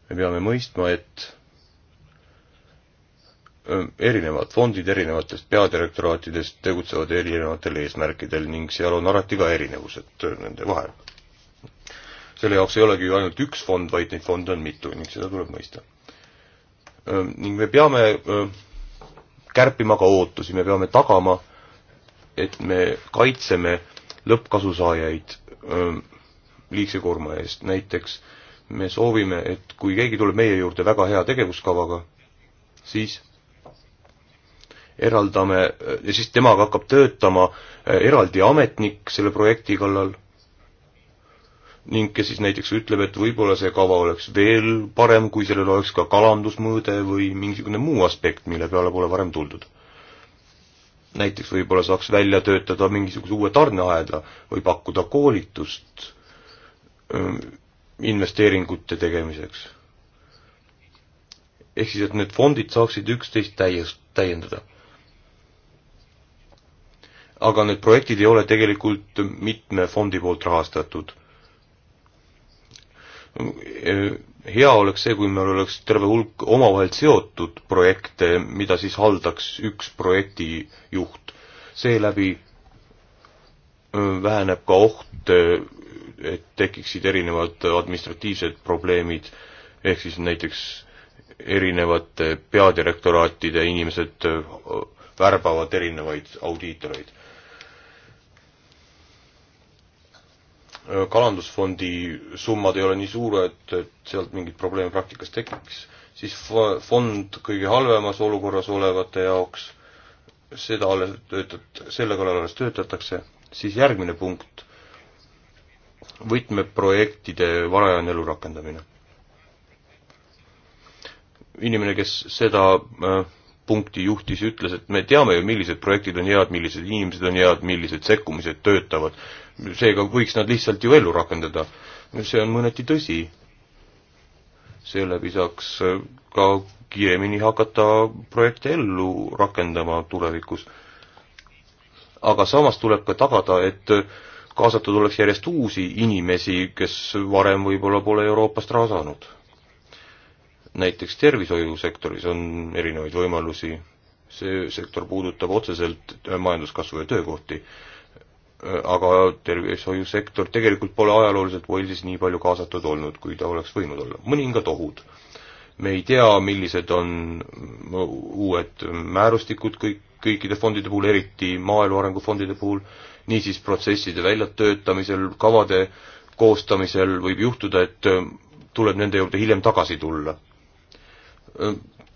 me peame mõistma, et mm, erinevad fondid erinevatest peadirektoraatidest tegutsevad erinevatel eesmärkidel ning seal on alati ka erinevused nende vahel selle jaoks ei olegi ju ainult üks fond, vaid neid fonde on mitu ning seda tuleb mõista. ning me peame kärpima ka ootusi, me peame tagama, et me kaitseme lõppkasusaajaid liigse koorma eest, näiteks me soovime, et kui keegi tuleb meie juurde väga hea tegevuskavaga, siis eraldame, ja siis temaga hakkab töötama eraldi ametnik selle projekti kallal ning kes siis näiteks ütleb, et võib-olla see kava oleks veel parem, kui sellel oleks ka kalandusmõõde või mingisugune muu aspekt, mille peale pole varem tuldud. näiteks võib-olla saaks välja töötada mingisuguse uue tarneaeda või pakkuda koolitust investeeringute tegemiseks. ehk siis, et need fondid saaksid üksteist täies, täiendada. aga need projektid ei ole tegelikult mitme fondi poolt rahastatud hea oleks see, kui meil oleks terve hulk omavahel seotud projekte, mida siis haldaks üks projektijuht. seeläbi väheneb ka oht, et tekiksid erinevad administratiivsed probleemid, ehk siis näiteks erinevate peadirektoraatide inimesed värbavad erinevaid audiitoreid. kalandusfondi summad ei ole nii suured, et sealt mingeid probleeme praktikas tekiks, siis fond kõige halvemas olukorras olevate jaoks, seda alles töötat-, selle kallal alles töötatakse, siis järgmine punkt, võtmeprojektide varajane elu rakendamine. inimene, kes seda äh, punkti juhtis, ütles, et me teame ju, millised projektid on head, millised inimesed on head, millised sekkumised töötavad. seega võiks nad lihtsalt ju ellu rakendada. see on mõneti tõsi. seeläbi saaks äh, ka kiiremini hakata projekte ellu rakendama tulevikus. aga samas tuleb ka tagada, et äh, kaasatud oleks järjest uusi inimesi, kes varem võib-olla pole Euroopast raha saanud näiteks tervishoiusektoris on erinevaid võimalusi, see sektor puudutab otseselt majanduskasvu ja töökohti, aga tervishoiusektor tegelikult pole ajalooliselt Walesis nii palju kaasatud olnud, kui ta oleks võinud olla. mõningad ohud. me ei tea, millised on uued määrustikud kõik, kõikide fondide puhul, eriti maaelu arengufondide puhul, niisiis protsesside väljatöötamisel, kavade koostamisel võib juhtuda, et tuleb nende juurde hiljem tagasi tulla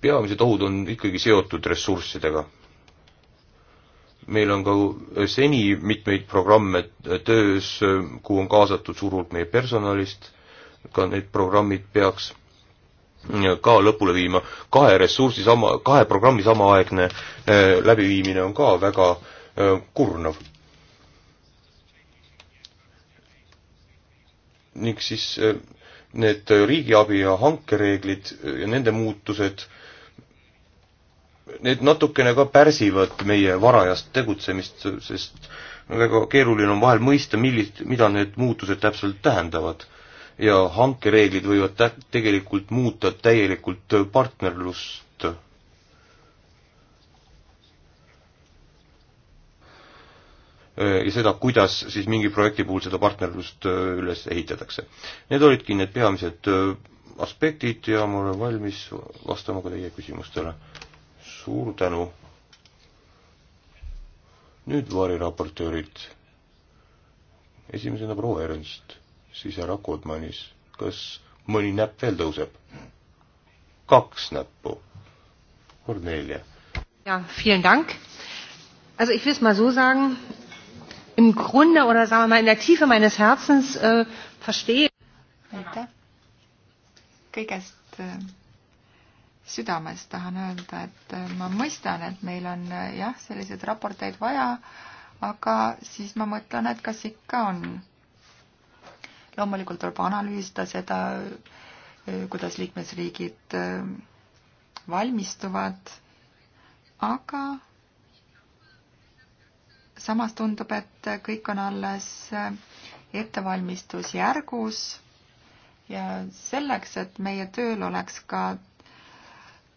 peamised ohud on ikkagi seotud ressurssidega. meil on ka seni mitmeid programme töös, kuhu on kaasatud suur hulk meie personalist, ka need programmid peaks ka lõpule viima. kahe ressursi sama, kahe programmi samaaegne läbiviimine on ka väga kurnav. ning siis need riigiabi ja hankereeglid ja nende muutused, need natukene ka pärsivad meie varajast tegutsemist, sest väga keeruline on vahel mõista, millist, mida need muutused täpselt tähendavad. ja hankereeglid võivad tä-, tegelikult muuta täielikult partnerlust ja seda, kuidas siis mingi projekti puhul seda partnerlust üles ehitatakse. Need olidki need peamised aspektid ja ma olen valmis vastama ka teie küsimustele. suur tänu! nüüd variraportöörid. esimesena proua Ernst, siis härra Kodmanis. kas mõni näpp veel tõuseb? kaks näppu. Kornelia. jah, vielen dank. Also ich will es mal so sagen, im Grunde oder sagen wir mal in der Tiefe meines Herzens äh, verstehe. aitäh. kõigest äh, südamest tahan öelda, et äh, ma mõistan, et meil on äh, jah, selliseid raporteid vaja, aga siis ma mõtlen, et kas ikka on. loomulikult tuleb analüüsida seda, kuidas liikmesriigid valmistuvad, aga samas tundub, et kõik on alles ettevalmistusjärgus ja selleks, et meie tööl oleks ka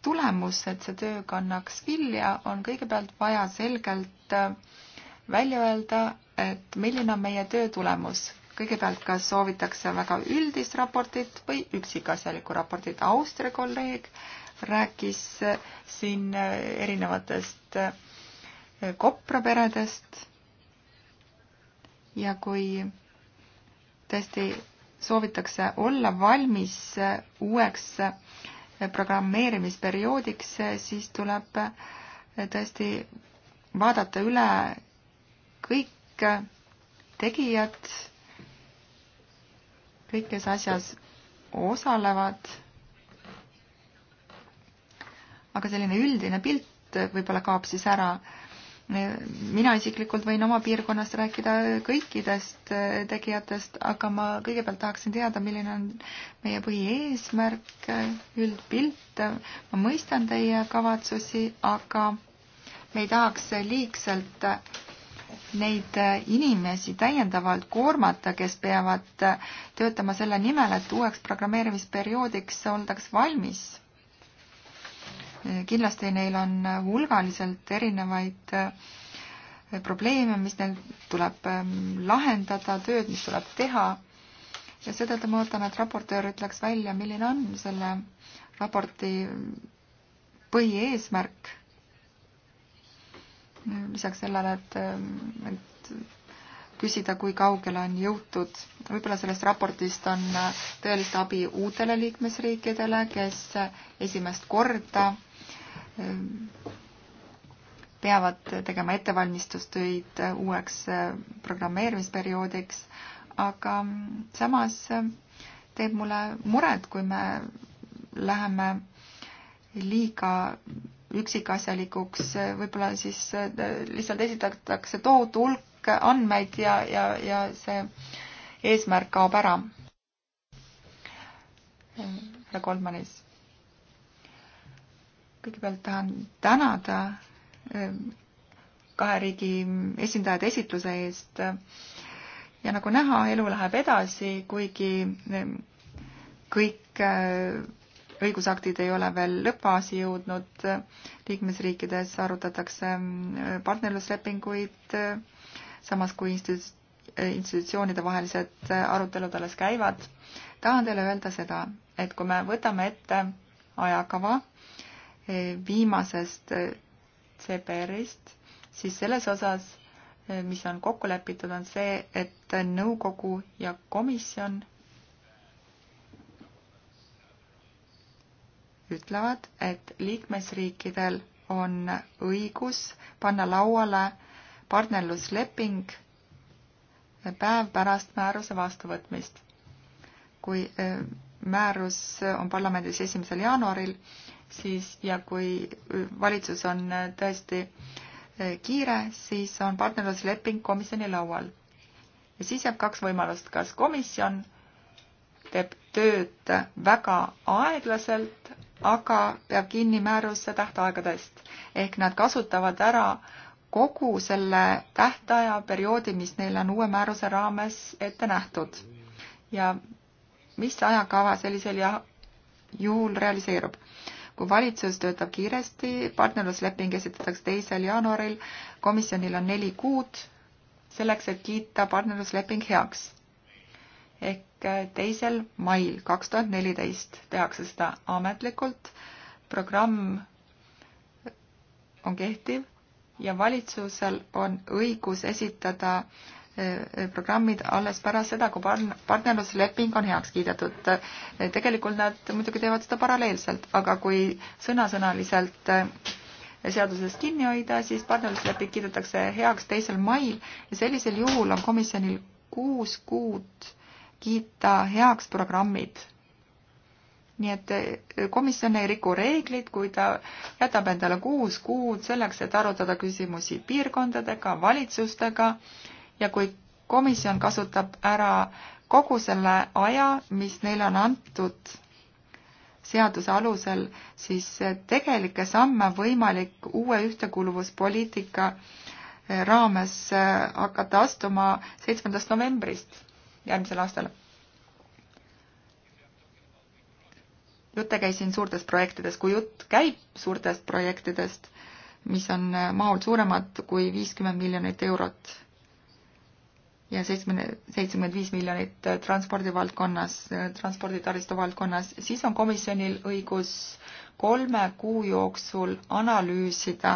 tulemus, et see töö kannaks vilja, on kõigepealt vaja selgelt välja öelda, et milline on meie töö tulemus. kõigepealt, kas soovitakse väga üldist raportit või üksikasjalikku raportit. Austria kolleeg rääkis siin erinevatest kopra peredest ja kui tõesti soovitakse olla valmis uueks programmeerimisperioodiks, siis tuleb tõesti vaadata üle kõik tegijad, kõik, kes asjas osalevad. aga selline üldine pilt võib-olla kaob siis ära mina isiklikult võin oma piirkonnast rääkida kõikidest äh, tegijatest, aga ma kõigepealt tahaksin teada, milline on meie põhieesmärk, äh, üldpilt. ma mõistan teie kavatsusi, aga me ei tahaks liigselt neid inimesi täiendavalt koormata, kes peavad töötama selle nimel, et uueks programmeerimisperioodiks oldaks valmis kindlasti neil on hulgaliselt erinevaid äh, probleeme, mis neil tuleb ähm, lahendada, tööd, mis tuleb teha. ja seetõttu ma ootan, et raportöör ütleks välja, milline on selle raporti äh, põhieesmärk. lisaks sellele, et, ähm, et küsida, kui kaugele on jõutud. võib-olla sellest raportist on äh, tõelist abi uutele liikmesriikidele, kes esimest korda Ähm, peavad tegema ettevalmistustöid äh, uueks äh, programmeerimisperioodiks, aga mm, samas äh, teeb mulle muret, kui me läheme liiga üksikasjalikuks, võib-olla siis lihtsalt esitatakse tohutu hulk andmeid ja, ja, ja see eesmärk kaob ära. härra Goldmanis kõigepealt tahan tänada ähm, kahe riigi esindajad esitluse eest. ja nagu näha, elu läheb edasi, kuigi ähm, kõik äh, õigusaktid ei ole veel lõppfaasi jõudnud. liikmesriikides arutatakse ähm, partnerluslepinguid, äh, samas kui äh, institutsioonide vahelised arutelud alles käivad. tahan teile öelda seda, et kui me võtame ette ajakava, viimasest eh, CPR-ist, siis selles osas, eh, mis on kokku lepitud, on see, et nõukogu ja komisjon ütlevad, et liikmesriikidel on õigus panna lauale partnerlusleping päev pärast määruse vastuvõtmist. kui eh, määrus on parlamendis esimesel jaanuaril, siis ja kui valitsus on tõesti eh, kiire, siis on partnerlusleping komisjoni laual. ja siis jääb kaks võimalust, kas komisjon teeb tööd väga aeglaselt, aga peab kinni määruse tähtaegadest. ehk nad kasutavad ära kogu selle tähtajaperioodi, mis neile on uue määruse raames ette nähtud. ja mis ajakava sellisel juhul realiseerub? kui valitsus töötab kiiresti, partnerlusleping esitatakse teisel jaanuaril, komisjonil on neli kuud selleks, et kiita partnerlusleping heaks. ehk äh, teisel mail kaks tuhat neliteist tehakse seda ametlikult, programm äh, on kehtiv ja valitsusel on õigus esitada äh, Eh, programmid alles pärast seda, kui partnerlusleping on heaks kiidetud. Eh, tegelikult nad muidugi teevad seda paralleelselt, aga kui sõnasõnaliselt eh, seadusest kinni hoida, siis partnerlusleping kiidetakse heaks teisel mail ja sellisel juhul on komisjonil kuus kuud kiita heaks programmid nii et komisjon ei riku reeglid, kui ta jätab endale kuus kuud selleks, et arutada küsimusi piirkondadega, valitsustega ja kui komisjon kasutab ära kogu selle aja, mis neile on antud seaduse alusel, siis tegelikke samme on võimalik uue ühtekuuluvuspoliitika eh, raames eh, hakata astuma seitsmendast novembrist järgmisel aastal. jutte käis siin suurtest projektidest, kui jutt käib suurtest projektidest, mis on eh, mahult suuremad kui viiskümmend miljonit eurot ja seitsmekümne, seitsekümmend viis miljonit äh, transpordivaldkonnas, äh, transporditaristu valdkonnas, siis on komisjonil õigus kolme kuu jooksul analüüsida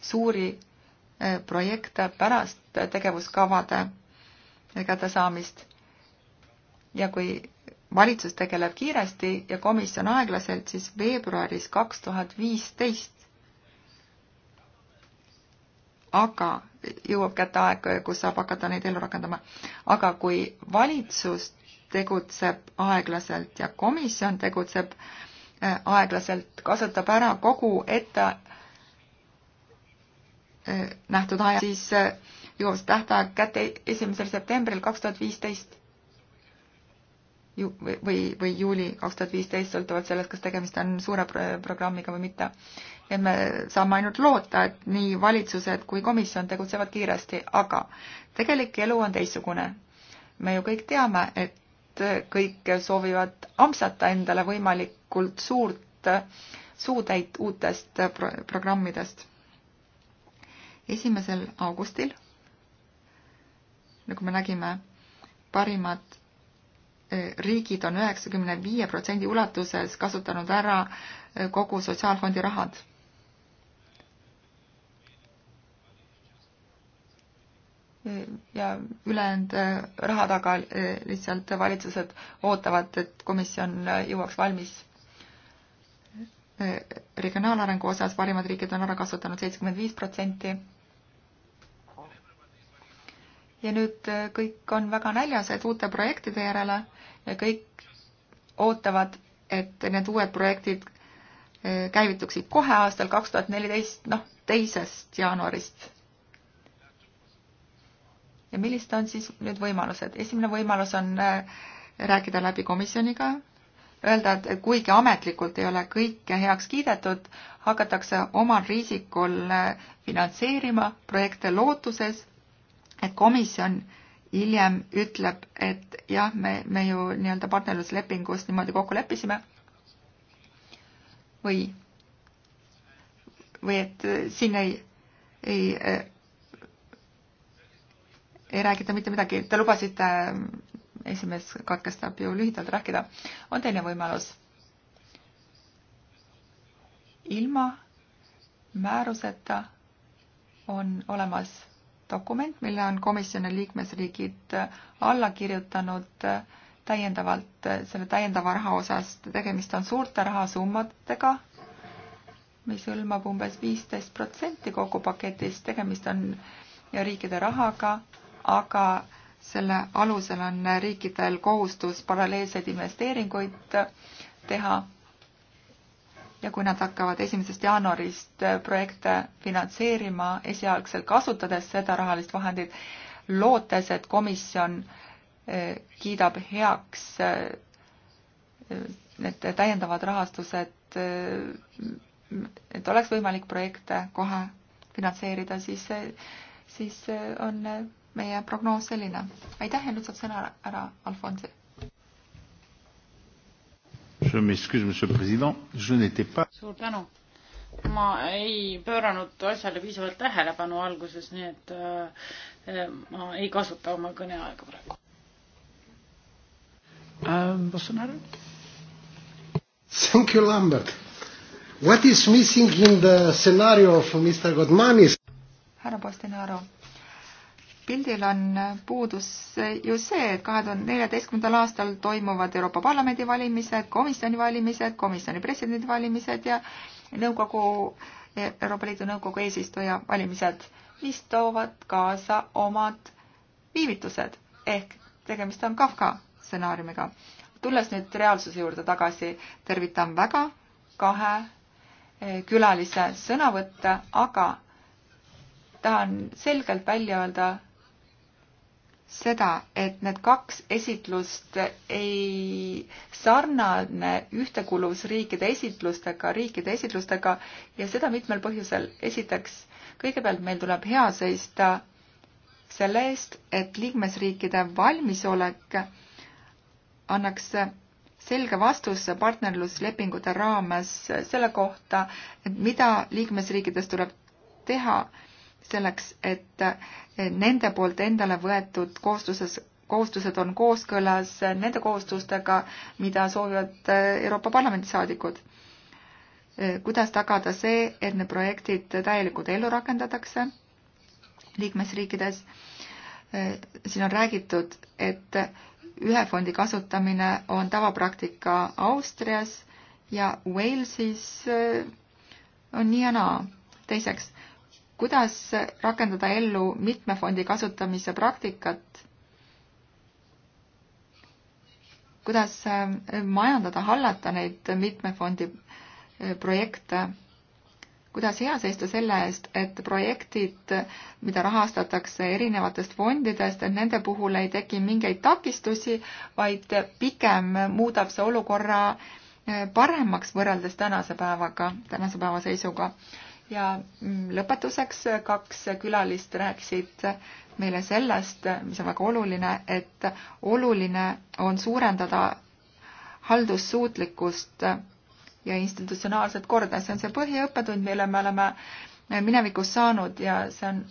suuri äh, projekte pärast tegevuskavade kättesaamist. ja kui valitsus tegeleb kiiresti ja komisjon aeglaselt, siis veebruaris kaks tuhat viisteist aga jõuab kätte aeg, kus saab hakata neid ellu rakendama. aga kui valitsus tegutseb aeglaselt ja komisjon tegutseb äh, aeglaselt, kasutab ära kogu ette äh, nähtud aja, siis äh, jõuab see tähtaeg kätte esimesel septembril kaks tuhat viisteist ju-, või, või juuli kaks tuhat viisteist, sõltuvalt sellest, kas tegemist on suure programmiga või mitte et me saame ainult loota, et nii valitsused kui komisjon tegutsevad kiiresti, aga tegelik elu on teistsugune. me ju kõik teame, et kõik soovivad ampsata endale võimalikult suurt suutäit uutest pro programmidest. esimesel augustil, nagu me nägime, parimad eh, riigid on üheksakümne viie protsendi ulatuses kasutanud ära eh, kogu sotsiaalfondi rahad ja ülejäänud äh, raha taga äh, lihtsalt valitsused ootavad, et komisjon äh, jõuaks valmis. regionaalarengu osas parimad riigid on ära kasutanud seitsekümmend viis protsenti. ja nüüd kõik on väga näljased uute projektide järele ja kõik ootavad, et need uued projektid käivituksid kohe aastal kaks tuhat neliteist, noh, teisest jaanuarist ja millised on siis nüüd võimalused? esimene võimalus on äh, rääkida läbi komisjoniga, öelda, et kuigi ametlikult ei ole kõike heaks kiidetud, hakatakse omal riisikul äh, finantseerima projekte lootuses, et komisjon hiljem ütleb, et jah, me, me ju nii-öelda partnerluslepingus niimoodi kokku leppisime või, või et äh, siin ei, ei ei räägita mitte midagi, te lubasite, ähm, esimees katkestab ju lühidalt rääkida, on teine võimalus. ilma määruseta on olemas dokument, mille on komisjoni liikmesriigid äh, alla kirjutanud äh, täiendavalt äh, selle täiendava raha osast, tegemist on suurte rahasummadega, mis hõlmab umbes viisteist protsenti kogu paketist, tegemist on riikide rahaga aga selle alusel on riikidel kohustus paralleelseid investeeringuid teha. ja kui nad hakkavad esimesest jaanuarist projekte finantseerima esialgsel kasutades seda rahalist vahendit, lootes, et komisjon eh, kiidab heaks eh, need täiendavad rahastused, eh, et oleks võimalik projekte kohe finantseerida, siis, siis on meie prognoos selline. aitäh ja nüüd saab sõna ära, ära Alfonsi. suur tänu. ma ei pööranud asjale piisavalt tähelepanu alguses, nii et äh, äh ma ei kasuta oma kõneaega praegu um,. Bolsonaro? Thank you, Lambert. What is missing in the scenario of Mr Godmanis? härra Bolsonaro pildil on puudus ju see, et kahe tuhande neljateistkümnendal aastal toimuvad Euroopa Parlamendi valimised, komisjoni valimised, komisjoni presidendi valimised ja nõukogu, Euroopa Liidu Nõukogu eesistuja valimised, mis toovad kaasa omad viivitused ehk tegemist on Kafka stsenaariumiga. tulles nüüd reaalsuse juurde tagasi, tervitan väga kahe eh, külalise sõnavõtte, aga tahan selgelt välja öelda seda, et need kaks esitlust ei sarnane ühtekuuluvusriikide esitlustega, riikide esitlustega ja seda mitmel põhjusel. esiteks, kõigepealt meil tuleb hea seista selle eest, et liikmesriikide valmisolek annaks selge vastuse partnerluslepingute raames selle kohta, et mida liikmesriikides tuleb teha selleks, et nende poolt endale võetud kohustuses, kohustused on kooskõlas nende kohustustega, mida soovivad äh, Euroopa Parlamendi saadikud. Äh, kuidas tagada see, et need projektid täielikult ellu rakendatakse liikmesriikides? Äh, siin on räägitud, et ühe fondi kasutamine on tavapraktika Austrias ja Walesis on nii ja naa. teiseks, kuidas rakendada ellu mitme fondi kasutamise praktikat, kuidas äh, majandada, hallata neid mitme fondi äh, projekte, kuidas hea seista selle eest, et projektid, mida rahastatakse erinevatest fondidest, et nende puhul ei teki mingeid takistusi, vaid pigem muudab see olukorra äh, paremaks võrreldes tänase päevaga, tänase päeva seisuga ja mm, lõpetuseks kaks külalist rääkisid meile sellest, mis on väga oluline, et oluline on suurendada haldussuutlikkust ja institutsionaalset korda, see on see põhiõppetund, mille me oleme minevikus saanud ja see on,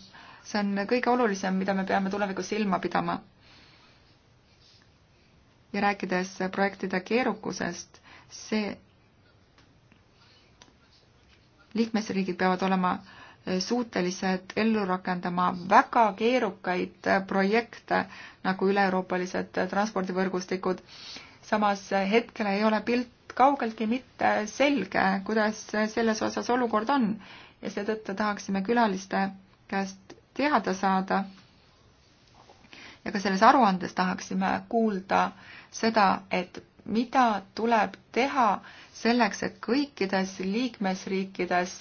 see on kõige olulisem, mida me peame tulevikus silma pidama. ja rääkides projektide keerukusest, see liikmesriigid peavad olema eh, suutelised ellu rakendama väga keerukaid eh, projekte nagu üle-euroopalised eh, transpordivõrgustikud. samas hetkel ei ole pilt kaugeltki mitte selge, kuidas selles osas olukord on ja seetõttu tahaksime külaliste käest teada saada. ja ka selles aruandes tahaksime kuulda seda, et mida tuleb teha selleks, et kõikides liikmesriikides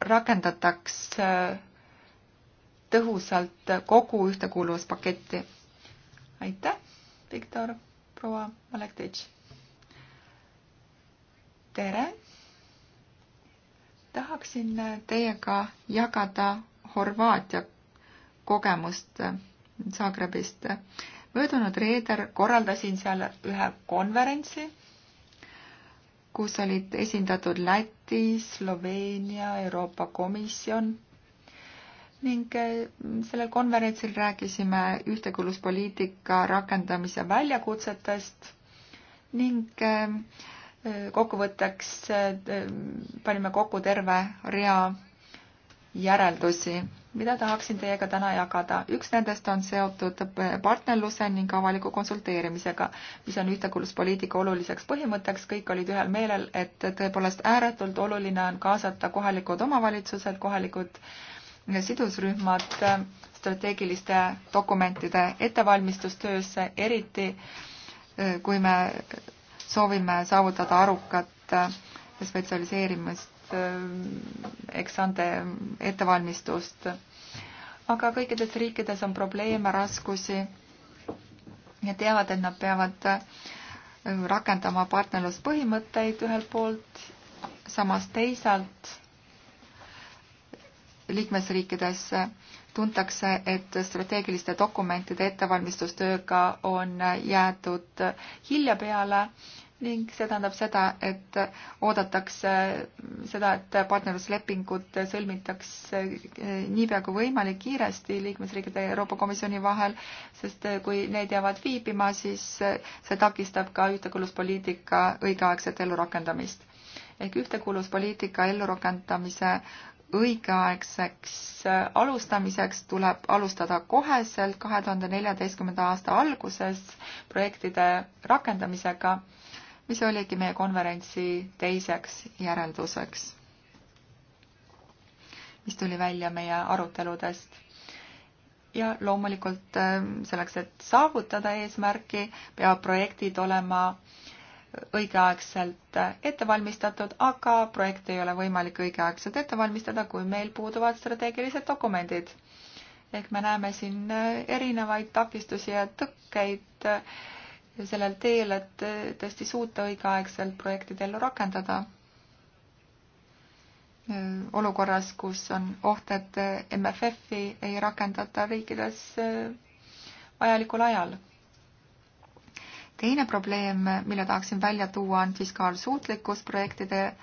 rakendataks äh, tõhusalt kogu ühtekuuluvuspaketti. aitäh, Viktor, proua Alektitš. tere. tahaksin teiega jagada Horvaatia kogemust Zagrebist möödunud reedel korraldasin seal ühe konverentsi, kus olid esindatud Läti, Sloveenia, Euroopa Komisjon ning mm, sellel konverentsil rääkisime ühtekuuluspoliitika rakendamise väljakutsetest ning mm, kokkuvõtteks mm, panime kokku terve rea järeldusi mida tahaksin teiega täna jagada. üks nendest on seotud partnerluse ning avaliku konsulteerimisega, mis on ühtekuuluvuspoliitika oluliseks põhimõtteks. kõik olid ühel meelel, et tõepoolest ääretult oluline on kaasata kohalikud omavalitsused, kohalikud sidusrühmad strateegiliste dokumentide ettevalmistustöösse, eriti eh, kui me soovime saavutada arukat eh, spetsialiseerimist Äh, eks ande ettevalmistust. aga kõikides riikides on probleeme, raskusi ja teavad, et nad peavad äh, rakendama partnerluspõhimõtteid ühelt poolt, samas teisalt liikmesriikides tuntakse, et strateegiliste dokumentide ettevalmistustööga on jäetud hilja peale ning see tähendab seda, et oodatakse seda, et partnerluslepingud sõlmitakse eh, niipea kui võimalik kiiresti liikmesriikide ja Euroopa Komisjoni vahel, sest eh, kui need jäävad viibima, siis eh, see takistab ka ühtekuuluvuspoliitika õigeaegset ellurakendamist. ehk ühtekuuluvuspoliitika ellurakendamise õigeaegseks alustamiseks tuleb alustada koheselt kahe tuhande neljateistkümnenda aasta alguses projektide rakendamisega mis oligi meie konverentsi teiseks järelduseks, mis tuli välja meie aruteludest. ja loomulikult äh, selleks, et saavutada eesmärki, peavad projektid olema õigeaegselt ette valmistatud, aga projekti ei ole võimalik õigeaegselt ette valmistada, kui meil puuduvad strateegilised dokumendid. ehk me näeme siin äh, erinevaid takistusi ja tõkkeid sellel teel, et tõesti suuta õigeaegselt projektid ellu rakendada olukorras, kus on oht, et MFF-i ei rakendata riikides vajalikul ajal. teine probleem, mille tahaksin välja tuua, on fiskaalsuutlikkus projektide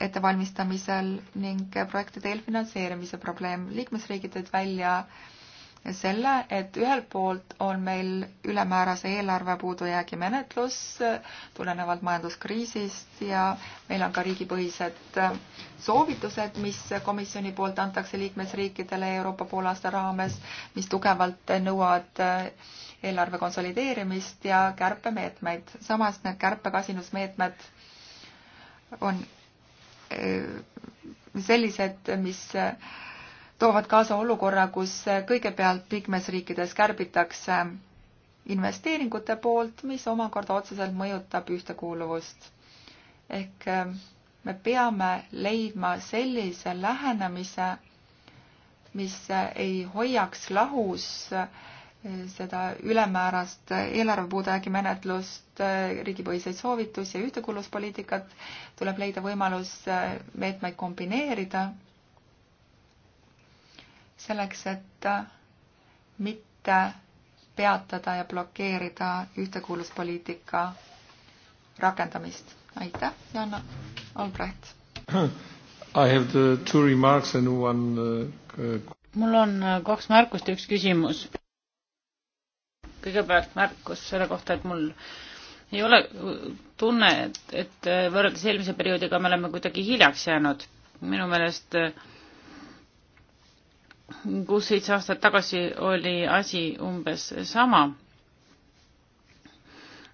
ettevalmistamisel ning projektide eelfinantseerimise probleem. liikmesriigid tõid välja äh, selle, et ühelt poolt on meil ülemäärase eelarve puudujäägi menetlus äh, tulenevalt majanduskriisist ja meil on ka riigipõhised äh, soovitused, mis komisjoni poolt antakse liikmesriikidele Euroopa poolaasta raames, mis tugevalt nõuavad äh, eelarve konsolideerimist ja kärpemeetmeid. samas need kärpekasinusmeetmed on sellised, mis toovad kaasa olukorra, kus kõigepealt liikmesriikides kärbitakse investeeringute poolt, mis omakorda otseselt mõjutab ühtekuuluvust. ehk äh, me peame leidma sellise lähenemise, mis ei hoiaks lahus äh, seda ülemäärast eelarvepuudujäägi menetlust, äh, riigipõhiseid soovitusi ja ühtekuuluvuspoliitikat, tuleb leida võimalus meetmeid kombineerida selleks, et äh, mitte peatada ja blokeerida ühtekuuluvuspoliitika rakendamist. aitäh, Janno Albrecht! I have the two remarks and one uh, mul on äh, kaks märkust ja üks küsimus. kõigepealt märkus selle kohta, et mul ei ole äh, tunne, et, et võrreldes eelmise perioodiga me oleme kuidagi hiljaks jäänud. minu meelest äh, kuus-seitse aastat tagasi oli asi umbes sama.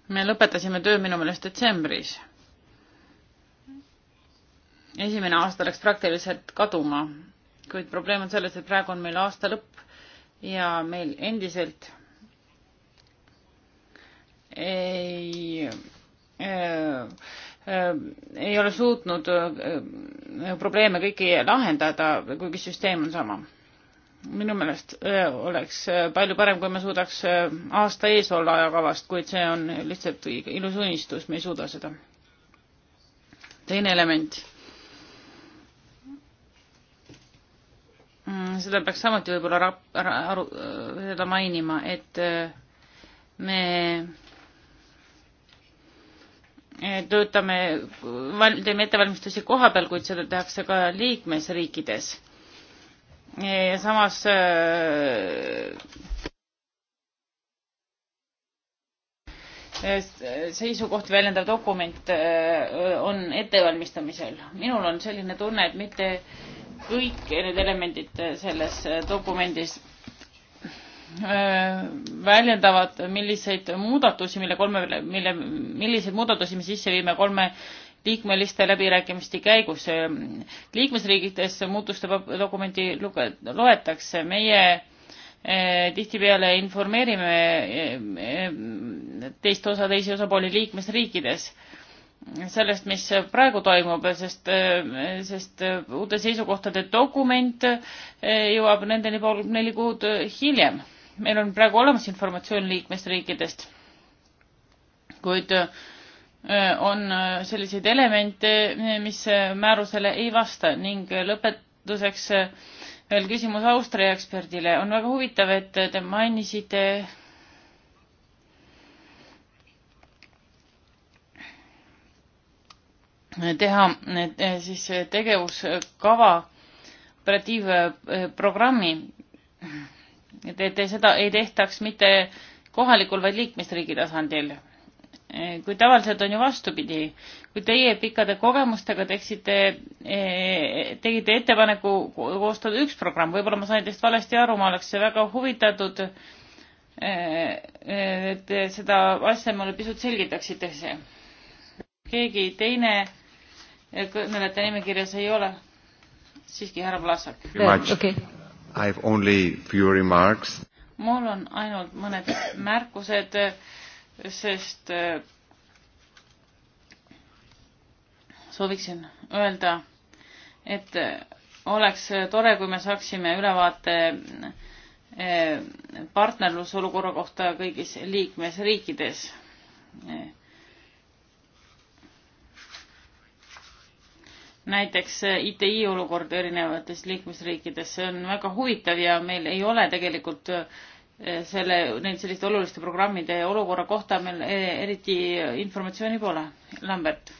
me lõpetasime töö minu meelest detsembris. esimene aasta läks praktiliselt kaduma, kuid probleem on selles, et praegu on meil aasta lõpp ja meil endiselt ei äh, äh ei ole suutnud äh, probleeme kõiki lahendada, kuigi süsteem on sama minu meelest äh, oleks äh, palju parem, kui me suudaks äh, aasta ees olla ajakavast, kuid see on lihtsalt ilus unistus, me ei suuda seda. teine element. Mm, seda peaks samuti võib-olla rap-, aru, seda mainima, et me töötame, teeme ettevalmistusi koha peal, kuid seda tehakse ka liikmesriikides ja samas äh, seisukohti väljendav dokument äh, on ettevalmistamisel. minul on selline tunne, et mitte kõik need elemendid selles dokumendis äh, väljendavad, milliseid muudatusi, mille kolme, mille, milliseid muudatusi me sisse viime kolme liikmeliste läbirääkimiste käigus. Mm, liikmesriigides muutuste dokumenti loetakse, meie eh, tihtipeale informeerime eh, eh, teist osa, teisi osapooli liikmesriikides sellest, mis praegu toimub, sest, sest uute seisukohtade dokument jõuab nendeni pool neli kuud hiljem. meil on praegu olemas informatsioon liikmesriikidest, kuid Äh, on äh, selliseid elemente, äh, mis määrusele ei vasta ning lõpetuseks veel küsimus Austria eksperdile. on väga huvitav, et te mainisite teha siis tegevuskava operatiivprogrammi, et, et seda ei tehtaks mitte kohalikul, vaid liikmesriigi tasandil Eh, kui tavaliselt on ju vastupidi, kui teie pikkade kogemustega teeksite, eh, tegite ettepaneku koostada üks programm, võib-olla ma sain teist valesti aru, ma oleks väga huvitatud, eh, et seda asja mulle pisut selgitaksite. keegi teine kõnelejate nimekirjas ei ole? siiski härra Vlasak. Okay. I have only few remarks. mul on ainult mõned märkused sest äh, sooviksin öelda, et oleks tore, kui me saaksime ülevaate äh, partnerlusolukorra kohta kõigis liikmesriikides. näiteks ITI olukord erinevates liikmesriikides, see on väga huvitav ja meil ei ole tegelikult äh, selle, neil selliste oluliste programmide olukorra kohta meil e, eriti informatsiooni pole. Lambert.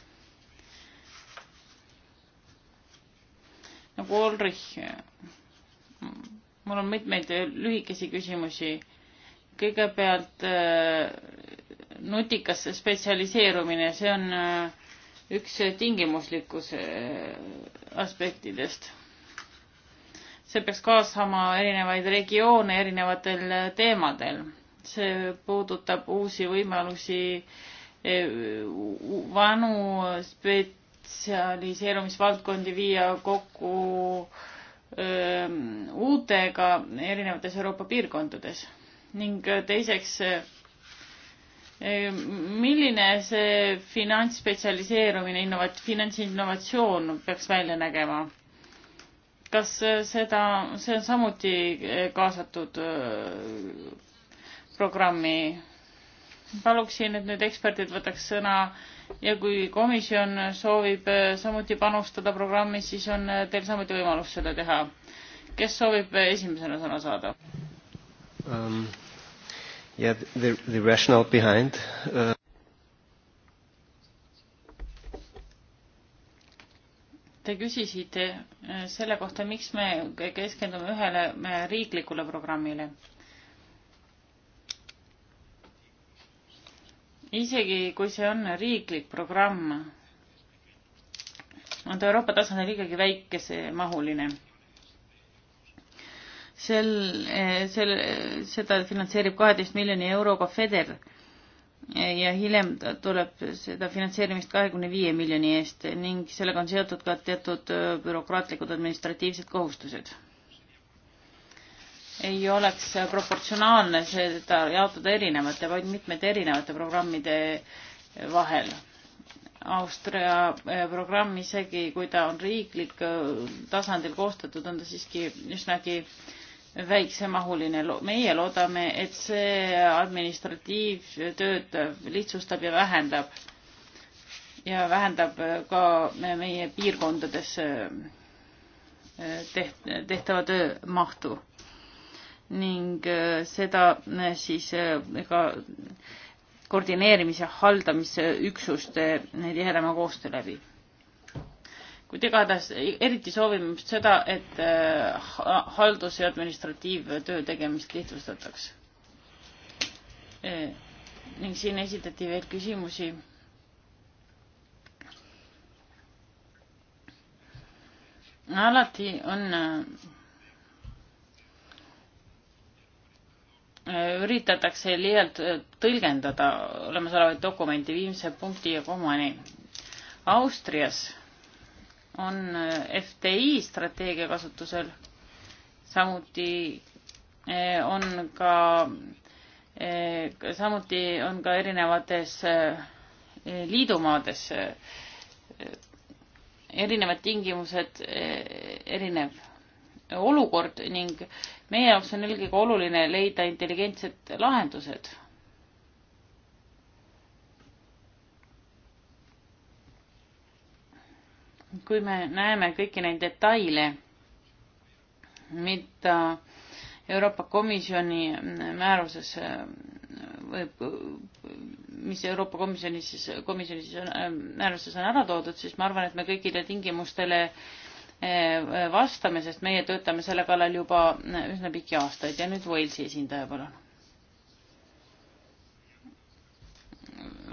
nagu Ulrich, mul on mitmeid lühikesi küsimusi. kõigepealt e, nutikas spetsialiseerumine, see on e, üks tingimuslikkuse aspektidest see peaks kaasama erinevaid regioone erinevatel äh, teemadel. see puudutab uusi võimalusi, äh, vanu spetsialiseerumisvaldkondi viia kokku öö, ähm, uutega erinevates Euroopa piirkondades ning äh, teiseks, milline see finantsspetsialiseerumine, innovat-, finantsinnovatsioon peaks välja nägema? kas seda, see on samuti kaasatud äh, programmi? paluksin, et nüüd eksperdid võtaks sõna ja kui komisjon soovib äh, samuti panustada programmi, siis on äh, teil samuti võimalus seda teha. kes soovib esimesena sõna saada um,? Yeah, the, the rationale behind uh.... Te küsisite äh, selle kohta, miks me keskendume ühele äh, riiklikule programmile. isegi kui see on riiklik programm, on ta Euroopa tasandil ikkagi väikesemahuline. sel, äh, sel, seda finantseerib kaheteist miljoni euroga FEDER ja hiljem tuleb seda finantseerimist kahekümne viie miljoni eest ning sellega on seotud ka teatud äh, bürokraatlikud administratiivsed kohustused. ei oleks proportsionaalne seda jaotada erinevate, vaid mitmete erinevate programmide vahel. Austria äh, programm, isegi kui ta on riiklik äh, tasandil koostatud, on ta siiski üsnagi äh, väiksemahuline. meie loodame, et see administratiivtööd lihtsustab ja vähendab ja vähendab ka meie piirkondades äh, teht-, tehtava töö mahtu. ning äh, seda äh, siis ka koordineerimise haldamise üksuste tihedama koostöö läbi kuid igatahes eriti soovime seda, et äh, haldus- ja administratiivtöö tegemist lihtsustataks e. ning siin esitati veel küsimusi alati on äh, üritatakse liialt tõlgendada olemasolevaid dokumente viimse punkti ja komani. Austrias on FTI strateegia kasutusel, samuti eh, on ka, eh, samuti on ka erinevates eh, liidumaades erinevad tingimused, erinev olukord ning meie jaoks on eelkõige oluline leida intelligentsed lahendused kui me näeme kõiki neid detaile, mida Euroopa Komisjoni määruses võib, mis Euroopa Komisjonis siis, komisjonis siis on, ähm, määruses on ära toodud, siis ma arvan, et me kõigile tingimustele äh, vastame, sest meie töötame selle kallal juba äh, üsna pikki aastaid ja nüüd Walesi esindaja, palun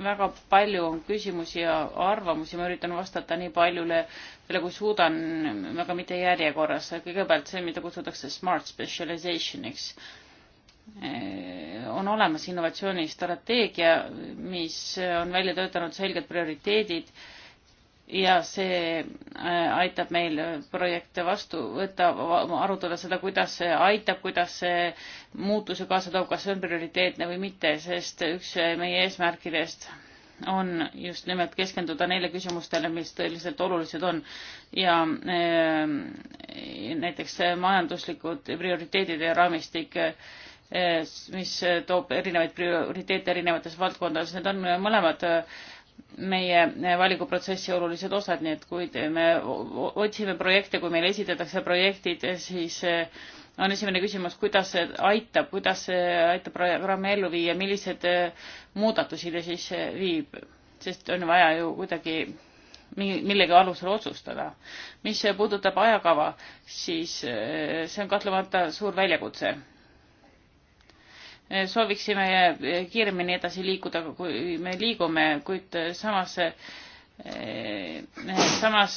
väga palju on küsimusi ja arvamusi, ma üritan vastata nii paljule, mille kui suudan, aga mitte järjekorras. kõigepealt see, mida kutsutakse smart specialization'iks. Eh, on olemas innovatsioonistrateegia, mis on välja töötanud selged prioriteedid ja see äh, aitab meil projekte vastu võtta, arutada seda, kuidas see aitab, kuidas see muutuse kaasa toob, kas see on prioriteetne või mitte, sest üks meie eesmärkidest on just nimelt keskenduda neile küsimustele, mis tõeliselt olulised on ja äh, näiteks majanduslikud prioriteedid ja raamistik, äh, mis toob erinevaid prioriteete erinevates valdkondades, need on mõlemad meie valikuprotsessi olulised osad, nii et kui me otsime projekte, kui meile esitatakse projektid, siis eh, on esimene küsimus, kuidas see aitab, kuidas see aitab programmi ellu viia, millised eh, muudatusi ta siis eh, viib, sest on vaja ju kuidagi millegi alusel otsustada. mis puudutab ajakava, siis see on kahtlemata suur väljakutse Eh, sooviksime eh, kiiremini edasi liikuda, kui me liigume, kuid eh, samas samas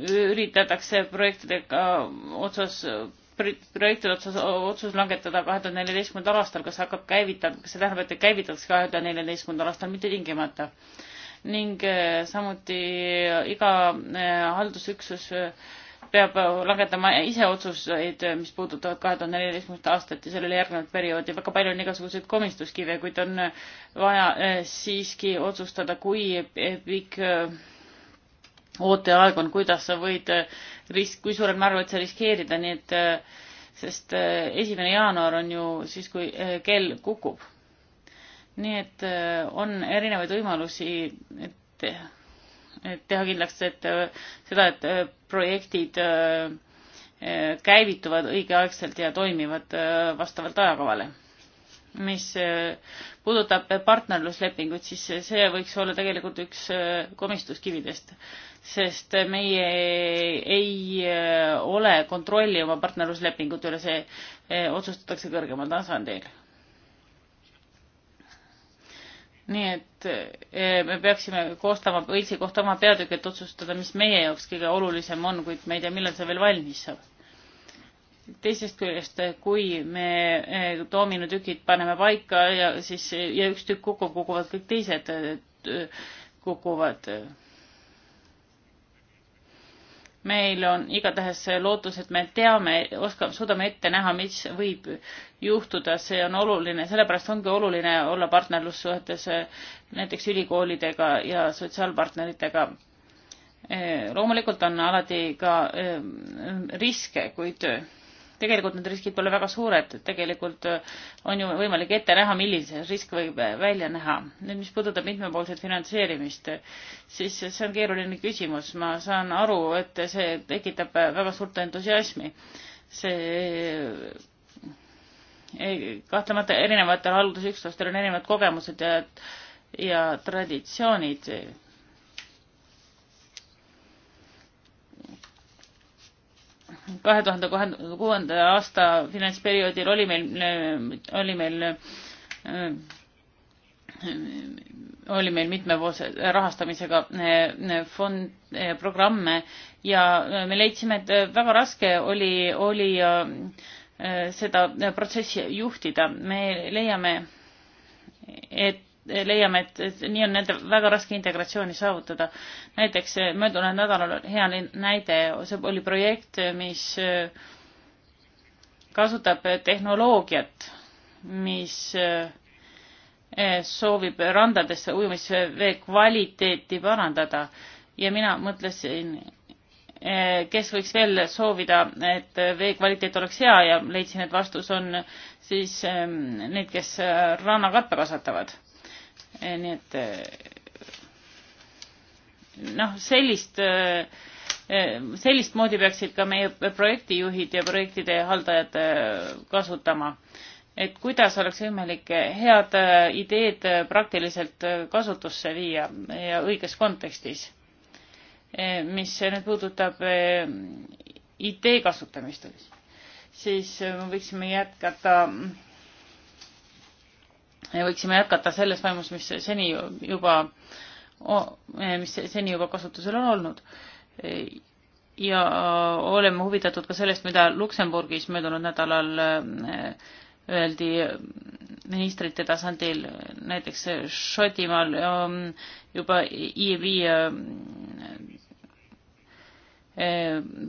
üritatakse projektidega otsas, projektide otsas, otsus langetada kahe tuhande neljateistkümnendal aastal, kas hakkab käivitama, kas see tähendab, et käivitatakse kahe tuhande neljateistkümnendal aastal, mitte tingimata. ning samuti iga haldusüksus äh, peab langetama ise otsuseid, mis puudutavad kahe tuhande neljateistkümnendat aastat ja sellele järgnevat perioodi. väga palju on igasuguseid komistuskive, kuid on vaja eh, siiski otsustada, kui pikk eh, ooteaeg on, kuidas sa võid eh, risk, kui suurel määral võid sa riskeerida, nii et sest esimene jaanuar on ju siis, kui kell kukub. nii et on erinevaid võimalusi, et et teha kindlaks, et äh, seda, et äh, projektid äh, käivituvad õigeaegselt ja toimivad vastavalt ajakavale. mis puudutab partnerluslepingut, siis see võiks olla tegelikult üks komistuskividest, sest meie ei ole kontrolli oma partnerluslepingute üle, see otsustatakse kõrgemal tasandil nii et eh, me peaksime koostama Walesi kohta oma peatükk, et otsustada, mis meie jaoks kõige olulisem on, kuid me ei tea, millal see veel valmis saab. teisest küljest, kui me eh, doominotükid paneme paika ja siis eh, ja üks tükk kukub, kukuvad kõik teised kukuvad meil on igatahes lootus, et me teame, oskame, suudame ette näha, mis võib juhtuda, see on oluline, sellepärast ongi oluline olla partnerlussuhetes eh, näiteks ülikoolidega ja sotsiaalpartneritega. Eh, loomulikult on alati ka eh, riske, kuid töö tegelikult need riskid pole väga suured, tegelikult äh, on ju võimalik ette näha, millise risk võib äh, välja näha. nüüd, mis puudutab mitmepoolset finantseerimist, siis see on keeruline küsimus, ma saan aru, et see tekitab äh, väga suurt entusiasmi. see kahtlemata erinevatel haldusüksustel on erinevad kogemused ja ja traditsioonid kahe tuhande kahekümne kuuenda aasta finantsperioodil oli meil, oli meil, oli meil mitmepoolse rahastamisega eh, fond, eh, programme ja me leidsime, et väga raske oli, oli eh, seda protsessi juhtida. me leiame, et Eh, leiame, et, et nii on nende väga raske integratsiooni saavutada. näiteks eh, möödunud nädalal hea näide, see oli projekt, eh, mis kasutab tehnoloogiat, mis soovib randadesse ujumisvee kvaliteeti parandada ja mina mõtlesin, kes võiks veel soovida, et vee kvaliteet oleks hea ja leidsin, et vastus on siis need, kes rannakarpe kasvatavad Eh, nii et eh, noh, sellist, eh, sellist moodi peaksid ka meie projektijuhid ja projektide haldajad kasutama. et kuidas oleks võimalik head ideed praktiliselt kasutusse viia ja õiges kontekstis. mis nüüd puudutab idee kasutamist, siis me võiksime jätkata mm, võiksime jätkata selles vaimus, mis seni juba, eh, mis seni juba kasutusel on olnud. ja oleme huvitatud ka sellest, mida Luksemburgis möödunud nädalal eh, öeldi ministrite tasandil, näiteks Šotimaal eh, juba EIB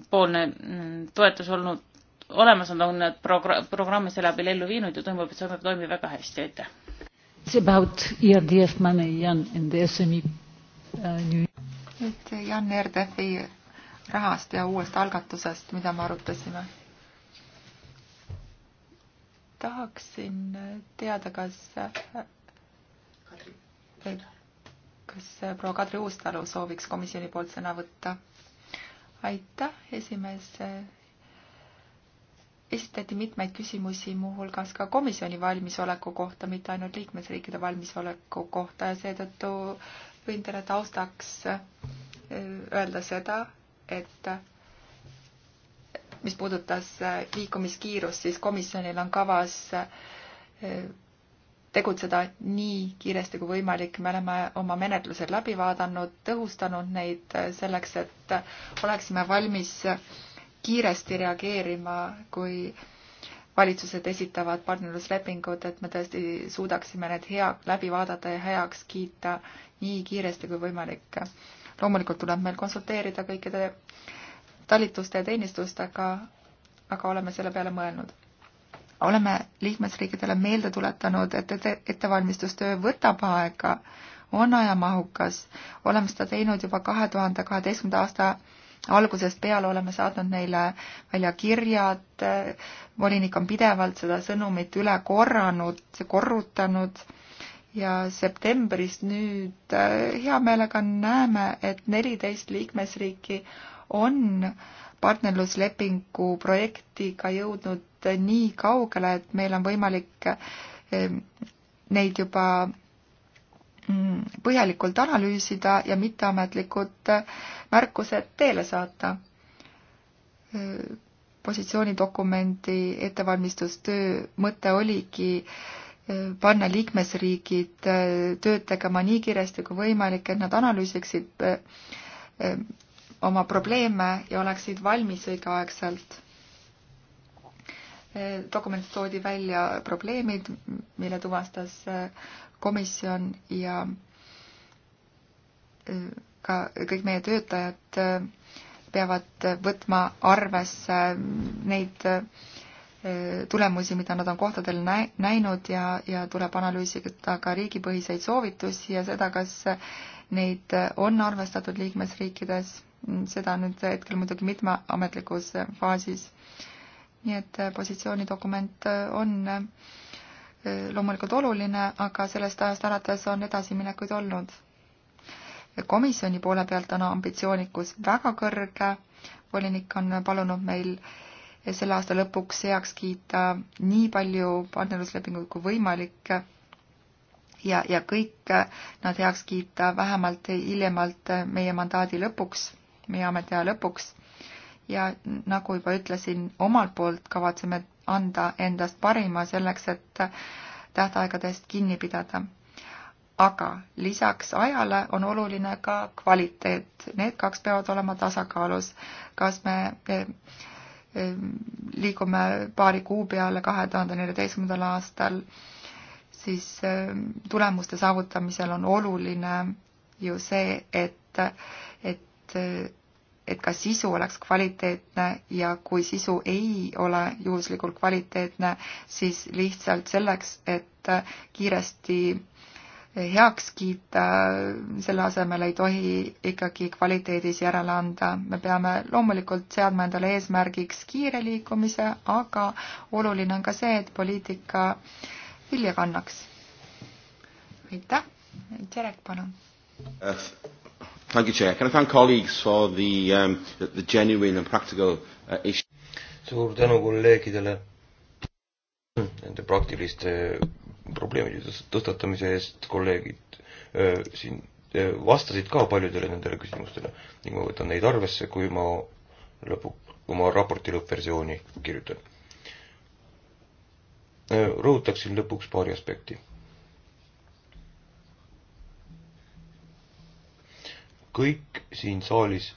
poolne mm, toetus olnud olemas, on nad progra-, programmi selle abil ellu viinud ja tundub, et see toimib väga hästi, aitäh It's about ERDF money, Jan, and the SME uh, new... et Jan ERDF-i rahast ja uuest algatusest, mida me arutasime. tahaksin teada, kas kas proua Kadri Uustalu sooviks komisjoni poolt sõna võtta? aitäh, esimees esitati mitmeid küsimusi muuhulgas ka komisjoni valmisoleku kohta, mitte ainult liikmesriikide valmisoleku kohta ja seetõttu võin teile taustaks äh, öelda seda, et mis puudutas äh, liikumiskiirust, siis komisjonil on kavas äh, tegutseda nii kiiresti kui võimalik, me oleme oma menetlused läbi vaadanud, tõhustanud neid selleks, et oleksime valmis kiiresti reageerima, kui valitsused esitavad partnerluslepingud, et me tõesti suudaksime need hea, läbi vaadata ja heaks kiita nii kiiresti kui võimalik. loomulikult tuleb meil konsulteerida kõikide talituste ja teenistustega, aga oleme selle peale mõelnud. oleme liikmesriikidele meelde tuletanud, et ette, ettevalmistustöö võtab aega, on ajamahukas, oleme seda teinud juba kahe tuhande kaheteistkümnenda aasta algusest peale oleme saatnud neile välja kirjad, volinik on pidevalt seda sõnumit üle korranud, korrutanud ja septembris nüüd äh, hea meelega näeme, et neliteist liikmesriiki on partnerluslepingu projektiga jõudnud nii kaugele, et meil on võimalik äh, neid juba Mm, põhjalikult analüüsida ja mitteametlikud märkused teele saata. positsioonidokumendi ettevalmistustöö mõte oligi e, panna liikmesriigid e, tööd tegema nii kiiresti kui võimalik, et nad analüüsiksid e, oma probleeme ja oleksid valmis õigeaegselt dokumendis toodi välja probleemid, mille tuvastas komisjon ja äh, ka kõik meie töötajad äh, peavad võtma arvesse neid äh, tulemusi, mida nad on kohtadel näinud ja, ja tuleb analüüsida ka riigipõhiseid soovitusi ja seda, kas neid on arvestatud liikmesriikides. seda nüüd hetkel muidugi mitme ametlikus faasis. nii et positsioonidokument on äh, Äh, loomulikult oluline, aga sellest ajast alates on edasiminekuid olnud. komisjoni poole pealt on ambitsioonikus väga kõrge, volinik on palunud meil selle aasta lõpuks heaks kiita nii palju partnerluslepinguid kui võimalik ja, ja kõik nad heaks kiita vähemalt hiljemalt meie mandaadi lõpuks, meie ametiaja lõpuks. ja nagu juba ütlesin, omalt poolt kavatseme anda endast parima selleks, et tähtaegadest kinni pidada. aga lisaks ajale on oluline ka kvaliteet, need kaks peavad olema tasakaalus. kas me eh, eh, liigume paari kuu peale kahe tuhande neljateistkümnendal aastal, siis eh, tulemuste saavutamisel on oluline ju see, et, et et ka sisu oleks kvaliteetne ja kui sisu ei ole juhuslikult kvaliteetne, siis lihtsalt selleks, et kiiresti heaks kiita, selle asemel ei tohi ikkagi kvaliteedis järele anda. me peame loomulikult seadma endale eesmärgiks kiire liikumise, aga oluline on ka see, et poliitika vilja kannaks. aitäh, Tšerek, palun. Äh, Thank you, Chair. Can I thank colleagues for the, um, the genuine and practical uh, issue? suur tänu kolleegidele nende praktiliste äh, probleemide tõstatamise eest, kolleegid öö, äh, siin öö, äh, vastasid ka paljudele nendele küsimustele ning ma võtan neid arvesse, kui ma lõpu, oma raporti lõppversiooni kirjutan. rõhutaksin lõpuks paari aspekti kõik siin saalis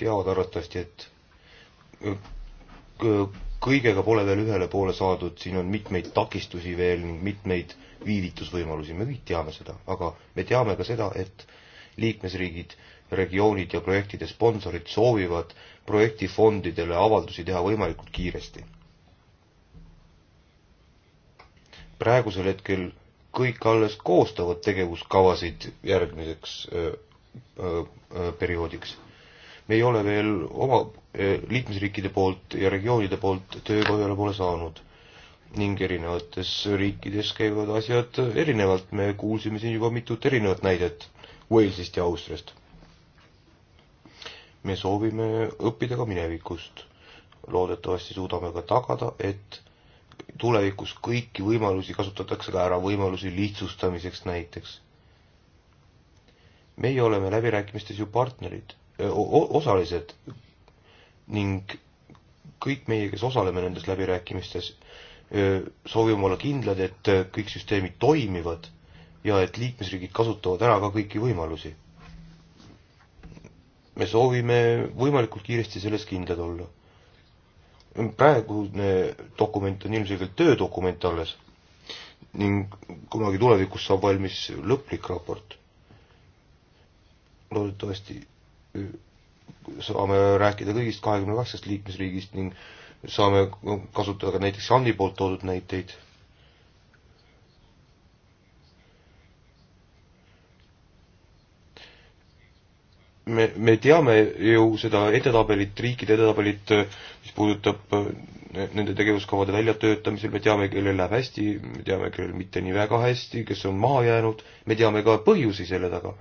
teavad arvatavasti, et äh, kõigega pole veel ühele poole saadud, siin on mitmeid takistusi veel ning mitmeid viivitusvõimalusi, me kõik teame seda, aga me teame ka seda, et liikmesriigid, regioonid ja projektide sponsorid soovivad projektifondidele avaldusi teha võimalikult kiiresti. praegusel hetkel kõik alles koostavad tegevuskavasid järgmiseks äh, perioodiks. me ei ole veel oma liikmesriikide poolt ja regioonide poolt tööga ühele poole saanud ning erinevates riikides käivad asjad erinevalt, me kuulsime siin juba mitut erinevat näidet Walesist ja Austriast. me soovime õppida ka minevikust. loodetavasti suudame ka tagada, et tulevikus kõiki võimalusi kasutatakse ka ära, võimalusi lihtsustamiseks näiteks meie oleme läbirääkimistes ju partnerid, osalised ning kõik meie, kes osaleme nendes läbirääkimistes, soovime olla kindlad, et kõik süsteemid toimivad ja et liikmesriigid kasutavad ära ka kõiki võimalusi. me soovime võimalikult kiiresti selles kindlad olla. praegune dokument on ilmselgelt töödokument alles ning kunagi tulevikus saab valmis lõplik raport loodetavasti äh, saame rääkida kõigist kahekümne kaheksast liikmesriigist ning saame kasutada ka näiteks Anni poolt toodud näiteid. me, me teame ju seda edetabelit, riikide edetabelit, mis puudutab äh, nende tegevuskavade väljatöötamisel, me teame, kellel läheb hästi, me teame, kellel mitte nii väga hästi, kes on maha jäänud, me teame ka põhjusi selle taga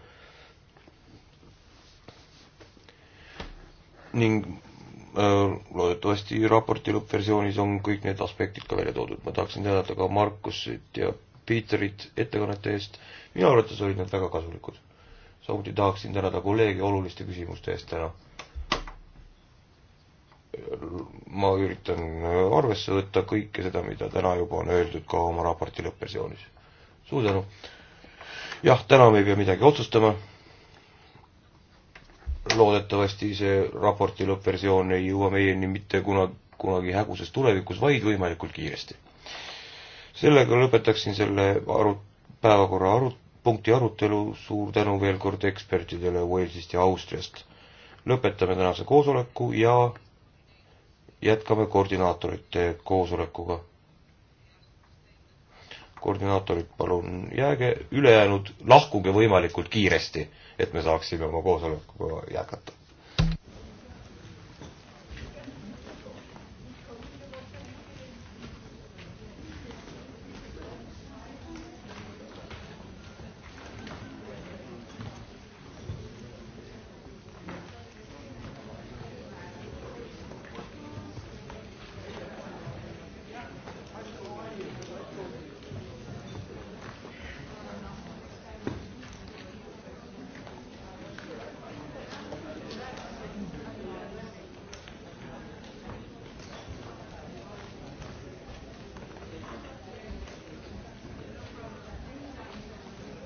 ning äh, loodetavasti raporti lõppversioonis on kõik need aspektid ka välja toodud. ma tahaksin tänada ka Markusit ja Peterit ettekannete eest, minu arvates olid nad väga kasulikud. samuti tahaksin tänada kolleege oluliste küsimuste eest täna. ma üritan arvesse võtta kõike seda, mida täna juba on öeldud ka oma raporti lõppversioonis. suur tänu! jah, täna me ei pea midagi otsustama loodetavasti see raporti lõppversioon ei jõua meieni mitte kuna, kunagi häguses tulevikus, vaid võimalikult kiiresti. sellega lõpetaksin selle aru, päevakorra aru, punkti arutelu, suur tänu veel kord ekspertidele Walesist ja Austriast. lõpetame tänase koosoleku ja jätkame koordinaatorite koosolekuga koordinaatorid, palun jääge, ülejäänud lahkuge võimalikult kiiresti, et me saaksime oma koosolekuga jätkata.